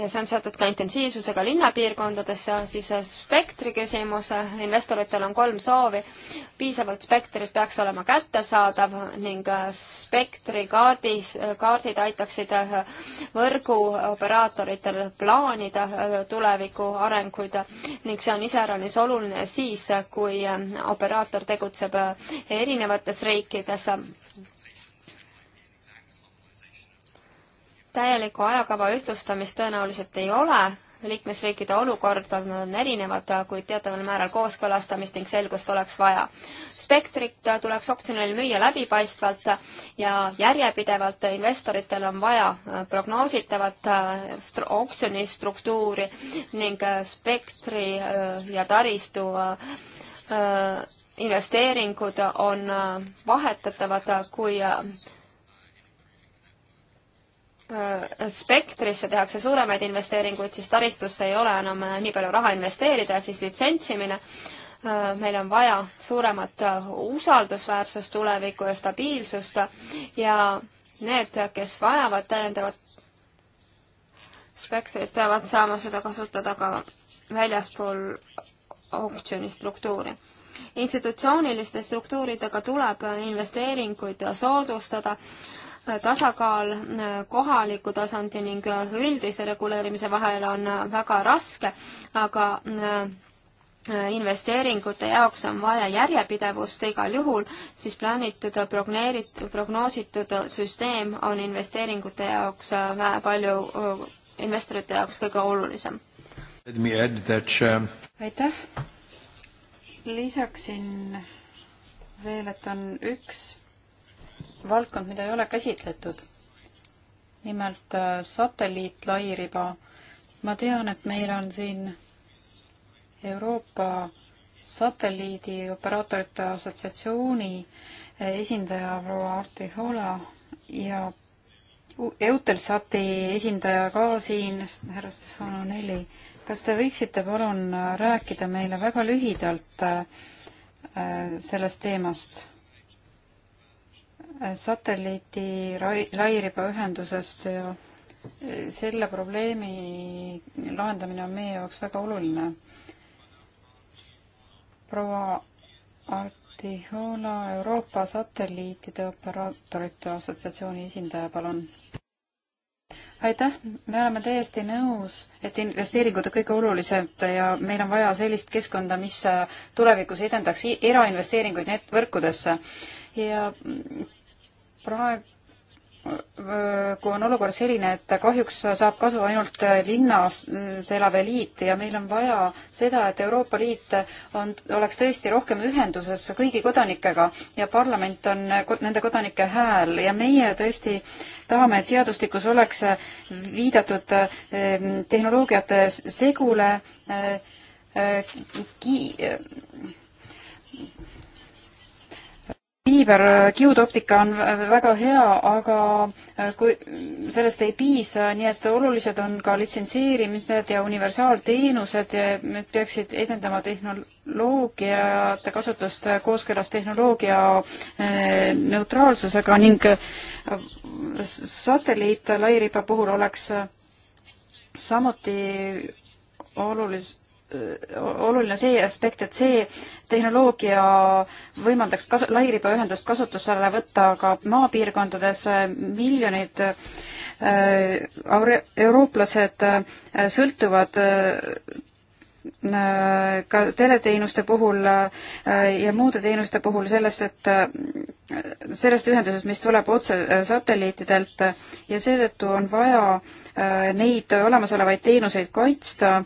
Speaker 1: ja see on seotud ka intensiivsusega linnapiirkondadesse, siis spektri küsimus, investoritel on kolm soovi, piisavalt spektrit peaks olema kättesaadav ning spektrikaardis, kaardid aitaksid võrguoperaatoritel plaanida tuleviku arenguid ning see on iseäranis oluline siis, kui operaator tegutseb erinevates riikides täielikku ajakava ühtlustamist tõenäoliselt ei ole, liikmesriikide olukord on erinevad, kuid teataval määral kooskõlastamist ning selgust oleks vaja. spektrit tuleks oktsionil müüa läbipaistvalt ja järjepidevalt, investoritel on vaja prognoositavat äh, oksjoni struktuuri ning äh, spektri äh, ja taristu investeeringud on vahetatavad, kui Äh, spektrisse tehakse suuremaid investeeringuid, siis taristusse ei ole enam äh, nii palju raha investeerida, siis litsentsimine, äh, meil on vaja suuremat usaldusväärsust tuleviku ja stabiilsust ja need, kes vajavad täiendavat spektrit, peavad saama seda kasutada ka väljaspool oktsiooni struktuuri. institutsiooniliste struktuuridega tuleb investeeringuid soodustada tasakaal äh, kohaliku tasandi ning äh, üldise reguleerimise vahel on äh, väga raske, aga investeeringute jaoks on vaja järjepidevust igal juhul, siis plaanitud, progneeritud, prognoositud süsteem on investeeringute jaoks palju, investorite
Speaker 3: jaoks kõige olulisem.
Speaker 2: Um,
Speaker 3: aitäh! lisaksin veel, et on üks valdkond, mida ei ole käsitletud. nimelt äh, satelliitlairiba. ma tean, et meil on siin Euroopa satelliidioperaatorite assotsiatsiooni äh, esindaja proua Arti Hola ja Eutelsati esindaja ka siin, härra Stefano Neli, kas te võiksite palun äh, rääkida meile väga lühidalt sellest teemast? satelliidi lairibaühendusest ja e, selle probleemi lahendamine on meie jaoks väga oluline. proua Artihola, Euroopa Satelliitide Operaatorite Assotsiatsiooni esindaja, palun. aitäh, me oleme täiesti nõus, et investeeringud on kõige olulisemad ja meil on vaja sellist keskkonda, mis tulevikus edendaks erainvesteeringuid võrkudesse ja praegu kui on olukord selline, et kahjuks saab kasu ainult linnas elav eliit ja meil on vaja seda, et Euroopa Liit on, oleks tõesti rohkem ühenduses kõigi kodanikega ja parlament on nende kodanike hääl ja meie tõesti tahame, et seadustikus oleks viidatud ehm, tehnoloogiate segule ehm, ki-, piiberkiudoptika äh, on väga hea, aga äh, kui sellest ei piisa, nii et olulised on ka litsenseerimised ja universaalteenused ja need peaksid edendama tehnoloogiate kasutust äh, kooskõlas tehnoloogia neutraalsusega ning satelliitlairiba puhul oleks samuti olulis-, oluline see aspekt, et see tehnoloogia võimaldaks kas-, lairibaühendust kasutusele võtta ka maapiirkondades, miljonid äh, eurooplased äh, sõltuvad äh, ka teleteenuste puhul äh, ja muude teenuste puhul sellest, et äh, sellest ühendusest, mis tuleb otse äh, satelliitidelt ja seetõttu on vaja neid olemasolevaid teenuseid kaitsta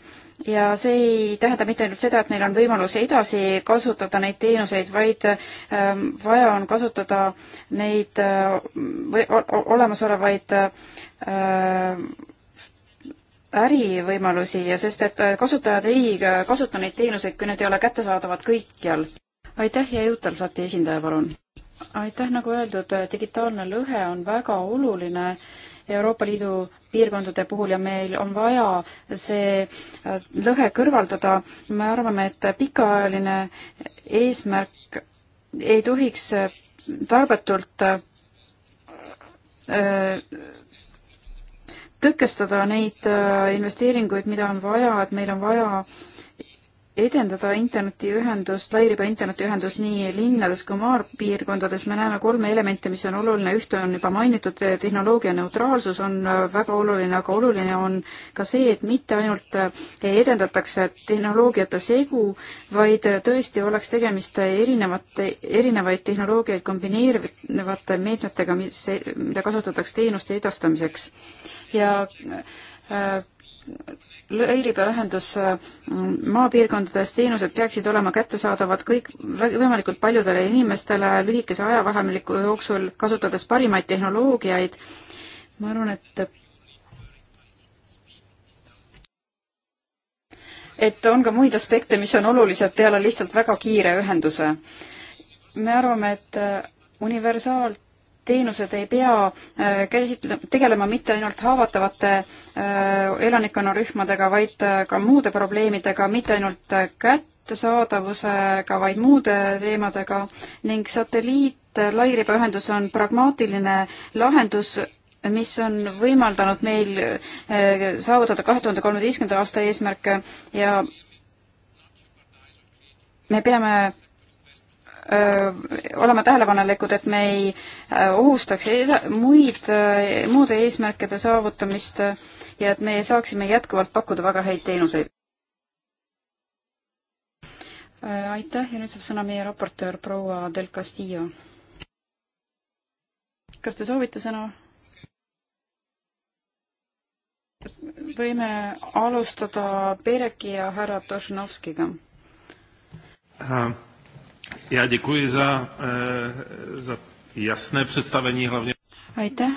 Speaker 3: ja see ei tähenda mitte ainult seda, et neil on võimalus edasi kasutada neid teenuseid, vaid ähm, vaja on kasutada neid äh, või olemasolevaid äh, ärivõimalusi ja sest, et äh, kasutajad ei kasuta neid teenuseid, kui need ei ole kättesaadavad kõikjal. aitäh ja Jutelsaati esindaja, palun! aitäh, nagu öeldud, digitaalne lõhe on väga oluline Euroopa Liidu piirkondade puhul ja meil on vaja see äh, lõhe kõrvaldada. me arvame, et pikaajaline eesmärk ei tohiks äh, tarbetult äh, tõkestada neid investeeringuid, mida on vaja, et meil on vaja edendada internetiühendust, lairiba internetiühendus nii linnades kui maapiirkondades, me näeme kolme elementi, mis on oluline, ühte on juba mainitud, tehnoloogia neutraalsus on äh, väga oluline, aga oluline on ka see, et mitte ainult äh, edendatakse tehnoloogiate segu, vaid äh, tõesti oleks tegemist erinevate, erinevaid tehnoloogiaid kombineerivate meetmetega, mis, mida kasutatakse teenuste edastamiseks. ja äh, leiribaühendus äh, maapiirkondades, teenused peaksid olema kättesaadavad kõik, võimalikult paljudele inimestele lühikese ajavahemiku jooksul, kasutades parimaid tehnoloogiaid. ma arvan, et et on ka muid aspekte, mis on olulised peale lihtsalt väga kiire ühenduse. me arvame, et äh, universaal teenused ei pea äh, käsitle-, tegelema mitte ainult haavatavate äh, elanikkonnarühmadega, vaid äh, ka muude probleemidega, mitte ainult kättesaadavusega, vaid muude teemadega ning satelliit, lairibaühendus on pragmaatiline lahendus, mis on võimaldanud meil saavutada kahe tuhande kolmeteistkümnenda aasta eesmärke ja me peame olema tähelepanelikud, et me ei ohustaks muid, muude eesmärkide saavutamist ja et me saaksime jätkuvalt pakkuda väga häid teenuseid. aitäh ja nüüd saab sõna meie raportöör proua Del Castillo. kas te soovite sõna? võime alustada Pereki ja härra Tošinovskiga uh.
Speaker 2: Äh, -huh ja děkuji za, eh, za jasné představení hlavně.
Speaker 3: Aitäh.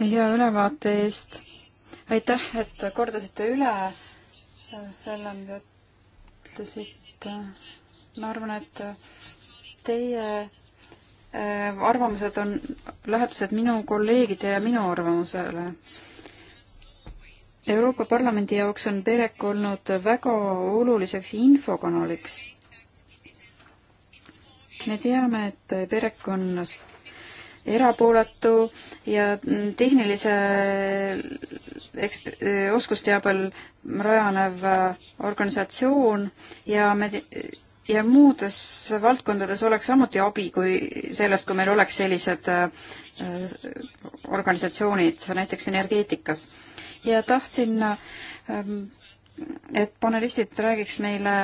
Speaker 3: ja ülevaate eest. aitäh, et kordasite üle eh, selle, mida ütlesite. ma arvan, et teie eh, arvamused on lähedased minu kolleegide ja minu arvamusele Euroopa Parlamendi jaoks on PEREK olnud väga oluliseks infokanaliks. me teame, et PEREK on erapooletu ja tehnilise eksp-, oskusteabel rajanev organisatsioon ja me ja muudes valdkondades oleks samuti abi kui sellest, kui meil oleks sellised äh, organisatsioonid, näiteks energeetikas ja tahtsin, ähm, et panelistid räägiks meile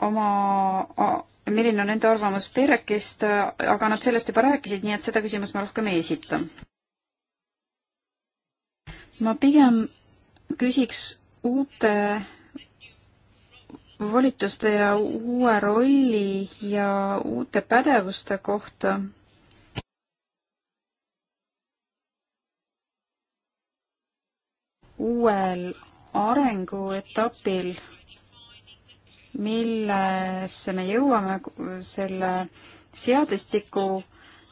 Speaker 3: oma, milline on nende arvamus PEREC-ist, aga nad sellest juba rääkisid, nii et seda küsimust ma rohkem ei esita. ma pigem küsiks uute volituste ja uue rolli ja uute pädevuste kohta uuel arenguetapil, millesse me jõuame selle seadistiku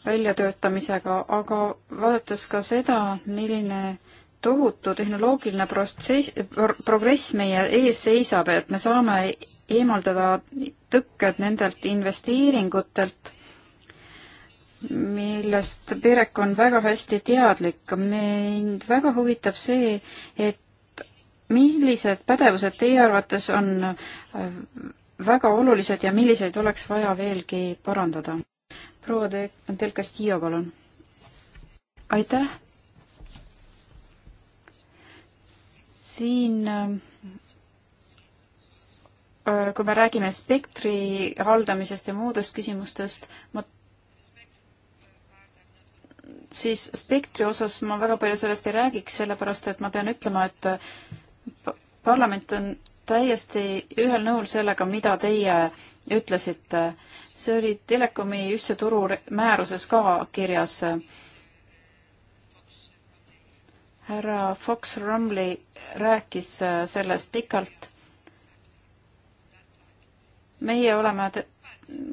Speaker 3: väljatöötamisega, aga vaadates ka seda, milline tohutu tehnoloogiline protsess, progress meie ees seisab, et me saame eemaldada tõkked nendelt investeeringutelt millest Pirek on väga hästi teadlik. mind väga huvitab see, et millised pädevused teie arvates on äh, väga olulised ja milliseid oleks vaja veelgi parandada? proua Te-, Del Castillo, palun. aitäh. siin äh, äh, kui me räägime spektri haldamisest ja muudest küsimustest, ma siis spektri osas ma väga palju sellest ei räägiks, sellepärast et ma pean ütlema, et parlament on täiesti ühel nõul sellega, mida teie ütlesite. see oli Telekomi ühtse turu määruses ka kirjas. härra Fox Rumley rääkis äh, sellest pikalt. meie oleme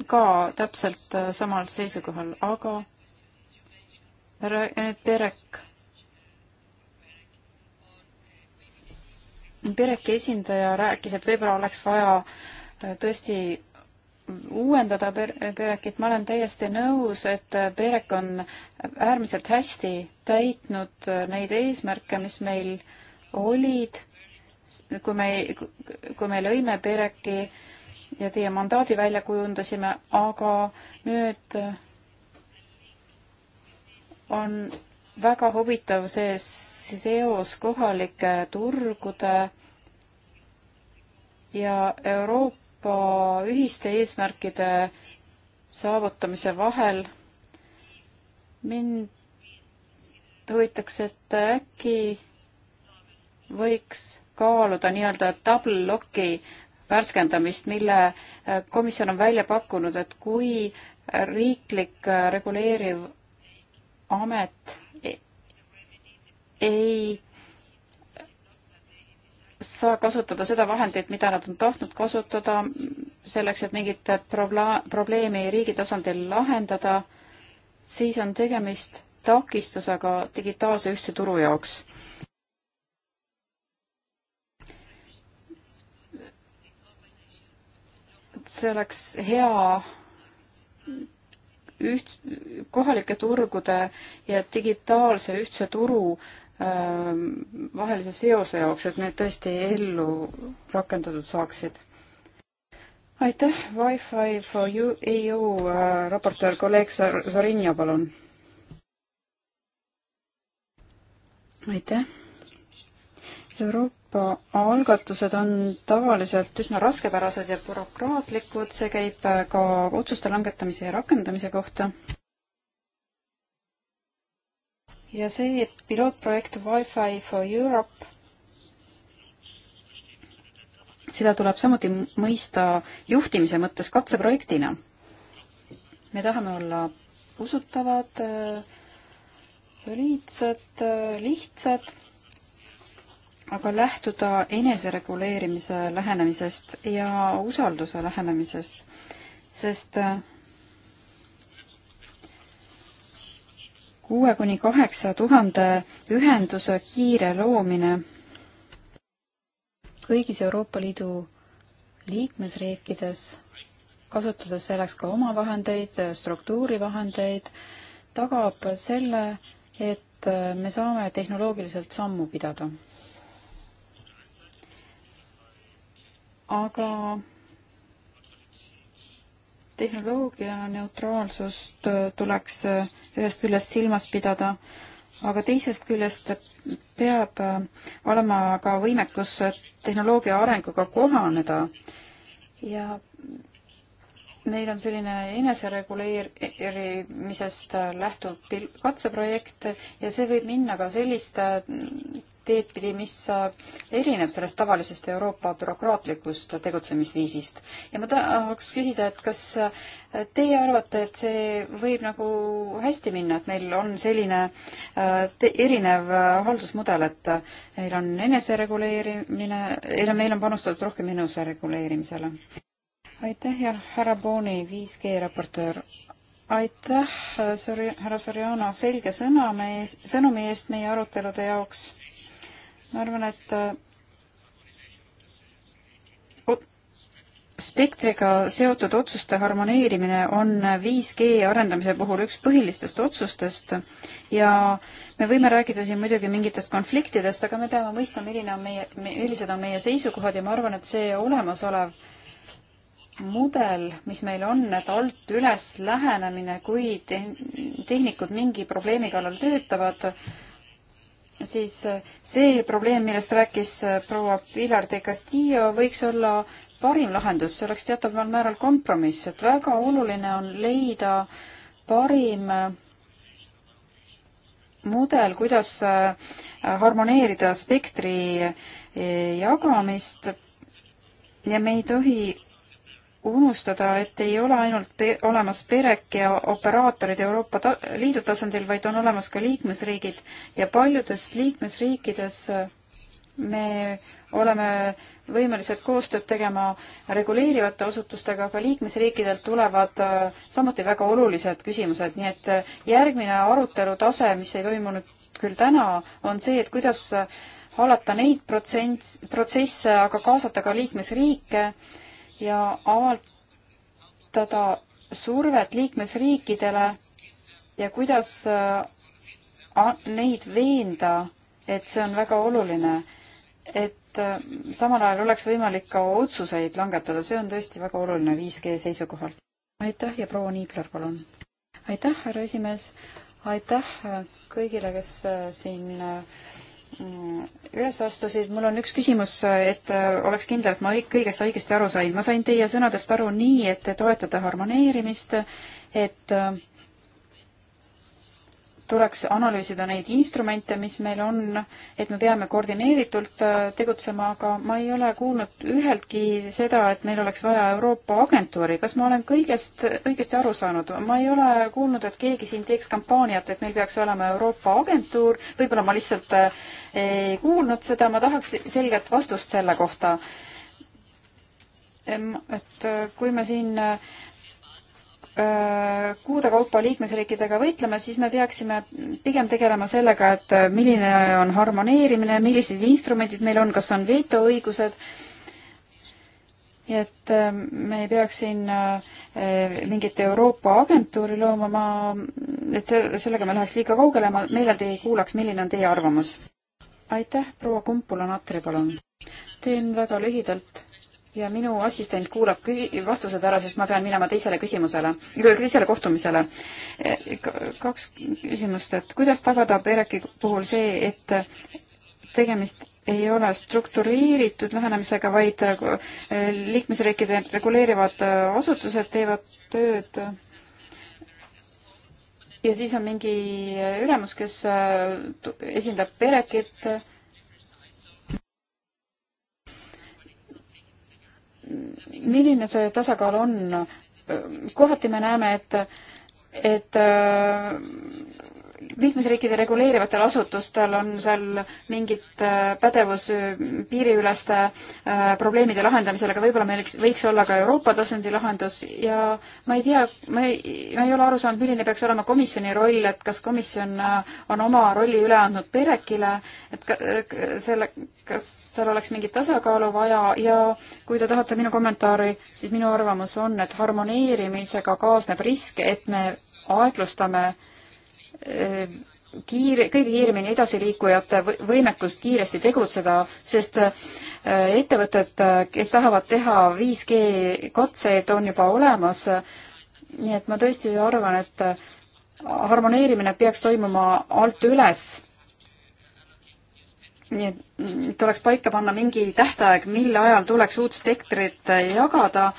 Speaker 3: ka täpselt äh, samal seisukohal, aga härra Perek. Pereki esindaja rääkis, et võib-olla oleks vaja äh, tõesti uuendada Perekit, ma olen täiesti nõus, et Perek on äärmiselt hästi täitnud äh, neid eesmärke, mis meil olid, kui me, kui me lõime Pereki ja teie mandaadi välja kujundasime, aga nüüd äh, on väga huvitav see seos kohalike turgude ja Euroopa ühiste eesmärkide saavutamise vahel. mind huvitaks, et äkki võiks kaaluda nii-öelda double lock'i värskendamist, mille komisjon on välja pakkunud, et kui riiklik reguleeriv amet ei saa kasutada seda vahendit, mida nad on tahtnud kasutada selleks, et mingit probla-, probleemi riigi tasandil lahendada, siis on tegemist takistusega digitaalse ühtse turu jaoks. see oleks hea üht-, kohalike turgude ja digitaalse ühtse turu äh, vahelise seose jaoks, et need tõesti ellu rakendatud saaksid. aitäh, Wi-Fi for you EU äh, raportöör kolleeg Sar-, Sorinja, palun. aitäh. Euroopa algatused on tavaliselt üsna raskepärased ja bürokraatlikud, see käib ka otsuste langetamise ja rakendamise kohta. ja see pilootprojekt Wi-Fi for Europe, seda tuleb samuti mõista juhtimise mõttes katseprojektina. me tahame olla usutavad, soliidsed, lihtsad aga lähtuda enesereguleerimise lähenemisest ja usalduse lähenemisest, sest äh, kuue kuni kaheksa tuhande ühenduse kiire loomine kõigis Euroopa Liidu liikmesriikides, kasutades selleks ka omavahendeid, struktuurivahendeid, tagab selle, et äh, me saame tehnoloogiliselt sammu pidada aga tehnoloogia neutraalsust äh, tuleks äh, ühest küljest silmas pidada, aga teisest küljest peab äh, olema ka võimekus tehnoloogia arenguga kohaneda ja meil on selline enesereguleerimisest lähtuv katseprojekt ja see võib minna ka sellist mm, teed pidi, mis erineb sellest tavalisest Euroopa bürokraatlikust tegutsemisviisist. ja ma tahaks küsida, et kas teie arvate, et see võib nagu hästi minna, et meil on selline äh, erinev äh, haldusmudel, et äh, meil on enesereguleerimine, meil on panustatud rohkem enesereguleerimisele? aitäh ja härra Booni, 5G raportöör. aitäh, härra Sorjana, selge sõna meie, sõnumi eest meie arutelude jaoks. ma arvan, et äh, spektriga seotud otsuste harmoneerimine on 5G arendamise puhul üks põhilistest otsustest ja me võime rääkida siin muidugi mingitest konfliktidest, aga me peame mõistma, milline on meie, millised on meie seisukohad ja ma arvan, et see olemasolev mudel, mis meil on, et alt üles lähenemine, kui te tehnikud mingi probleemi kallal töötavad, siis see probleem, millest rääkis äh, proua Pilar de Castillo, võiks olla parim lahendus, see oleks teataval määral kompromiss, et väga oluline on leida parim äh, mudel, kuidas äh, harmoneerida spektri jagamist ja me ei tohi unustada, et ei ole ainult pe olemas PEREC ja operaatorid Euroopa ta Liidu tasandil, vaid on olemas ka liikmesriigid ja paljudes liikmesriikides äh, me oleme võimelised koostööd tegema reguleerivate asutustega, aga liikmesriikidelt tulevad äh, samuti väga olulised küsimused, nii et äh, järgmine arutelu tase, mis ei toimunud küll täna, on see, et kuidas hallata neid protsents, protsesse, aga kaasata ka liikmesriike ja avaldada survet liikmesriikidele ja kuidas äh, neid veenda, et see on väga oluline, et äh, samal ajal oleks võimalik ka otsuseid langetada, see on tõesti väga oluline 5G seisukohalt. aitäh ja proua Niibler, palun. aitäh, härra esimees, aitäh äh, kõigile, kes siin Mm, üles astusid, mul on üks küsimus, et äh, oleks kindel, et ma kõigest õigesti aru sain. ma sain teie sõnadest aru nii, et te toetate harmoneerimist, et äh, tuleks analüüsida neid instrumente, mis meil on, et me peame koordineeritult äh, tegutsema, aga ma ei ole kuulnud üheltki seda, et meil oleks vaja Euroopa agentuuri. kas ma olen kõigest õigesti aru saanud? ma ei ole kuulnud, et keegi siin teeks kampaaniat, et meil peaks olema Euroopa agentuur, võib-olla ma lihtsalt äh, ei kuulnud seda, ma tahaks selget vastust selle kohta et äh, kui me siin Äh, kuude kaupa liikmesriikidega võitleme, siis me peaksime pigem tegelema sellega, et äh, milline on harmoneerimine, millised instrumendid meil on, kas on vetoõigused, et äh, me ei peaks siin mingit Euroopa agentuuri looma, ma, et sellega me läheks liiga kaugele, ma meeleldi kuulaks, milline on teie arvamus. aitäh, proua Kumpula-Natri, palun. teen väga lühidalt ja minu assistent kuulab vastused ära, sest ma pean minema teisele küsimusele, teisele kohtumisele. E, kaks küsimust, et kuidas tagada Pereki puhul see, et tegemist ei ole struktureeritud lähenemisega, vaid e, liikmesriikide reguleerivad e, asutused teevad tööd ja siis on mingi ülemus, kes esindab Perekit milline see tasakaal on? kohati me näeme, et, et liikmesriikide reguleerivatel asutustel on seal mingit äh, pädevus äh, piiriüleste äh, probleemide lahendamisel, aga võib-olla meil võiks olla ka Euroopa tasandi lahendus ja ma ei tea, ma ei, ma ei ole aru saanud, milline peaks olema komisjoni roll, et kas komisjon on oma rolli üle andnud PEREC-ile, et ka, selle, kas seal oleks mingit tasakaalu vaja ja kui te tahate minu kommentaari, siis minu arvamus on, et harmoneerimisega kaasneb risk, et me aeglustame äh, Ehm, kiire, kõige kiiremini edasiliikujate võimekust kiiresti tegutseda, sest äh, ettevõtted, äh, kes tahavad teha 5G katseid, on juba olemas. nii et ma tõesti arvan, et äh, harmoneerimine peaks toimuma alt üles. nii et, mm, et oleks paika panna mingi tähtaeg, mille ajal tuleks uut spektrit jagada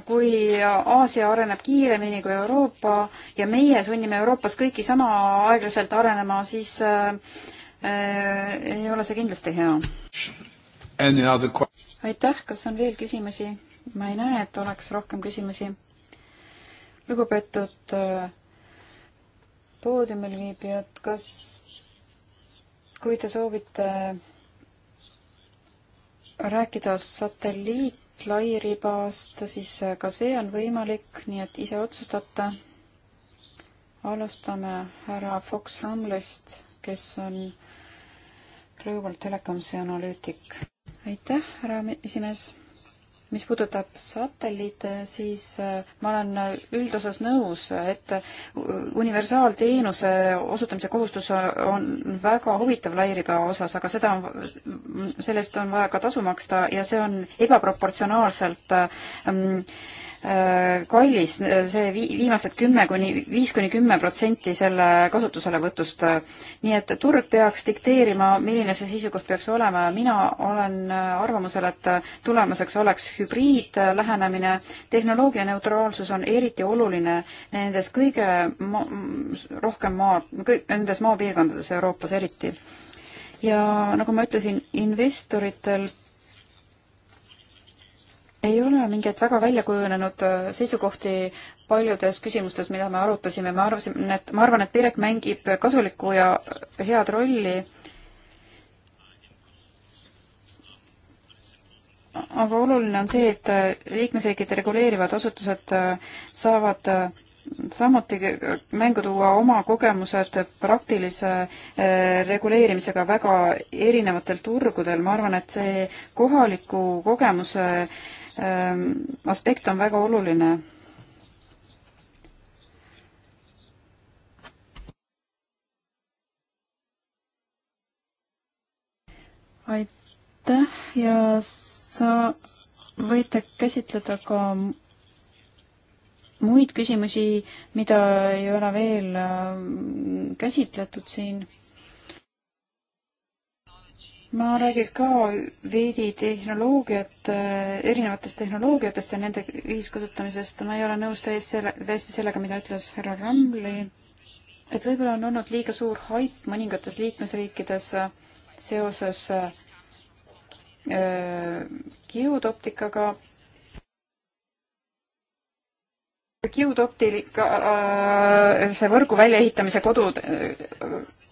Speaker 3: kui Aasia areneb kiiremini kui Euroopa ja meie sunnime Euroopas kõiki sama aeglaselt arenema, siis äh, äh, ei ole see kindlasti hea. aitäh, kas on veel küsimusi? ma ei näe, et oleks rohkem küsimusi. lugupeetud äh, poodiumil viibijad, kas, kui te soovite rääkida satelliit lairibast, siis ka see on võimalik, nii et ise otsustate. alustame härra Fox Rumlist, kes on Global Telekomsi analüütik. aitäh, härra esimees mis puudutab satelliite, siis äh, ma olen äh, üldosas nõus, et äh, universaalteenuse osutamise kohustus on väga huvitav lairiba osas, aga seda on, sellest on vaja ka tasu maksta ja see on ebaproportsionaalselt ähm, Äh, kallis, äh, see vii-, viimased kümme kuni, viis kuni kümme protsenti selle kasutuselevõtust. Äh, nii et turg peaks dikteerima, milline see seisukoht peaks olema ja mina olen arvamusel, et tulemuseks oleks hübriidlähenemine. tehnoloogia neutraalsus on eriti oluline nendes kõige ma-, rohkem maa, kõik nendes maapiirkondades Euroopas eriti ja nagu ma ütlesin, investoritel ei ole mingeid väga välja kujunenud äh, seisukohti paljudes küsimustes, mida me arutasime, me arvasime, et ma arvan, et Piret mängib kasulikku ja äh, head rolli. aga oluline on see, et äh, liikmesriigid reguleerivad asutused saavad samuti mängu tuua oma kogemused praktilise reguleerimisega väga erinevatel turgudel, ma arvan, et see kohaliku kogemuse Ähm, aspekt on väga oluline. aitäh ja sa võite käsitleda ka muid küsimusi, mida ei ole veel ähm, käsitletud siin ma räägiks ka veidi tehnoloogiat, äh, erinevatest tehnoloogiatest ja nende ühiskasutamisest. ma ei ole nõus täiesti selle, täiesti sellega, mida ütles härra Ramli, et võib-olla on olnud liiga suur haip mõningates liikmesriikides seoses äh, kiudoptikaga. kiudoptika, äh, see võrgu väljaehitamise kodud,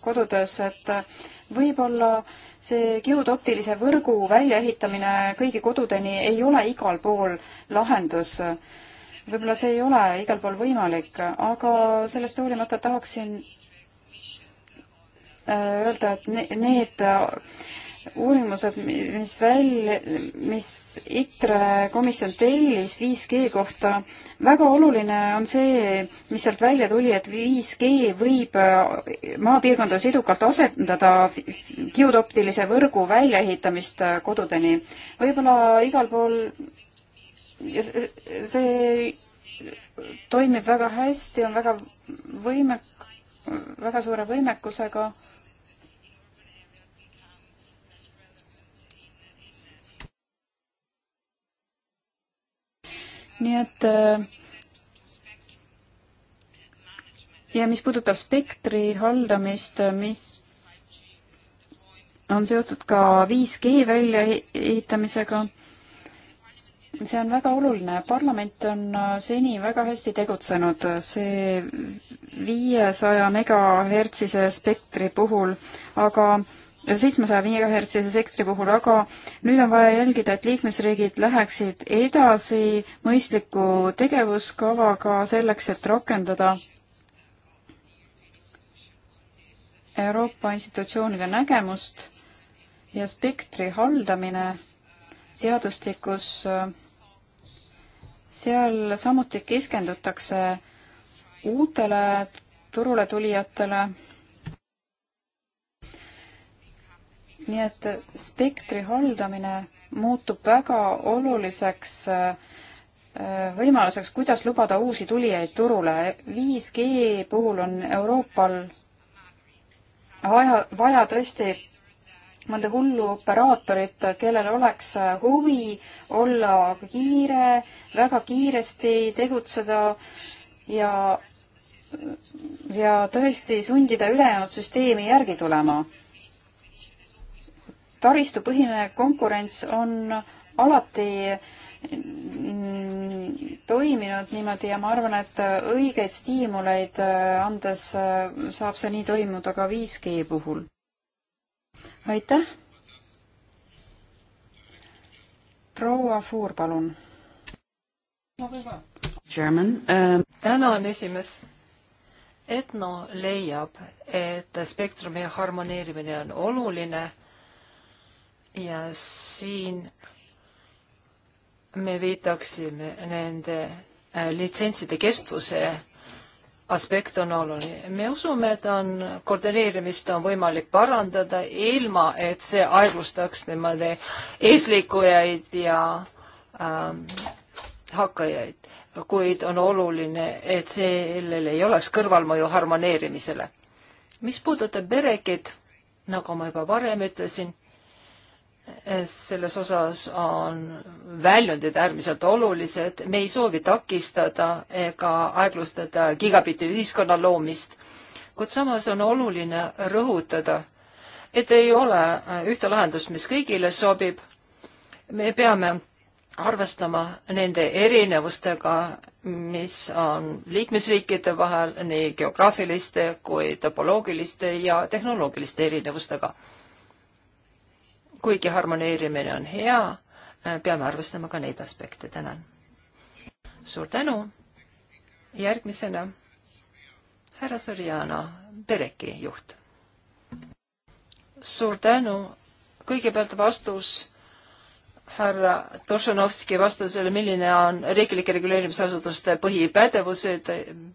Speaker 3: kodudes, et võib-olla see geodoptilise võrgu väljaehitamine kõigi kodudeni ei ole igal pool lahendus. võib-olla see ei ole igal pool võimalik, aga sellest hoolimata tahaksin äh, öelda, et need uurimused, mis välja, mis ITRE komisjon tellis 5G kohta, väga oluline on see, mis sealt välja tuli, et 5G võib äh, maapiirkondades edukalt asendada kiudoptilise võrgu väljaehitamist äh, kodudeni. võib-olla igal pool see toimib väga hästi, on väga võime, väga suure võimekusega nii et äh, ja mis puudutab spektri haldamist, äh, mis on seotud ka 5G väljaehitamisega, see on väga oluline. parlament on äh, seni väga hästi tegutsenud. see viiesaja megahertsise spektri puhul, aga äh, seitsmesaja viiehertsise sektori puhul, aga nüüd on vaja jälgida, et liikmesriigid läheksid edasi mõistliku tegevuskavaga selleks, et rakendada Euroopa institutsioonide nägemust ja spektri haldamine seadustikus, seal samuti keskendutakse uutele turule tulijatele nii et spektri haldamine muutub väga oluliseks äh, võimaluseks, kuidas lubada uusi tulijaid turule. 5G puhul on Euroopal vaja, vaja tõesti mõnda hullu operaatorit, kellel oleks huvi olla kiire, väga kiiresti tegutseda ja, ja tõesti sundida ülejäänud süsteemi järgi tulema taristupõhine konkurents on alati toiminud niimoodi ja ma arvan, et õigeid stiimuleid äh, andes äh, saab see nii toimuda ka 5G puhul. aitäh. proua Fuur, palun. Um... tänan, esimees.
Speaker 2: Etno leiab, et spektrumi harmoneerimine on oluline ja siin me viitaksime nende äh, litsentside kestvuse aspekt on oluline. me usume, et on, koordineerimist on võimalik parandada, ilma et see aeglustaks niimoodi eesliikujaid ja ähm, hakkajaid. kuid on oluline, et sellel ei oleks kõrvalmõju harmoneerimisele. mis puudutab verekit, nagu ma juba varem ütlesin, selles osas on väljundid äärmiselt olulised, me ei soovi takistada ega aeglustada gigabitti ühiskonna loomist, kuid samas on oluline rõhutada, et ei ole ühte lahendust, mis kõigile sobib. me peame arvestama nende erinevustega, mis on liikmesriikide vahel nii geograafiliste kui topoloogiliste ja tehnoloogiliste erinevustega kuigi harmoneerimine on hea, äh, peame arvestama ka neid aspekte. tänan. suur tänu. järgmisena härra Soriano, Pereki juht. suur tänu. kõigepealt vastus härra Tošanovski vastusele, milline on riiklike reguleerimisasutuste põhipädevused.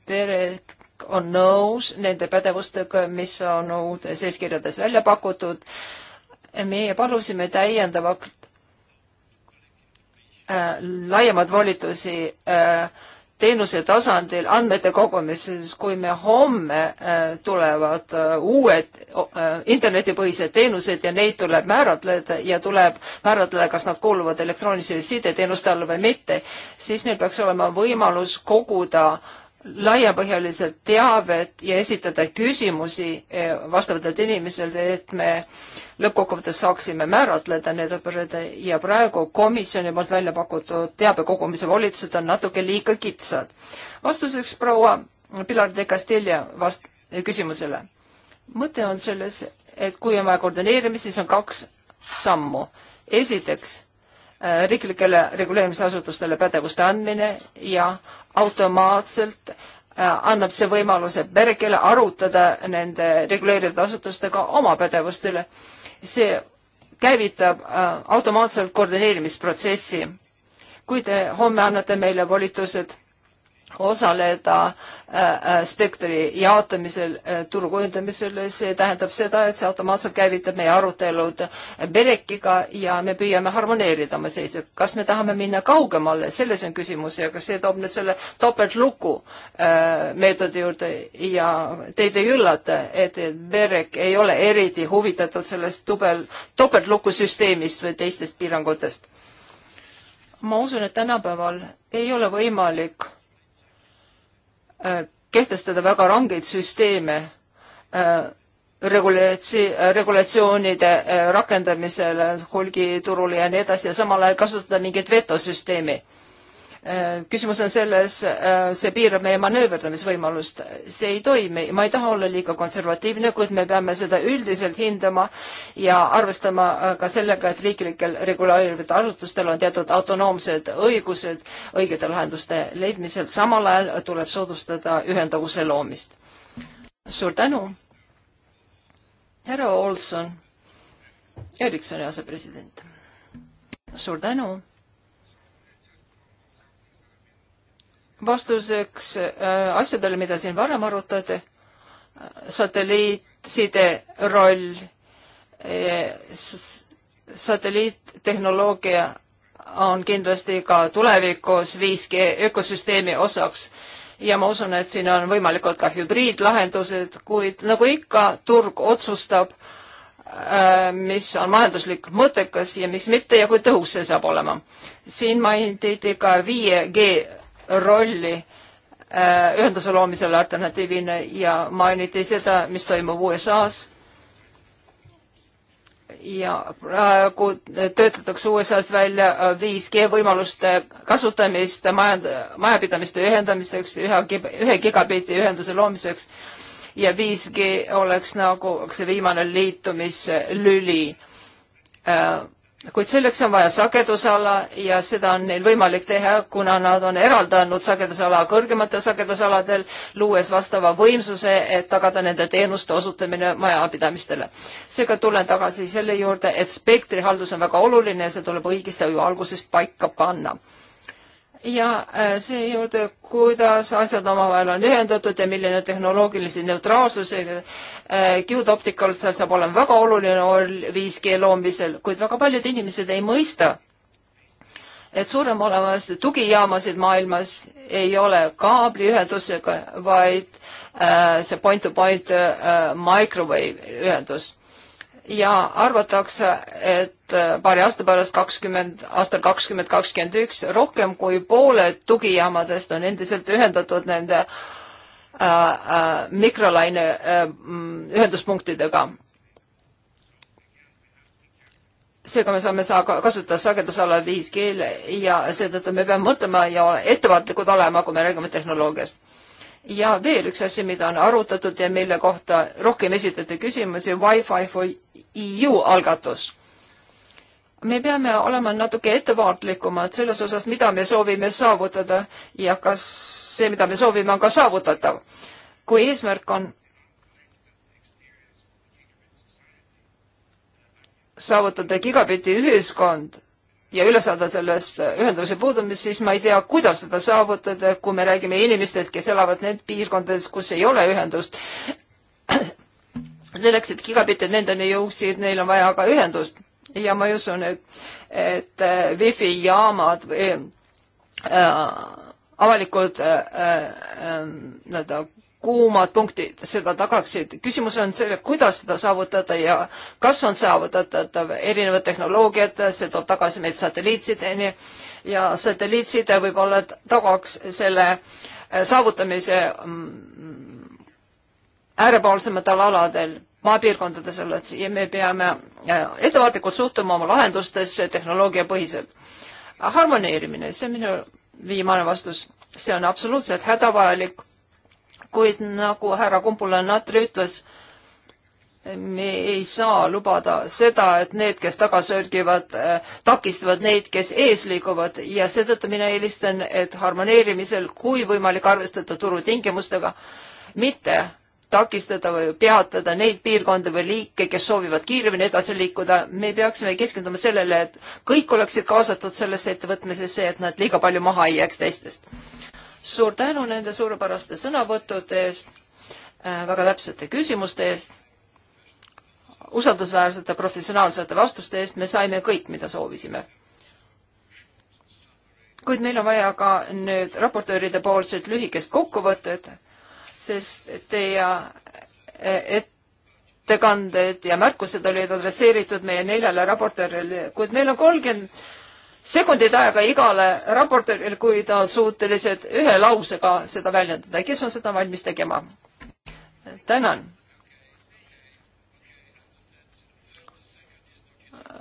Speaker 2: Perek on nõus nende pädevustega, mis on uutes eeskirjades välja pakutud meie palusime täiendavalt äh, laiemad volitusi äh, teenuse tasandil andmete kogumises, kui me homme äh, tulevad äh, uued äh, internetipõhised teenused ja neid tuleb määratleda ja tuleb määratleda, kas nad kuuluvad elektroonilise sideteenuste alla või mitte, siis meil peaks olema võimalus koguda äh, laiapõhjaliselt teavet ja esitada küsimusi eh, vastavatelt inimeselt, et me lõppkokkuvõttes saaksime määratleda need õppurite ja praegu komisjoni poolt välja pakutud teabe kogumise volitused on natuke liiga kitsad. vastuseks proua Pilar de Castilla vast-, eh, küsimusele. mõte on selles, et kui on vaja koordineerimist, siis on kaks sammu. esiteks eh, riiklikele reguleerimisasutustele pädevuste andmine ja automaatselt äh, annab see võimaluse perekele arutada nende reguleeritud asutustega oma pädevuste üle. see käivitab äh, automaatselt koordineerimisprotsessi. kui te homme annate meile volitused osaleda äh, äh, spektri jaotamisel, äh, turu kujundamisel, see tähendab seda, et see automaatselt käivitab meie arutelud Berekiga ja me püüame harmoneerida oma seisu. kas me tahame minna kaugemale, selles on küsimus ja kas see toob nüüd selle topeltluku meetodi juurde ja teid ei üllata, et Berek ei ole eriti huvitatud sellest tubel, topeltlukusüsteemist või teistest piirangutest? ma usun, et tänapäeval ei ole võimalik Äh, kehtestada väga rangeid süsteeme äh, regulatsi-, äh, regulatsioonide rakendamisel hulgiturul ja nii edasi ja samal ajal kasutada mingit vetosüsteemi Äh, küsimus on selles, äh, see piirab meie manööverdamisvõimalust, see ei toimi, ma ei taha olla liiga konservatiivne, kuid me peame seda üldiselt hindama ja arvestama äh, ka sellega, et riiklikel reguleerivatel asutustel on teatud autonoomsed õigused õigete lahenduste leidmisel, samal ajal tuleb soodustada ühendavuse loomist. suur tänu, härra Olson, Ericssoni asepresident. suur tänu vastuseks äh, asjadele, mida siin varem arutati, satelliitside roll, äh, satelliittehnoloogia on kindlasti ka tulevikus 5G ökosüsteemi osaks ja ma usun, et siin on võimalikud ka hübriidlahendused, kuid nagu ikka, turg otsustab, äh, mis on majanduslik mõttekas ja mis mitte ja kui tõhus see saab olema. siin mainiti ka 5G rolli äh, ühenduse loomisele alternatiivina ja mainiti seda, mis toimub USA-s ja praegu töötatakse USA-s välja 5G võimaluste kasutamist majand-, majapidamiste ühendamisteks, ühe, ühe gigabiiti ühenduse loomiseks ja 5G oleks nagu see viimane liitumislüli äh, kuid selleks on vaja sagedusala ja seda on neil võimalik teha, kuna nad on eraldanud sagedusala kõrgematel sagedusaladel, luues vastava võimsuse, et tagada nende teenuste osutamine majapidamistele. seega tulen tagasi selle juurde, et spektrihaldus on väga oluline ja see tuleb õigesti alguses paika panna ja äh, see juurde, kuidas asjad omavahel on ühendatud ja milline tehnoloogilise neutraalsusega äh, kiudoptikal seal saab olema väga oluline roll 5G loomisel, kuid väga paljud inimesed ei mõista, et suurem olemas tugijaamasid maailmas ei ole kaabliühendusega, vaid äh, see point-to-point -point, äh, microwave ühendus ja arvatakse, et äh, paari aasta pärast, kakskümmend, aastal kakskümmend kakskümmend üks, rohkem kui pooled tugijaamadest on endiselt ühendatud nende äh, äh, mikrolaine äh, mm, ühenduspunktidega. seega me saame saa-, kasutada sagedusala 5G-le ja seetõttu me peame mõtlema ja ettevaatlikud olema, kui me räägime tehnoloogiast ja veel üks asi, mida on arutatud ja mille kohta rohkem esitati küsimusi, Wi-Fi for EU algatus me peame olema natuke ettevaatlikumad selles osas, mida me soovime saavutada ja kas see, mida me soovime, on ka saavutatav. kui eesmärk on saavutada gigabitti ühiskond, ja üle saada sellest ühenduse puudumisest, siis ma ei tea, kuidas seda saavutada, kui me räägime inimestest, kes elavad need piirkondades, kus ei ole ühendust. selleks, et gigabitid nendeni jõuaksid, neil on vaja ka ühendust ja ma ei usu, et, et äh, wifi jaamad või äh, avalikud äh, äh, äh nii-öelda kuumad punktid seda tagaksid. küsimus on selle, kuidas seda saavutada ja kas on saavutatav erinevad tehnoloogiad, see toob tagasi meid satelliitsideni ja satelliitside võib-olla tagaks selle äh, saavutamise mm, äärepoolsematel aladel maapiirkondades olles ja me peame äh, ettevaatlikult suhtuma oma lahendustesse tehnoloogiapõhiselt. harmoneerimine, see on minu viimane vastus, see on absoluutselt hädavajalik kuid nagu härra Kumbula-Natri ütles, me ei saa lubada seda, et need, kes taga sörgivad, äh, takistavad neid, kes ees liiguvad ja seetõttu mina eelistan, et harmoneerimisel, kui võimalik, arvestada turutingimustega, mitte takistada või peatada neid piirkondi või liike, kes soovivad kiiremini edasi liikuda. me peaksime keskenduma sellele, et kõik oleksid kaasatud sellesse ettevõtmisesse, et nad liiga palju maha ei jääks teistest suur tänu nende suurepäraste sõnavõttude eest, äh, väga täpsete küsimuste eest, usaldusväärsete professionaalsete vastuste eest, me saime kõik, mida soovisime kuid meil on vaja ka nüüd raportööride poolset lühikest kokkuvõtet, sest teie äh, ettekanded ja märkused olid adresseeritud meie neljale raportöörile, kuid meil on kolmkümmend sekundid aega igale raportööril, kui ta on suutelised ühe lausega seda väljendada. kes on seda valmis tegema? tänan.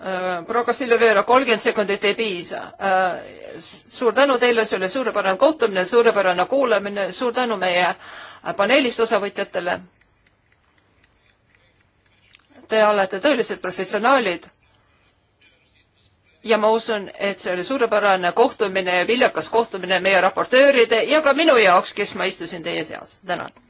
Speaker 2: Äh, proua Castillo Vera, kolmkümmend sekundit ei piisa. Äh, suur tänu teile, see oli suurepärane kohtumine, suurepärane kuulamine, suur tänu meie paneelist osavõtjatele. Te olete tõelised professionaalid ja ma usun, et see oli suurepärane kohtumine, viljakas kohtumine meie raportööride ja ka minu jaoks, kes ma istusin teie seas. tänan